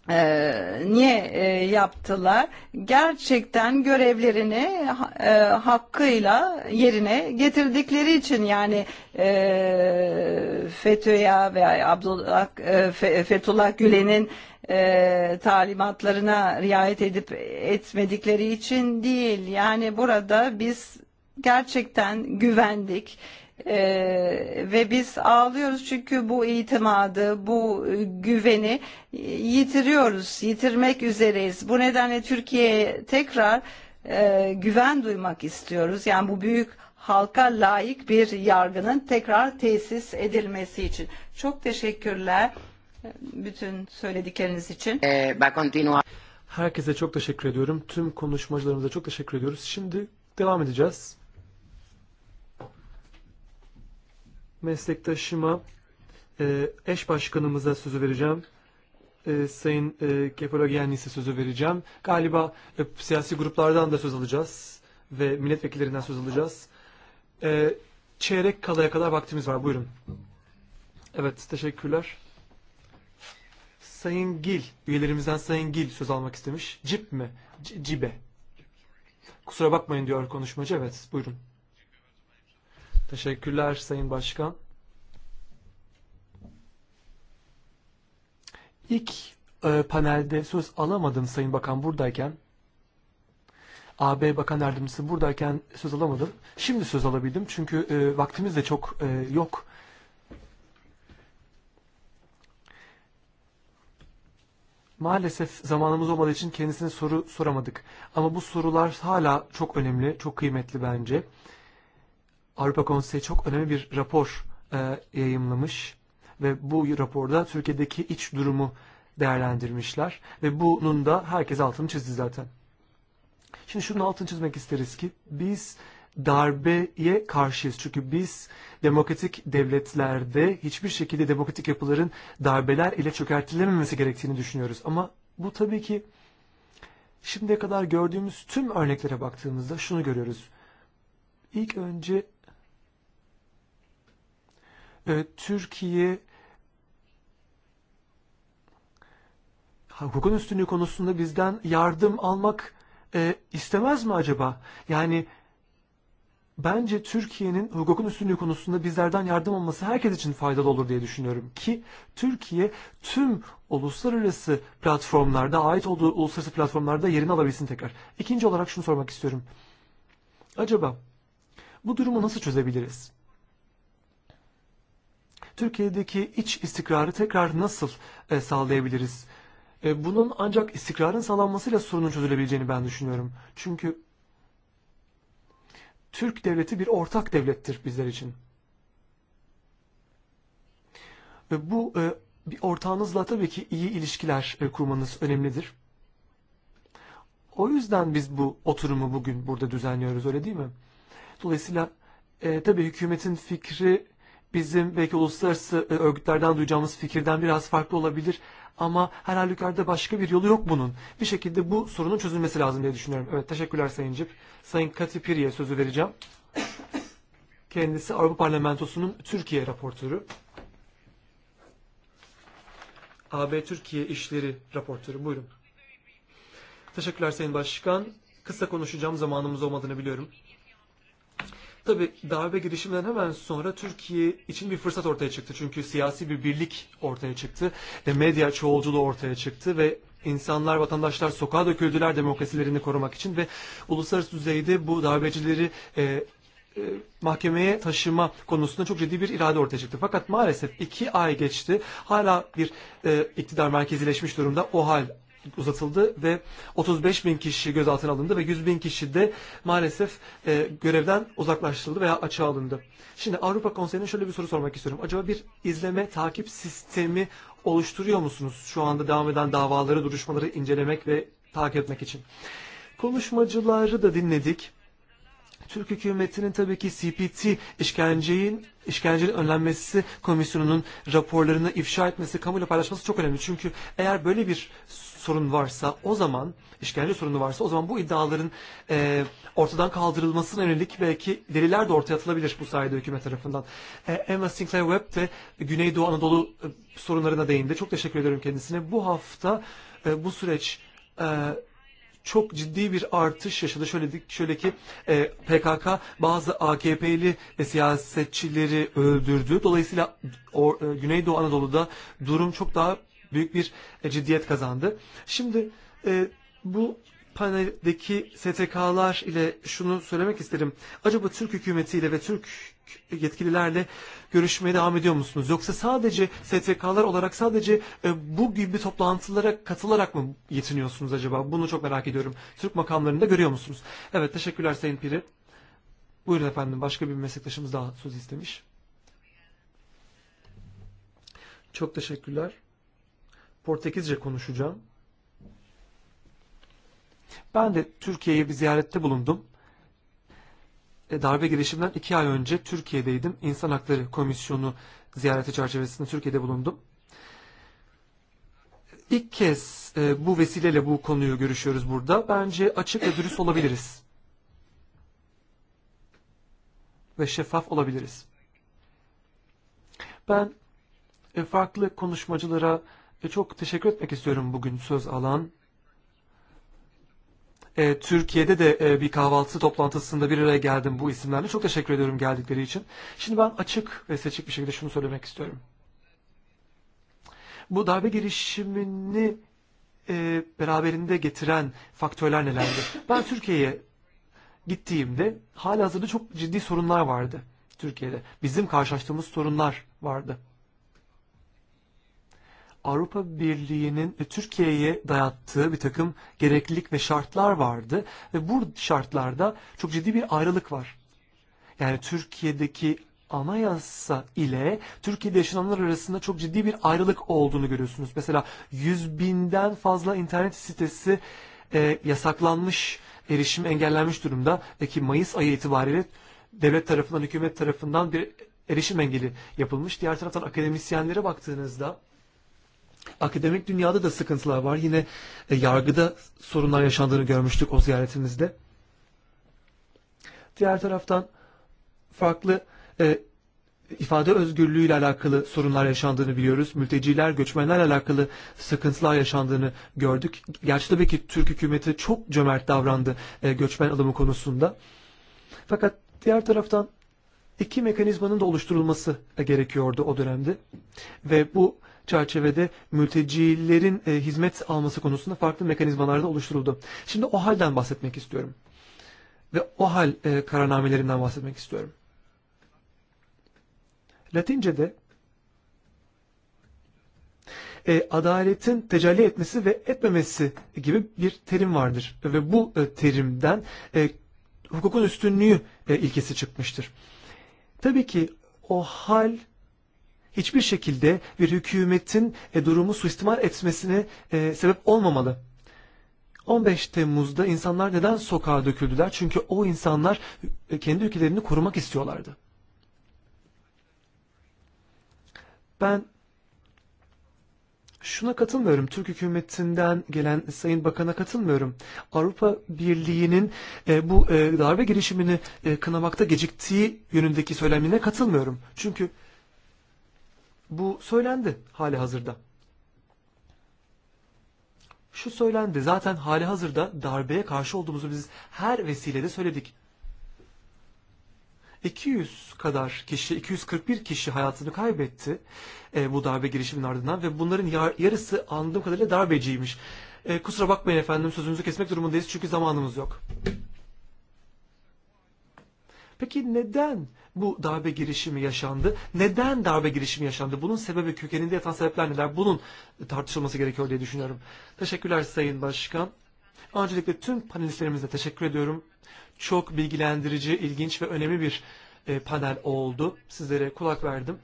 e, niye e, yaptılar? Gerçekten görevlerini e, hakkıyla yerine getirdikleri için yani e, FETÖ'ye veya Abdullah, e, Fethullah Gülen'in e, talimatlarına riayet edip etmedikleri için değil. Yani burada biz gerçekten güvendik. Ee, ve biz ağlıyoruz çünkü bu itimadı, bu güveni yitiriyoruz, yitirmek üzereyiz. Bu nedenle Türkiye'ye tekrar e, güven duymak istiyoruz. Yani bu büyük halka layık bir yargının tekrar tesis edilmesi için. Çok teşekkürler e, bütün söyledikleriniz için. Ee,
Herkese çok teşekkür ediyorum. Tüm konuşmacılarımıza çok teşekkür ediyoruz. Şimdi devam edeceğiz. meslektaşıma e, eş başkanımıza sözü vereceğim. E, Sayın e, Kefalogiyannis'e sözü vereceğim. Galiba e, siyasi gruplardan da söz alacağız ve milletvekillerinden söz alacağız. E, çeyrek kalaya kadar vaktimiz var. Buyurun. Evet, teşekkürler. Sayın Gil, üyelerimizden Sayın Gil söz almak istemiş. Cip mi? C Cibe. Kusura bakmayın diyor konuşmacı. Evet, buyurun. Teşekkürler Sayın Başkan. İlk e, panelde söz alamadım Sayın Bakan buradayken. AB Bakan Yardımcısı buradayken söz alamadım. Şimdi söz alabildim çünkü e, vaktimiz de çok e, yok. Maalesef zamanımız olmadığı için kendisine soru soramadık. Ama bu sorular hala çok önemli, çok kıymetli bence. E, Avrupa Konseyi çok önemli bir rapor e, yayımlamış ve bu raporda Türkiye'deki iç durumu değerlendirmişler ve bunun da herkes altını çizdi zaten. Şimdi şunun altını çizmek isteriz ki biz darbeye karşıyız. Çünkü biz demokratik devletlerde hiçbir şekilde demokratik yapıların darbeler ile çökertilememesi gerektiğini düşünüyoruz. Ama bu tabii ki şimdiye kadar gördüğümüz tüm örneklere baktığımızda şunu görüyoruz. İlk önce Türkiye hukukun üstünlüğü konusunda bizden yardım almak e, istemez mi acaba? Yani bence Türkiye'nin hukukun üstünlüğü konusunda bizlerden yardım alması herkes için faydalı olur diye düşünüyorum. Ki Türkiye tüm uluslararası platformlarda, ait olduğu uluslararası platformlarda yerini alabilsin tekrar. İkinci olarak şunu sormak istiyorum. Acaba bu durumu nasıl çözebiliriz? Türkiye'deki iç istikrarı tekrar nasıl e, sağlayabiliriz? E, bunun ancak istikrarın sağlanmasıyla sorunun çözülebileceğini ben düşünüyorum. Çünkü Türk devleti bir ortak devlettir bizler için. Ve bu e, bir ortağınızla tabii ki iyi ilişkiler e, kurmanız önemlidir. O yüzden biz bu oturumu bugün burada düzenliyoruz öyle değil mi? Dolayısıyla e, tabii hükümetin fikri bizim belki uluslararası e, örgütlerden duyacağımız fikirden biraz farklı olabilir. Ama her halükarda başka bir yolu yok bunun. Bir şekilde bu sorunun çözülmesi lazım diye düşünüyorum. Evet teşekkürler Sayın Cip. Sayın Kati Piri'ye sözü vereceğim. Kendisi Avrupa Parlamentosu'nun Türkiye raportörü. AB Türkiye İşleri raportörü. Buyurun. Teşekkürler Sayın Başkan. Kısa konuşacağım zamanımız olmadığını biliyorum. Tabi darbe girişiminden hemen sonra Türkiye için bir fırsat ortaya çıktı. Çünkü siyasi bir birlik ortaya çıktı. ve medya çoğulculuğu ortaya çıktı ve insanlar, vatandaşlar sokağa döküldüler demokrasilerini korumak için ve uluslararası düzeyde bu darbecileri e, e, mahkemeye taşıma konusunda çok ciddi bir irade ortaya çıktı. Fakat maalesef iki ay geçti. Hala bir e, iktidar merkezileşmiş durumda. O hal uzatıldı ve 35 bin kişi gözaltına alındı ve 100 bin kişi de maalesef e, görevden uzaklaştırıldı veya açığa alındı. Şimdi Avrupa Konseyi'ne şöyle bir soru sormak istiyorum. Acaba bir izleme takip sistemi oluşturuyor musunuz şu anda devam eden davaları, duruşmaları incelemek ve takip etmek için? Konuşmacıları da dinledik. Çünkü hükümetinin tabii ki CPT işkenceyin işkencenin önlenmesi komisyonunun raporlarını ifşa etmesi, kamuyla paylaşması çok önemli. Çünkü eğer böyle bir sorun varsa o zaman işkence sorunu varsa o zaman bu iddiaların e, eh, ortadan kaldırılmasına yönelik belki deliller de ortaya atılabilir bu sayede hükümet tarafından. E, eh, Emma Sinclair Webb eh, de Güneydoğu Anadolu e, sorunlarına değindi. Çok teşekkür ediyorum kendisine. Bu hafta e, bu süreç e, çok ciddi bir artış yaşadı. Şöyle şöyle ki e, PKK bazı AKP'li e, siyasetçileri öldürdü. Dolayısıyla o, e, Güneydoğu Anadolu'da durum çok daha büyük bir e, ciddiyet kazandı. Şimdi e, bu paneldeki STK'lar ile şunu söylemek isterim. Acaba Türk hükümetiyle ve Türk yetkililerle görüşmeye devam ediyor musunuz? Yoksa sadece STK'lar olarak sadece e, bu gibi toplantılara katılarak mı yetiniyorsunuz acaba? Bunu çok merak ediyorum. Türk makamlarında görüyor musunuz? Evet teşekkürler Sayın Piri. Buyurun efendim başka bir meslektaşımız daha söz istemiş. Çok teşekkürler. Portekizce konuşacağım. Ben de Türkiye'ye bir ziyarette bulundum. E, darbe girişiminden iki ay önce Türkiye'deydim. İnsan Hakları Komisyonu ziyareti çerçevesinde Türkiye'de bulundum. İlk kez e, bu vesileyle bu konuyu görüşüyoruz burada. Bence açık ve dürüst olabiliriz. Ve şeffaf olabiliriz. Ben e, farklı konuşmacılara çok teşekkür etmek istiyorum bugün söz alan e, Türkiye'de de e, bir kahvaltı toplantısında bir araya geldim bu isimlerle. Çok teşekkür ediyorum geldikleri için. Şimdi ben açık ve seçik bir şekilde şunu söylemek istiyorum. Bu darbe girişimini e, beraberinde getiren faktörler nelerdi? Ben Türkiye'ye gittiğimde halihazırda çok ciddi sorunlar vardı Türkiye'de. Bizim karşılaştığımız sorunlar vardı. Avrupa Birliği'nin Türkiye'ye dayattığı bir takım gereklilik ve şartlar vardı ve bu şartlarda çok ciddi bir ayrılık var. Yani Türkiye'deki anayasa ile Türkiye'de yaşananlar arasında çok ciddi bir ayrılık olduğunu görüyorsunuz. Mesela 100 binden fazla internet sitesi e, yasaklanmış, erişim engellenmiş durumda. Peki Mayıs ayı itibariyle devlet tarafından, hükümet tarafından bir erişim engeli yapılmış. Diğer taraftan akademisyenlere baktığınızda Akademik dünyada da sıkıntılar var. Yine e, yargıda sorunlar yaşandığını görmüştük o ziyaretimizde. Diğer taraftan farklı e, ifade özgürlüğü ile alakalı sorunlar yaşandığını biliyoruz. Mülteciler, göçmenlerle alakalı sıkıntılar yaşandığını gördük. Gerçi tabii ki Türk hükümeti çok cömert davrandı e, göçmen alımı konusunda. Fakat diğer taraftan iki mekanizmanın da oluşturulması gerekiyordu o dönemde. Ve bu çerçevede mültecilerin e, hizmet alması konusunda farklı mekanizmalar da oluşturuldu. Şimdi o halden bahsetmek istiyorum. Ve o hal e, kararnamelerinden bahsetmek istiyorum. Latince'de e, adaletin tecelli etmesi ve etmemesi gibi bir terim vardır. Ve bu e, terimden e, hukukun üstünlüğü e, ilkesi çıkmıştır. Tabii ki o hal hiçbir şekilde bir hükümetin e, durumu suistimal etmesine e, sebep olmamalı. 15 Temmuz'da insanlar neden sokağa döküldüler? Çünkü o insanlar e, kendi ülkelerini korumak istiyorlardı. Ben şuna katılmıyorum. Türk hükümetinden gelen Sayın Bakan'a katılmıyorum. Avrupa Birliği'nin e, bu e, darbe girişimini kınamakta geciktiği yönündeki söylemine katılmıyorum. Çünkü Bu söylendi hali hazırda. Şu söylendi zaten hali hazırda darbeye karşı olduğumuzu biz her vesilede söyledik. 200 kadar kişi, 241 kişi hayatını kaybetti e, bu darbe girişimin ardından ve bunların yar, yarısı anladığım kadarıyla darbeciymiş. E, kusura bakmayın efendim sözünüzü kesmek durumundayız çünkü zamanımız yok. Peki neden bu darbe girişimi yaşandı? Neden darbe girişimi yaşandı? Bunun sebebi kökeninde yatan sebepler neler? Bunun tartışılması gerekiyor diye düşünüyorum. Teşekkürler Sayın Başkan. Öncelikle tüm panelistlerimize teşekkür ediyorum. Çok bilgilendirici, ilginç ve önemli bir e, panel oldu. Sizlere kulak verdim.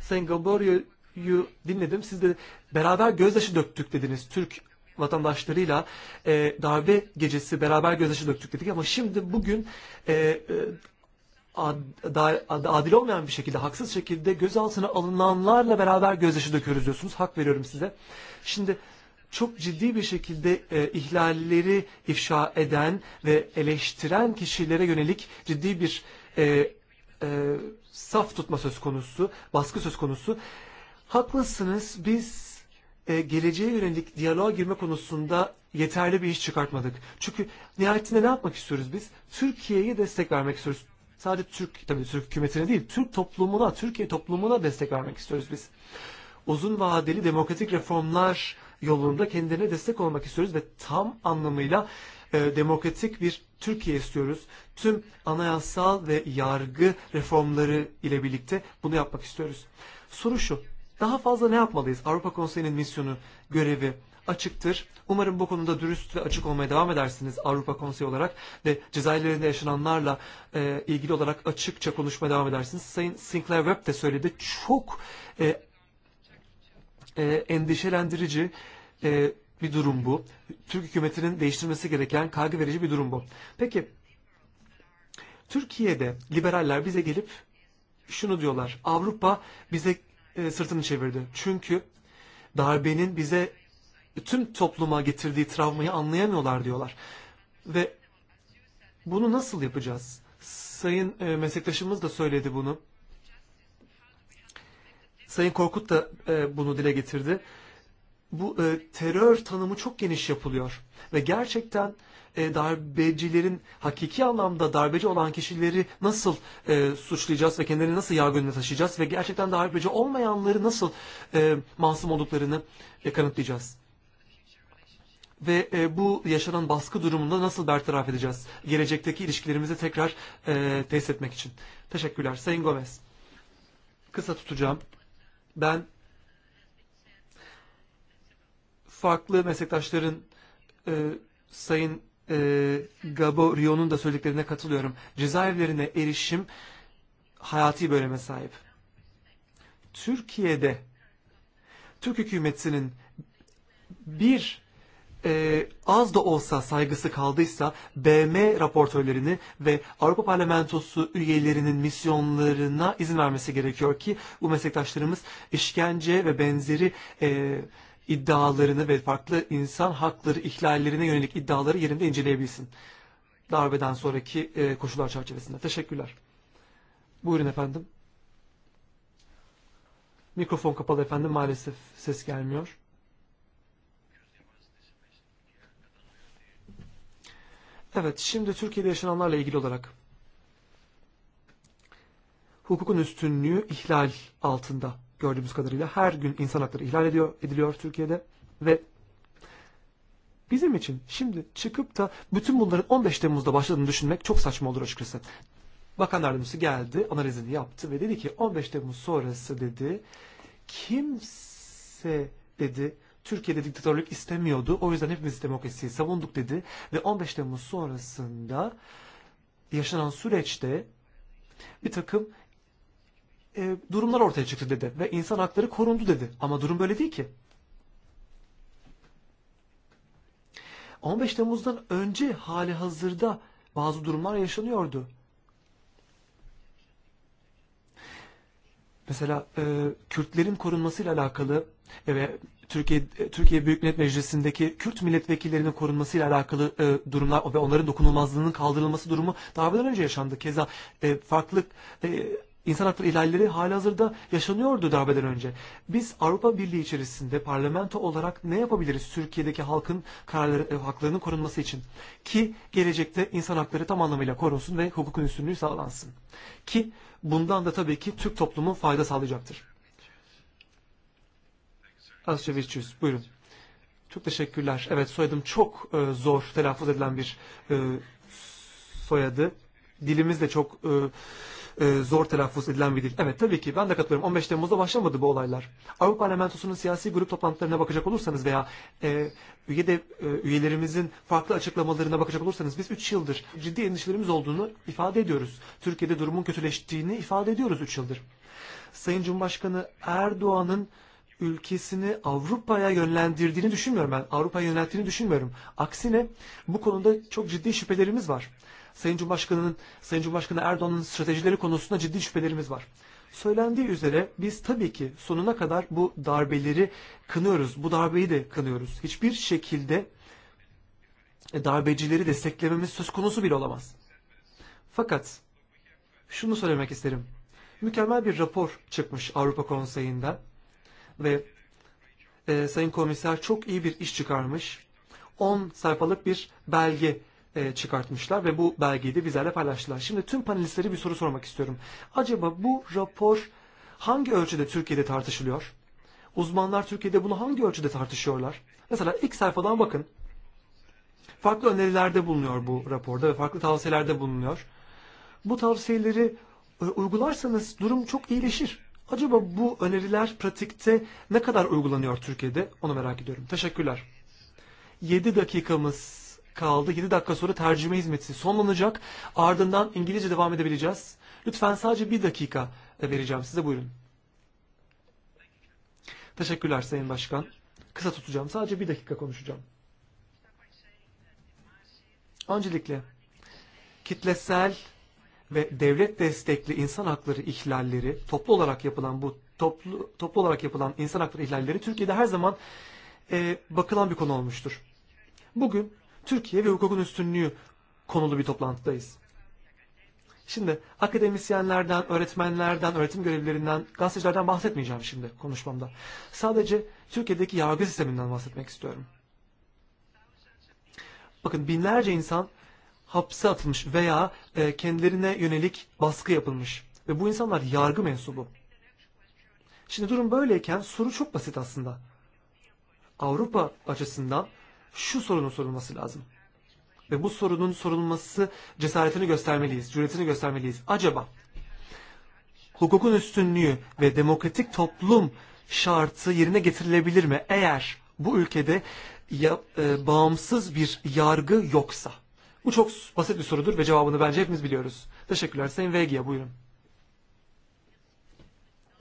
Sayın Gaborio'yu dinledim. Siz de beraber gözyaşı döktük dediniz. Türk vatandaşlarıyla e, darbe gecesi beraber göz aşı döktük dedik ama şimdi bugün e, e, ad, da, ad, adil olmayan bir şekilde, haksız şekilde gözaltına alınanlarla beraber gözyaşı döküyoruz diyorsunuz. Hak veriyorum size. Şimdi çok ciddi bir şekilde e, ihlalleri ifşa eden ve eleştiren kişilere yönelik ciddi bir e, e, saf tutma söz konusu, baskı söz konusu. Haklısınız. Biz e, geleceğe yönelik diyaloğa girme konusunda yeterli bir iş çıkartmadık. Çünkü nihayetinde ne yapmak istiyoruz biz? Türkiye'ye destek vermek istiyoruz. Sadece Türk, tabii Türk hükümetine değil, Türk toplumuna, Türkiye toplumuna destek vermek istiyoruz biz. Uzun vadeli demokratik reformlar yolunda kendilerine destek olmak istiyoruz ve tam anlamıyla e, demokratik bir Türkiye istiyoruz. Tüm anayasal ve yargı reformları ile birlikte bunu yapmak istiyoruz. Soru şu, Daha fazla ne yapmalıyız? Avrupa Konseyi'nin misyonu, görevi açıktır. Umarım bu konuda dürüst ve açık olmaya devam edersiniz Avrupa Konseyi olarak ve Cezayir'lerinde yaşananlarla e, ilgili olarak açıkça konuşmaya devam edersiniz. Sayın Sinclair Webb de söyledi. Çok e, e, endişelendirici e, bir durum bu. Türk hükümetinin değiştirmesi gereken kaygı verici bir durum bu. Peki Türkiye'de liberaller bize gelip şunu diyorlar. Avrupa bize e, sırtını çevirdi. Çünkü darbenin bize tüm topluma getirdiği travmayı anlayamıyorlar diyorlar. Ve bunu nasıl yapacağız? Sayın e, meslektaşımız da söyledi bunu. Sayın Korkut da e, bunu dile getirdi. Bu e, terör tanımı çok geniş yapılıyor ve gerçekten e, e, darbecilerin hakiki anlamda darbeci olan kişileri nasıl e, suçlayacağız ve kendilerini nasıl yargı önüne taşıyacağız ve gerçekten darbeci olmayanları nasıl e, masum olduklarını e, kanıtlayacağız. Ve e, bu yaşanan baskı durumunda nasıl bertaraf edeceğiz? Gelecekteki ilişkilerimizi tekrar e, tesis etmek için. Teşekkürler. Sayın Gomez. Kısa tutacağım. Ben farklı meslektaşların e, Sayın Gabo Rion'un da söylediklerine katılıyorum. Cezaevlerine erişim hayati böleme sahip. Türkiye'de Türk hükümetinin bir e, az da olsa saygısı kaldıysa BM raportörlerini ve Avrupa Parlamentosu üyelerinin misyonlarına izin vermesi gerekiyor ki bu meslektaşlarımız işkence ve benzeri e, iddialarını ve farklı insan hakları ihlallerine yönelik iddiaları yerinde inceleyebilsin. Darbeden sonraki e, koşullar çerçevesinde. Teşekkürler. Buyurun efendim. Mikrofon kapalı efendim maalesef ses gelmiyor. Evet şimdi Türkiye'de yaşananlarla ilgili olarak hukukun üstünlüğü ihlal altında gördüğümüz kadarıyla her gün insan hakları ihlal ediyor, ediliyor Türkiye'de ve bizim için şimdi çıkıp da bütün bunların 15 Temmuz'da başladığını düşünmek çok saçma olur açıkçası. Bakan yardımcısı geldi, analizini yaptı ve dedi ki 15 Temmuz sonrası dedi kimse dedi Türkiye'de diktatörlük istemiyordu. O yüzden hepimiz demokrasiyi savunduk dedi ve 15 Temmuz sonrasında yaşanan süreçte bir takım e, durumlar ortaya çıktı dedi ve insan hakları korundu dedi. Ama durum böyle değil ki. 15 Temmuz'dan önce hali hazırda bazı durumlar yaşanıyordu. Mesela e, Kürtlerin korunmasıyla alakalı ve Türkiye e, Türkiye Büyük Millet Meclisi'ndeki Kürt milletvekillerinin korunmasıyla alakalı e, durumlar ve onların dokunulmazlığının kaldırılması durumu daha evvel önce yaşandı. Keza e, farklı e, İnsanlar ilerleri hazırda yaşanıyordu darbeden önce. Biz Avrupa Birliği içerisinde parlamento olarak ne yapabiliriz Türkiye'deki halkın kararları, e, haklarının korunması için? Ki gelecekte insan hakları tam anlamıyla korunsun ve hukukun üstünlüğü sağlansın. Ki bundan da tabii ki Türk toplumu fayda sağlayacaktır. Asçeviçius, buyurun. Çok teşekkürler. Evet soyadım çok e, zor telaffuz edilen bir e, soyadı. Dilimiz de çok... E, E, zor telaffuz edilen bir dil. Evet tabii ki ben de katılıyorum. 15 Temmuz'da başlamadı bu olaylar. Avrupa Parlamentosu'nun siyasi grup toplantılarına bakacak olursanız veya e, üye e, de, e, üyelerimizin farklı açıklamalarına bakacak olursanız biz 3 yıldır ciddi endişelerimiz olduğunu ifade ediyoruz. Türkiye'de durumun kötüleştiğini ifade ediyoruz 3 yıldır. Sayın Cumhurbaşkanı Erdoğan'ın ülkesini Avrupa'ya yönlendirdiğini düşünmüyorum ben. Avrupa'ya yönelttiğini düşünmüyorum. Aksine bu konuda çok ciddi şüphelerimiz var. Sayın Cumhurbaşkanı'nın Sayın Cumhurbaşkanı Erdoğan'ın stratejileri konusunda ciddi şüphelerimiz var. Söylendiği üzere biz tabii ki sonuna kadar bu darbeleri kınıyoruz. Bu darbeyi de kınıyoruz. Hiçbir şekilde e, darbecileri desteklememiz söz konusu bile olamaz. Fakat şunu söylemek isterim. Mükemmel bir rapor çıkmış Avrupa Konseyi'nde ve e, Sayın Komiser çok iyi bir iş çıkarmış. 10 sayfalık bir belge E, çıkartmışlar ve bu belgeyi de bizlerle paylaştılar. Şimdi tüm panelistlere bir soru sormak istiyorum. Acaba bu rapor hangi ölçüde Türkiye'de tartışılıyor? Uzmanlar Türkiye'de bunu hangi ölçüde tartışıyorlar? Mesela ilk sayfadan bakın. Farklı önerilerde bulunuyor bu raporda ve farklı tavsiyelerde bulunuyor. Bu tavsiyeleri e, uygularsanız durum çok iyileşir. Acaba bu öneriler pratikte ne kadar uygulanıyor Türkiye'de? Onu merak ediyorum. Teşekkürler. 7 dakikamız kaldı. 7 dakika sonra tercüme hizmeti sonlanacak. Ardından İngilizce devam edebileceğiz. Lütfen sadece bir dakika e, vereceğim size buyurun. Teşekkürler Sayın Başkan. Kısa tutacağım. Sadece bir dakika konuşacağım. Öncelikle kitlesel ve devlet destekli insan hakları ihlalleri, toplu olarak yapılan bu toplu, toplu olarak yapılan insan hakları ihlalleri Türkiye'de her zaman e, bakılan bir konu olmuştur. Bugün Türkiye ve hukukun üstünlüğü konulu bir toplantıdayız. Şimdi akademisyenlerden, öğretmenlerden, öğretim görevlilerinden, gazetecilerden bahsetmeyeceğim şimdi konuşmamda. Sadece Türkiye'deki yargı sisteminden bahsetmek istiyorum. Bakın binlerce insan hapse atılmış veya e, kendilerine yönelik baskı yapılmış ve bu insanlar yargı mensubu. Şimdi durum böyleyken soru çok basit aslında. Avrupa açısından şu sorunun sorulması lazım. Ve bu sorunun sorulması cesaretini göstermeliyiz, cüretini göstermeliyiz. Acaba hukukun üstünlüğü ve demokratik toplum şartı yerine getirilebilir mi? Eğer bu ülkede ya, e, bağımsız bir yargı yoksa. Bu çok basit bir sorudur ve cevabını bence hepimiz biliyoruz. Teşekkürler Sayın Vegia buyurun.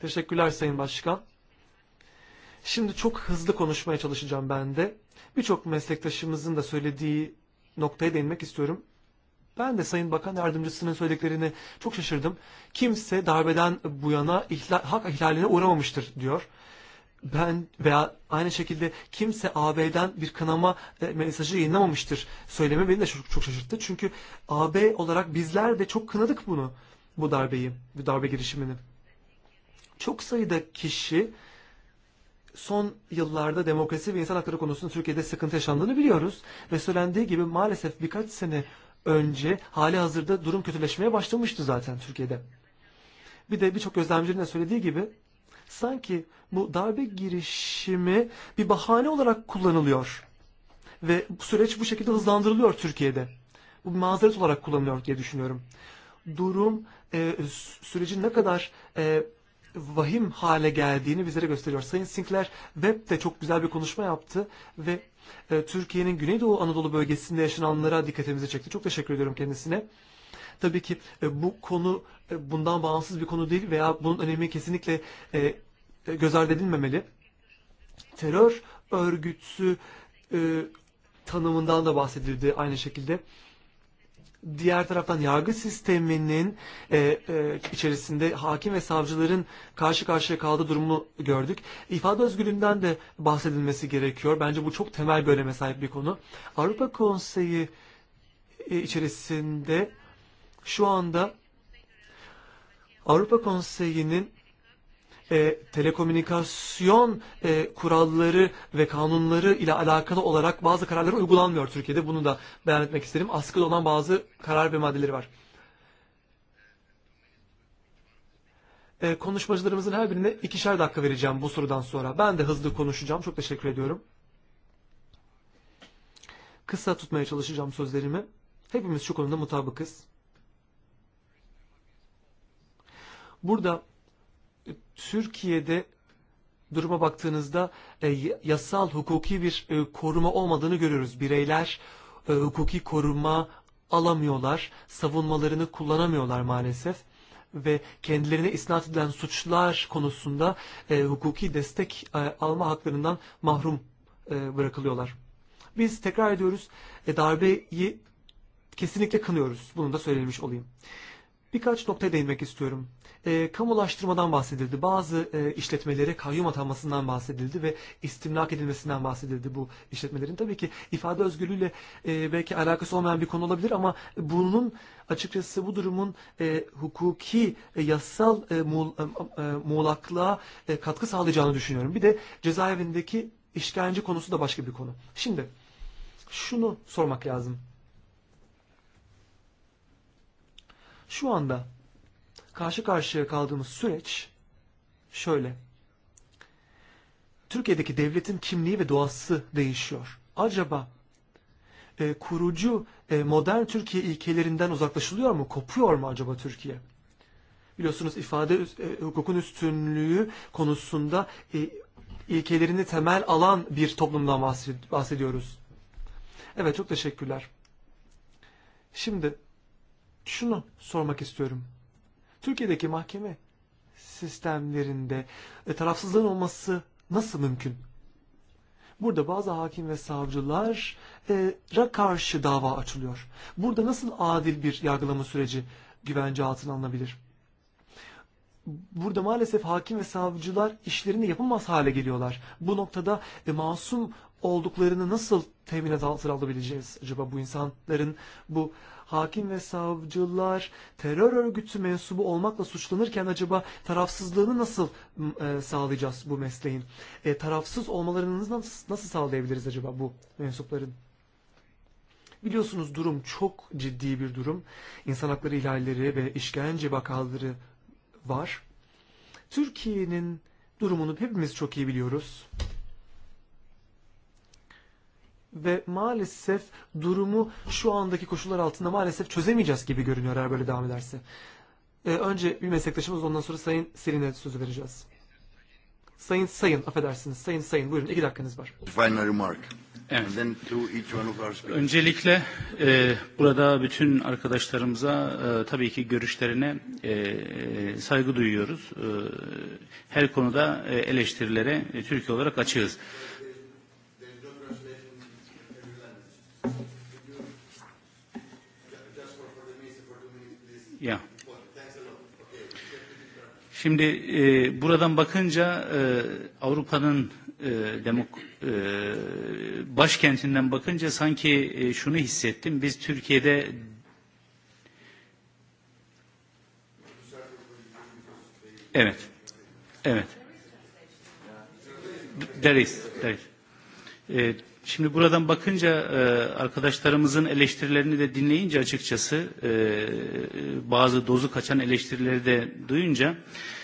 Teşekkürler Sayın Başkan. Şimdi çok hızlı konuşmaya çalışacağım ben de. Birçok meslektaşımızın da söylediği noktaya değinmek istiyorum. Ben de Sayın Bakan Yardımcısının söylediklerini çok şaşırdım. Kimse darbeden bu yana ihlal, hak ihlaline uğramamıştır diyor. Ben veya aynı şekilde kimse AB'den bir kınama e, mesajı yayınlamamıştır söyleme beni de çok, çok şaşırttı. Çünkü AB olarak bizler de çok kınadık bunu, bu darbeyi, bu darbe girişimini. Çok sayıda kişi son yıllarda demokrasi ve insan hakları konusunda Türkiye'de sıkıntı yaşandığını biliyoruz. Ve söylendiği gibi maalesef birkaç sene önce hali hazırda durum kötüleşmeye başlamıştı zaten Türkiye'de. Bir de birçok gözlemcinin de söylediği gibi sanki bu darbe girişimi bir bahane olarak kullanılıyor. Ve bu süreç bu şekilde hızlandırılıyor Türkiye'de. Bu bir mazeret olarak kullanılıyor diye düşünüyorum. Durum e, sürecin ne kadar e, vahim hale geldiğini bizlere gösteriyor. Sayın Sinclair webde çok güzel bir konuşma yaptı ve e, Türkiye'nin Güneydoğu Anadolu bölgesinde yaşananlara dikkatimizi çekti. Çok teşekkür ediyorum kendisine. Tabii ki e, bu konu e, bundan bağımsız bir konu değil veya bunun önemi kesinlikle e, e göz ardı edilmemeli. Terör örgütü e, tanımından da bahsedildi aynı şekilde. Diğer taraftan yargı sisteminin e, e, içerisinde hakim ve savcıların karşı karşıya kaldığı durumu gördük. İfade özgürlüğünden de bahsedilmesi gerekiyor. Bence bu çok temel bir öneme sahip bir konu. Avrupa Konseyi e, içerisinde şu anda Avrupa Konseyi'nin e, telekomünikasyon e, kuralları ve kanunları ile alakalı olarak bazı kararları uygulanmıyor Türkiye'de. Bunu da beyan etmek isterim. Askıda olan bazı karar ve maddeleri var. E, konuşmacılarımızın her birine ikişer dakika vereceğim bu sorudan sonra. Ben de hızlı konuşacağım. Çok teşekkür ediyorum. Kısa tutmaya çalışacağım sözlerimi. Hepimiz şu konuda mutabıkız. Burada Türkiye'de duruma baktığınızda e, yasal hukuki bir e, koruma olmadığını görüyoruz. Bireyler e, hukuki koruma alamıyorlar, savunmalarını kullanamıyorlar maalesef ve kendilerine isnat edilen suçlar konusunda e, hukuki destek e, alma haklarından mahrum e, bırakılıyorlar. Biz tekrar ediyoruz, e, darbeyi kesinlikle kınıyoruz. Bunu da söylemiş olayım. Birkaç noktaya değinmek istiyorum e, kamulaştırmadan bahsedildi. Bazı e, işletmelere kayyum atanmasından bahsedildi ve istimlak edilmesinden bahsedildi bu işletmelerin. Tabii ki ifade özgürlüğüyle e, belki alakası olmayan bir konu olabilir ama bunun açıkçası bu durumun e, hukuki, e, yasal e, muğ, e, e, muğlaklığa e, katkı sağlayacağını düşünüyorum. Bir de cezaevindeki işkence konusu da başka bir konu. Şimdi şunu sormak lazım. Şu anda karşı karşıya kaldığımız süreç şöyle. Türkiye'deki devletin kimliği ve doğası değişiyor. Acaba e, kurucu e, modern Türkiye ilkelerinden uzaklaşılıyor mu? Kopuyor mu acaba Türkiye? Biliyorsunuz ifade e, hukukun üstünlüğü konusunda e, ilkelerini temel alan bir toplumdan bahsediyoruz. Evet çok teşekkürler. Şimdi şunu sormak istiyorum. Türkiye'deki mahkeme sistemlerinde e, tarafsızlığın olması nasıl mümkün? Burada bazı hakim ve savcılara e, karşı dava açılıyor. Burada nasıl adil bir yargılama süreci güvence altına alınabilir? Burada maalesef hakim ve savcılar işlerini yapamaz hale geliyorlar. Bu noktada e, masum olduklarını nasıl teminat altına alabileceğiz? Acaba bu insanların bu hakim ve savcılar terör örgütü mensubu olmakla suçlanırken acaba tarafsızlığını nasıl e, sağlayacağız bu mesleğin? E, tarafsız olmalarını nasıl, nasıl sağlayabiliriz acaba bu mensupların? Biliyorsunuz durum çok ciddi bir durum. İnsan hakları ihlalleri ve işkence vakaları var. Türkiye'nin durumunu hepimiz çok iyi biliyoruz ve maalesef durumu şu andaki koşullar altında maalesef çözemeyeceğiz gibi görünüyor eğer böyle devam ederse. Ee, önce bir meslektaşımız ondan sonra Sayın Selin'e sözü vereceğiz. Sayın Sayın, affedersiniz. Sayın Sayın, buyurun iki dakikanız var.
Final remark. Evet. Then to each one of our
Öncelikle e, burada bütün arkadaşlarımıza e, tabii ki görüşlerine e, saygı duyuyoruz. E, her konuda e, eleştirilere e, Türkiye olarak açığız. Ya. Şimdi e, buradan bakınca e, Avrupa'nın e, demok e, başkentinden bakınca sanki e, şunu hissettim. Biz Türkiye'de Evet. Evet. There is. There is. E, Şimdi buradan bakınca e, arkadaşlarımızın eleştirilerini de dinleyince açıkçası e, bazı dozu kaçan eleştirileri de duyunca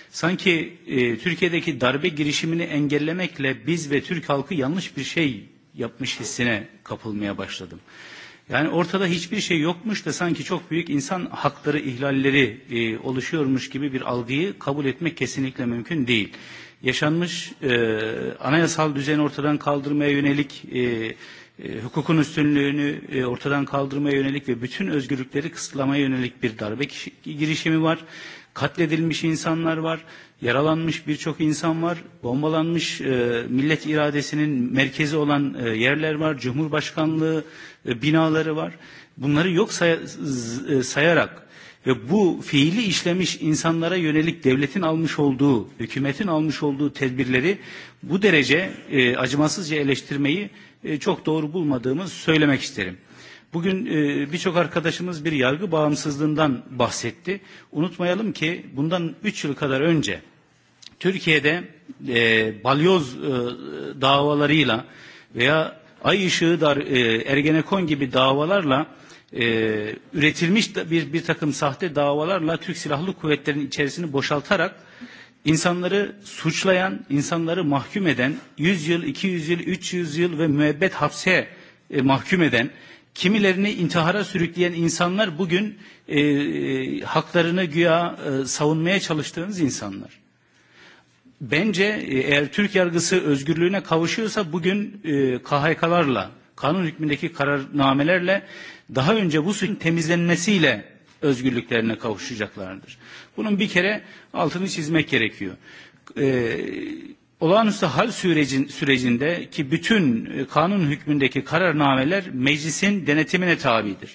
sanki e, Türkiye'deki darbe girişimini engellemekle biz ve Türk halkı yanlış bir şey yapmış hissine kapılmaya başladım. Yani ortada hiçbir şey yokmuş da sanki çok büyük insan hakları ihlalleri oluşuyormuş gibi bir algıyı kabul etmek kesinlikle mümkün değil yaşanmış e, anayasal düzeni ortadan kaldırmaya yönelik e, e, hukukun üstünlüğünü e, ortadan kaldırmaya yönelik ve bütün özgürlükleri kısıtlamaya yönelik bir darbe girişimi var. Katledilmiş insanlar var, yaralanmış birçok insan var, bombalanmış e, millet iradesinin merkezi olan e, yerler var, Cumhurbaşkanlığı e, binaları var. Bunları yok say e, sayarak Ve bu fiili işlemiş insanlara yönelik devletin almış olduğu, hükümetin almış olduğu tedbirleri bu derece e, acımasızca eleştirmeyi e, çok doğru bulmadığımı söylemek isterim. Bugün e, birçok arkadaşımız bir yargı bağımsızlığından bahsetti. Unutmayalım ki bundan 3 yıl kadar önce Türkiye'de e, balyoz e, davalarıyla veya Ay ışığı dar, e, Ergenekon gibi davalarla e, üretilmiş bir, bir takım sahte davalarla Türk Silahlı Kuvvetleri'nin içerisini boşaltarak insanları suçlayan, insanları mahkum eden, 100 yıl, 200 yıl, 300 yıl ve müebbet hapse e, mahkum eden, kimilerini intihara sürükleyen insanlar bugün e, e, haklarını güya e, savunmaya çalıştığınız insanlar. Bence e, eğer Türk yargısı özgürlüğüne kavuşuyorsa bugün e, KHK'larla, kanun hükmündeki kararnamelerle daha önce bu suyun temizlenmesiyle özgürlüklerine kavuşacaklardır. Bunun bir kere altını çizmek gerekiyor. Ee, olağanüstü hal sürecin, sürecinde ki bütün e, kanun hükmündeki kararnameler meclisin denetimine tabidir.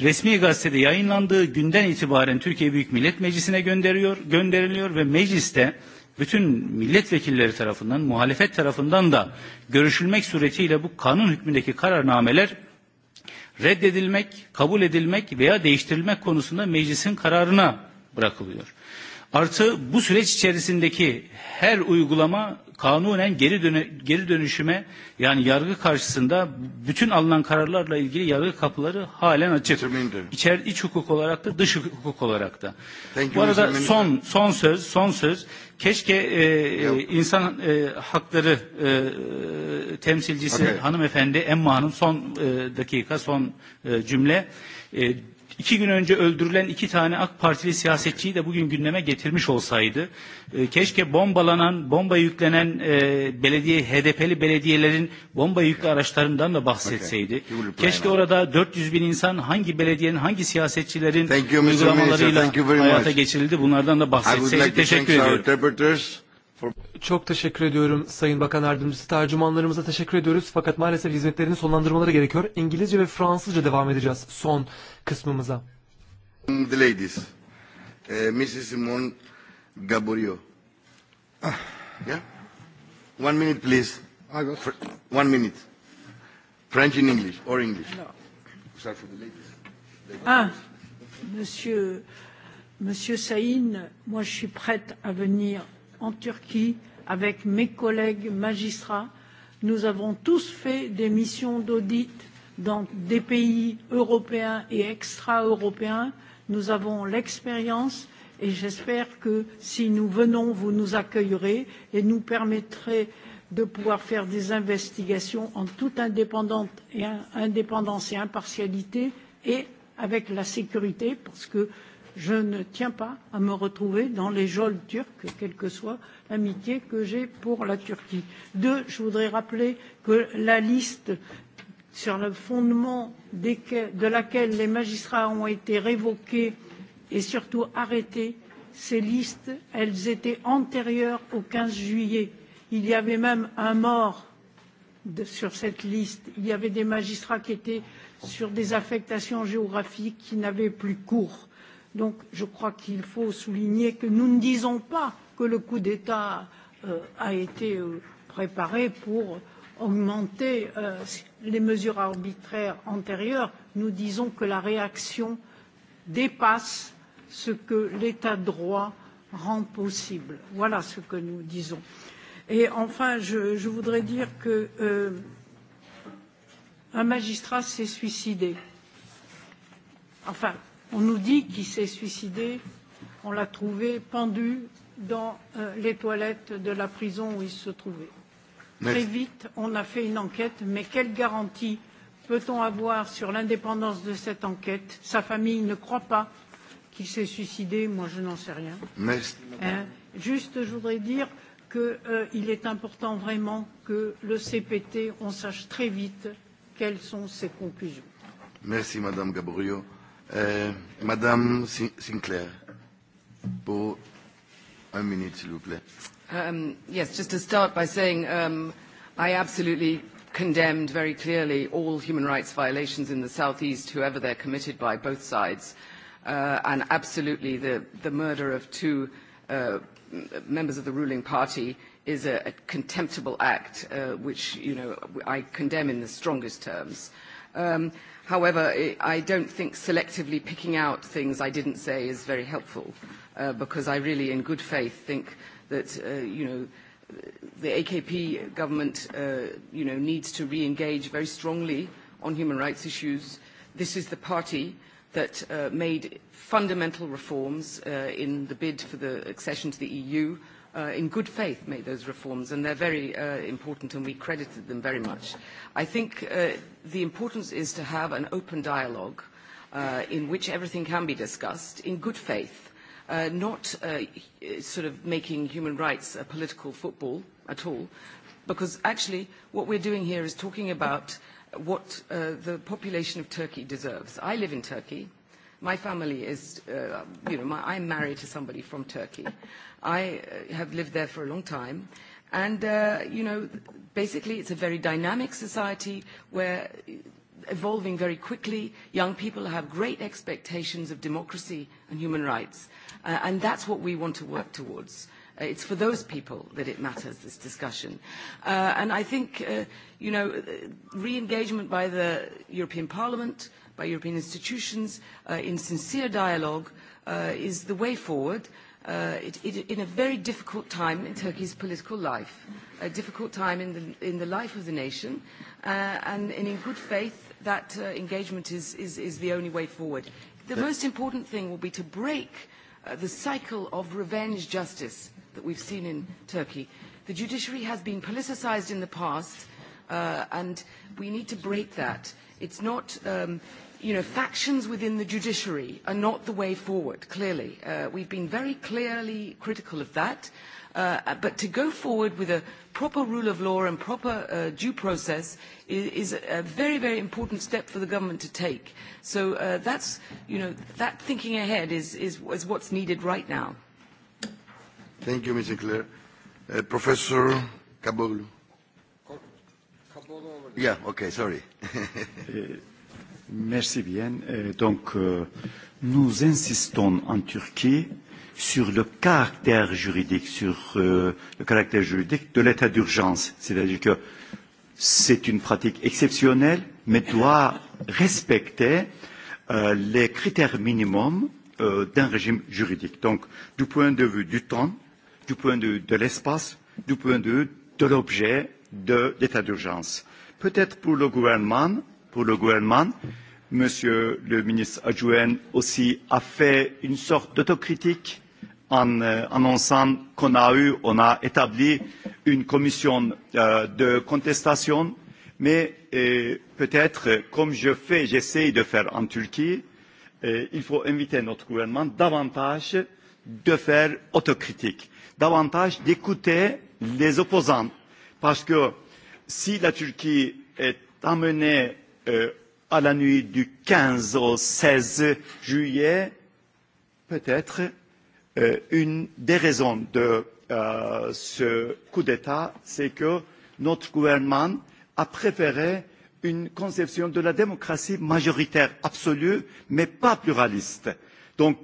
Resmi gazetede yayınlandığı günden itibaren Türkiye Büyük Millet Meclisi'ne gönderiyor, gönderiliyor ve mecliste bütün milletvekilleri tarafından, muhalefet tarafından da görüşülmek suretiyle bu kanun hükmündeki kararnameler reddedilmek, kabul edilmek veya değiştirilmek konusunda meclisin kararına bırakılıyor. Artı bu süreç içerisindeki her uygulama kanunen geri, dönü, geri dönüşüme yani yargı karşısında bütün alınan kararlarla ilgili yargı kapıları halen açık. İçer, iç hukuk olarak da dış hukuk olarak da. Thank Bu arada son son söz son söz keşke e, Yok. E, insan e, hakları e, temsilcisi okay. hanımefendi Emma Hanım son e, dakika son e, cümle e, İki gün önce öldürülen iki tane AK Partili siyasetçiyi de bugün gündeme getirmiş olsaydı, e, keşke bombalanan, bomba yüklenen e, belediye, HDP'li belediyelerin bomba yüklü araçlarından da bahsetseydi. Okay. Keşke orada 400 bin insan hangi belediyenin, hangi siyasetçilerin uygulamalarıyla hayata geçirildi bunlardan da bahsetseydi. Like teşekkür ediyorum.
Çok teşekkür ediyorum Sayın Bakan Yardımcısı. Tercümanlarımıza teşekkür ediyoruz. Fakat maalesef hizmetlerini sonlandırmaları gerekiyor. İngilizce ve Fransızca devam edeceğiz son kısmımıza.
The ladies, uh, Mrs. Simon Gaborio.
Ah. Yeah?
One minute, please. I got... Fr one minute. French in English or English? No. Sorry for the ladies.
Ah, monsieur, monsieur Saïn, moi je suis prête à venir en Turquie avec mes collègues magistrats. Nous avons tous fait des missions d'audit dans des pays européens et extra-européens. Nous avons l'expérience et j'espère que si nous venons, vous nous accueillerez et nous permettrez de pouvoir faire des investigations en toute indépendance et, indépendance et impartialité et avec la sécurité parce que je ne tiens pas à me retrouver dans les geôles turques, quelle que soit l'amitié que j'ai pour la Turquie. Deux, je voudrais rappeler que la liste sur le fondement de laquelle les magistrats ont été révoqués et surtout arrêtés, ces listes, elles étaient antérieures au 15 juillet. Il y avait même un mort de, sur cette liste. Il y avait des magistrats qui étaient sur des affectations géographiques qui n'avaient plus cours. Donc je crois qu'il faut souligner que nous ne disons pas que le coup d'État euh, a été euh, préparé pour augmenter euh, les mesures arbitraires antérieures, nous disons que la réaction dépasse ce que l'état de droit rend possible. Voilà ce que nous disons. Et enfin, je, je voudrais dire que euh, un magistrat s'est suicidé. Enfin, on nous dit qu'il s'est suicidé, on l'a trouvé pendu dans euh, les toilettes de la prison où il se trouvait. Très vite, on a fait une enquête, mais quelle garantie peut-on avoir sur l'indépendance de cette enquête Sa famille ne croit pas qu'il s'est suicidé, moi je n'en sais rien.
Mais... Hein
Juste, je voudrais dire qu'il euh, est important vraiment que le CPT, on sache très vite quelles sont ses conclusions.
Merci, Madame Gabriel. Euh, Madame Sinclair, pour un minute, s'il vous plaît.
Um, yes, just to start by saying um, I absolutely condemned very clearly all human rights violations in the southeast, whoever they're committed by, both sides, uh, and absolutely the, the murder of two uh, members of the ruling party is a, a contemptible act, uh, which you know I condemn in the strongest terms. Um, however, I don't think selectively picking out things I didn't say is very helpful, uh, because I really, in good faith, think that, uh, you know, the AKP government, uh, you know, needs to re-engage very strongly on human rights issues. This is the party that uh, made fundamental reforms uh, in the bid for the accession to the EU, uh, in good faith made those reforms, and they're very uh, important, and we credited them very much. I think uh, the importance is to have an open dialogue uh, in which everything can be discussed in good faith uh, not uh, sort of making human rights a political football at all, because actually what we're doing here is talking about what uh, the population of Turkey deserves. I live in Turkey. My family is, uh, you know, my, I'm married to somebody from Turkey. I uh, have lived there for a long time. And, uh, you know, basically it's a very dynamic society where evolving very quickly. Young people have great expectations of democracy and human rights. Uh, and that's what we want to work towards. Uh, it's for those people that it matters, this discussion. Uh, and I think, uh, you know, uh, re-engagement by the European Parliament, by European institutions, uh, in sincere dialogue uh, is the way forward. Uh, it, it, in a very difficult time in Turkey's political life, a difficult time in the, in the life of the nation, uh, and, and in good faith, that uh, engagement is, is, is the only way forward. The most important thing will be to break Uh, the cycle of revenge justice that we've seen in Turkey. The judiciary has been politicized in the past, uh, and we need to break that. It's not, um, you know, factions within the judiciary are not the way forward, clearly. Uh, we've been very clearly critical of that. Uh, but to go forward with a proper rule of law and proper uh, due process is, is a very, very important step for the government to take. So uh, that's, you know, that thinking ahead is, is, is what's needed
right now. Thank you, Mr. Clare. Uh, Professor Kabolu. Yeah, okay, sorry. [LAUGHS]
Eh, merci bien. Eh, donc, euh, nous insistons en Turquie sur le caractère juridique, sur euh, le caractère juridique de l'état d'urgence. C'est-à-dire que c'est une pratique exceptionnelle, mais doit respecter euh, les critères minimums euh, d'un régime juridique. Donc, du point de vue du temps, du point de vue de l'espace, du point de vue de l'objet de l'état d'urgence. Peut-être pour le gouvernement, pour le gouvernement, Monsieur le ministre Adjouen aussi a fait une sorte d'autocritique en euh, annonçant qu'on a eu, on a établi une commission euh, de contestation, mais euh, peut-être, comme je fais, j'essaye de faire en Turquie, euh, il faut inviter notre gouvernement davantage de faire autocritique, davantage d'écouter les opposants, parce que si la Turquie est amenée euh, à la nuit du 15 au 16 juillet, peut-être Euh, une des raisons de euh, ce coup d'État, c'est que notre gouvernement a préféré une conception de la démocratie majoritaire absolue, mais pas pluraliste. Donc,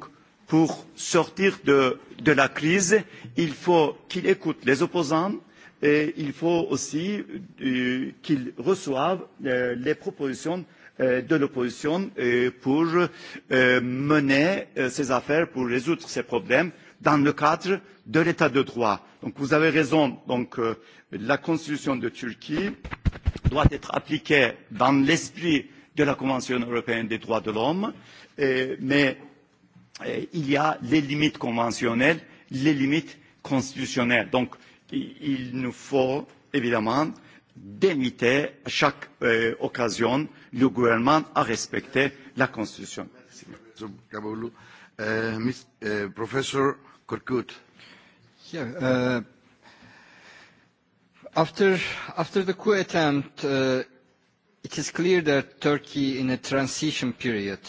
pour sortir de, de la crise, il faut qu'il écoute les opposants et il faut aussi euh, qu'il reçoive euh, les propositions Euh, de l'opposition euh, pour euh, mener ces affaires, pour résoudre ces problèmes dans le cadre de l'état de droit. Donc vous avez raison, donc la constitution de Turquie doit être appliquée dans l'esprit de la Convention européenne des droits de l'homme, mais il y a les limites conventionnelles, les limites constitutionnelles. Donc il nous faut évidemment demite à chaque euh, occasion le gouvernement à respecter la Constitution. Professor
euh, euh, Korkut. Yeah, uh, after, after the coup attempt, uh, it is clear that Turkey in a transition period.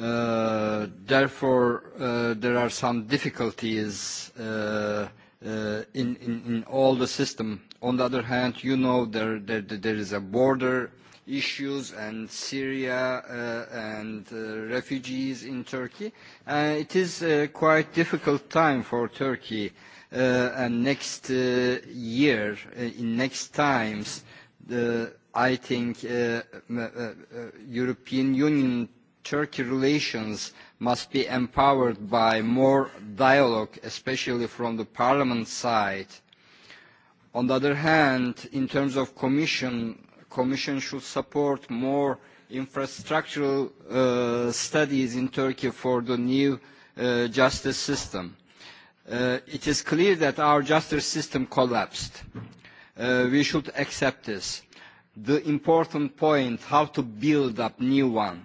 Uh, therefore, uh, there are some difficulties uh, uh, in, in, in all the system on the other hand, you know there, there, there is a border issues and Syria uh, and uh, refugees in Turkey. Uh, it is a uh, quite difficult time for Turkey uh, and next uh, year, uh, in next times, the, I think uh, uh, uh, European Union Turkey relations must be empowered by more dialogue, especially from the parliament side On the other hand, in terms of Commission, Commission should support more infrastructural uh, studies in Turkey for the new uh, justice system. Uh, it is clear that our justice system collapsed. Uh, we should accept this. The important point, how to build up new one.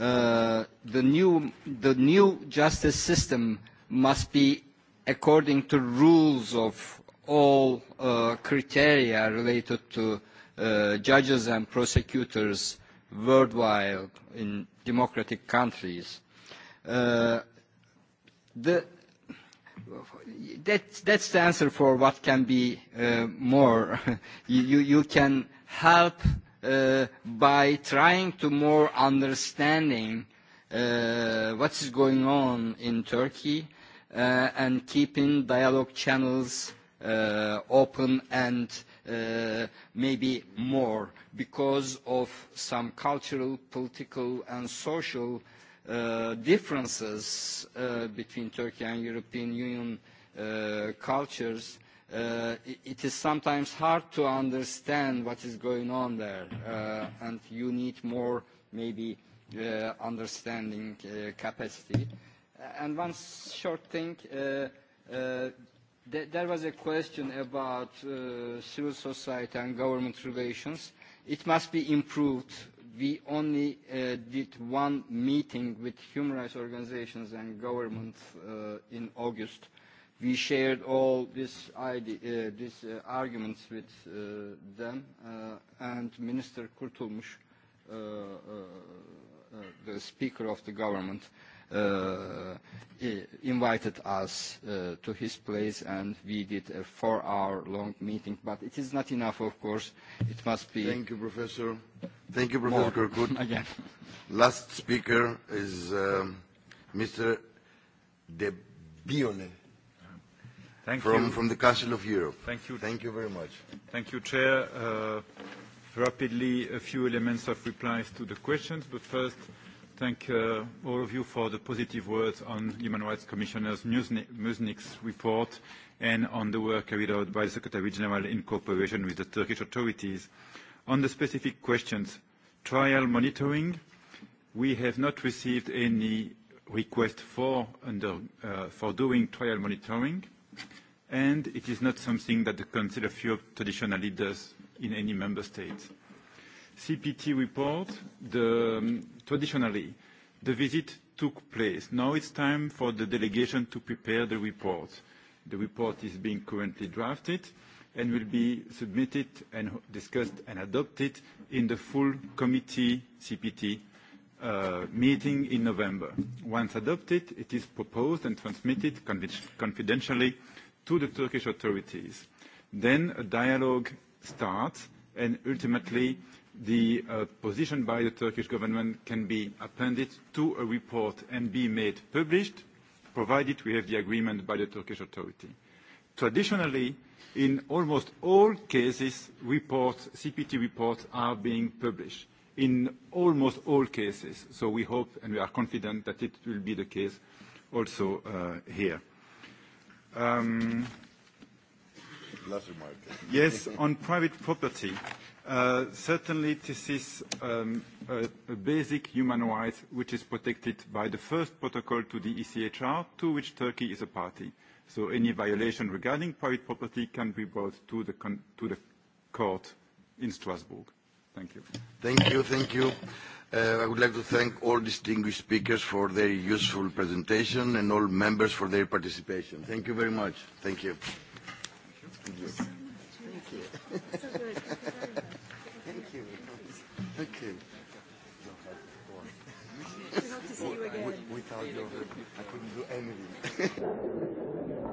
Uh, the, new, the new justice system must be according to rules of all uh, criteria related to uh, judges and prosecutors worldwide in democratic countries. Uh, the, that, that's the answer for what can be uh, more. [LAUGHS] you, you, you can help uh, by trying to more understanding uh, what is going on in Turkey uh, and keeping dialogue channels uh, open and uh, maybe more because of some cultural, political and social uh, differences uh, between Turkey and European Union uh, cultures uh, it, is sometimes hard to understand what is going on there, uh, and you need more, maybe, uh, understanding uh, capacity. And one short thing, uh, uh, Th there was a question about uh, civil society and government relations. It must be improved. We only uh, did one meeting with human rights organizations and governments uh, in August. We shared all these uh, this, uh, arguments with uh, them, uh, and Minister Kurtulmuş, uh, uh, uh, the Speaker of the government, uh, uh, invited us uh, to his place and we did a four hour long meeting but it is not enough of course it must be thank you professor thank you professor more. Kirkwood [LAUGHS] again
last speaker is um, uh, mr de Bione thank from you. from the council of europe
thank you thank you very much thank you chair uh, rapidly a few elements of replies to the questions but first thank uh, all of you for the positive words on Human Rights Commissioner Musnik's report and on the work carried out by the Secretary General in cooperation with the Turkish authorities. On the specific questions, trial monitoring, we have not received any request for, under, uh, for doing trial monitoring, and it is not something that the Council of Europe traditionally does in any member state. CPT report, the, um, traditionally, the visit took place. Now it's time for the delegation to prepare the report. The report is being currently drafted and will be submitted and discussed and adopted in the full committee CPT uh, meeting in November. Once adopted, it is proposed and transmitted confidentially to the Turkish authorities. Then a dialogue starts and ultimately the uh, position by the Turkish government can be appended to a report and be made published, provided we have the agreement by the Turkish authority. Traditionally, in almost all cases, reports, CPT reports are being published, in almost all cases. So we hope and we are confident that it will be the case also uh, here. Um, yes, on private property, uh, certainly this is um, a, a basic human right which is protected by the first protocol to the ECHR, to which Turkey is a party. So any violation regarding private property can be brought to the, con to the court in Strasbourg. Thank you. Thank you, thank you. Uh,
I would like to thank all distinguished speakers for their useful presentation and all members for their participation. Thank you very much. Thank you.
Thank you. Thank you.
Thank
you. Thank you. Thank you you. Thank you.
Thank you.
Thank you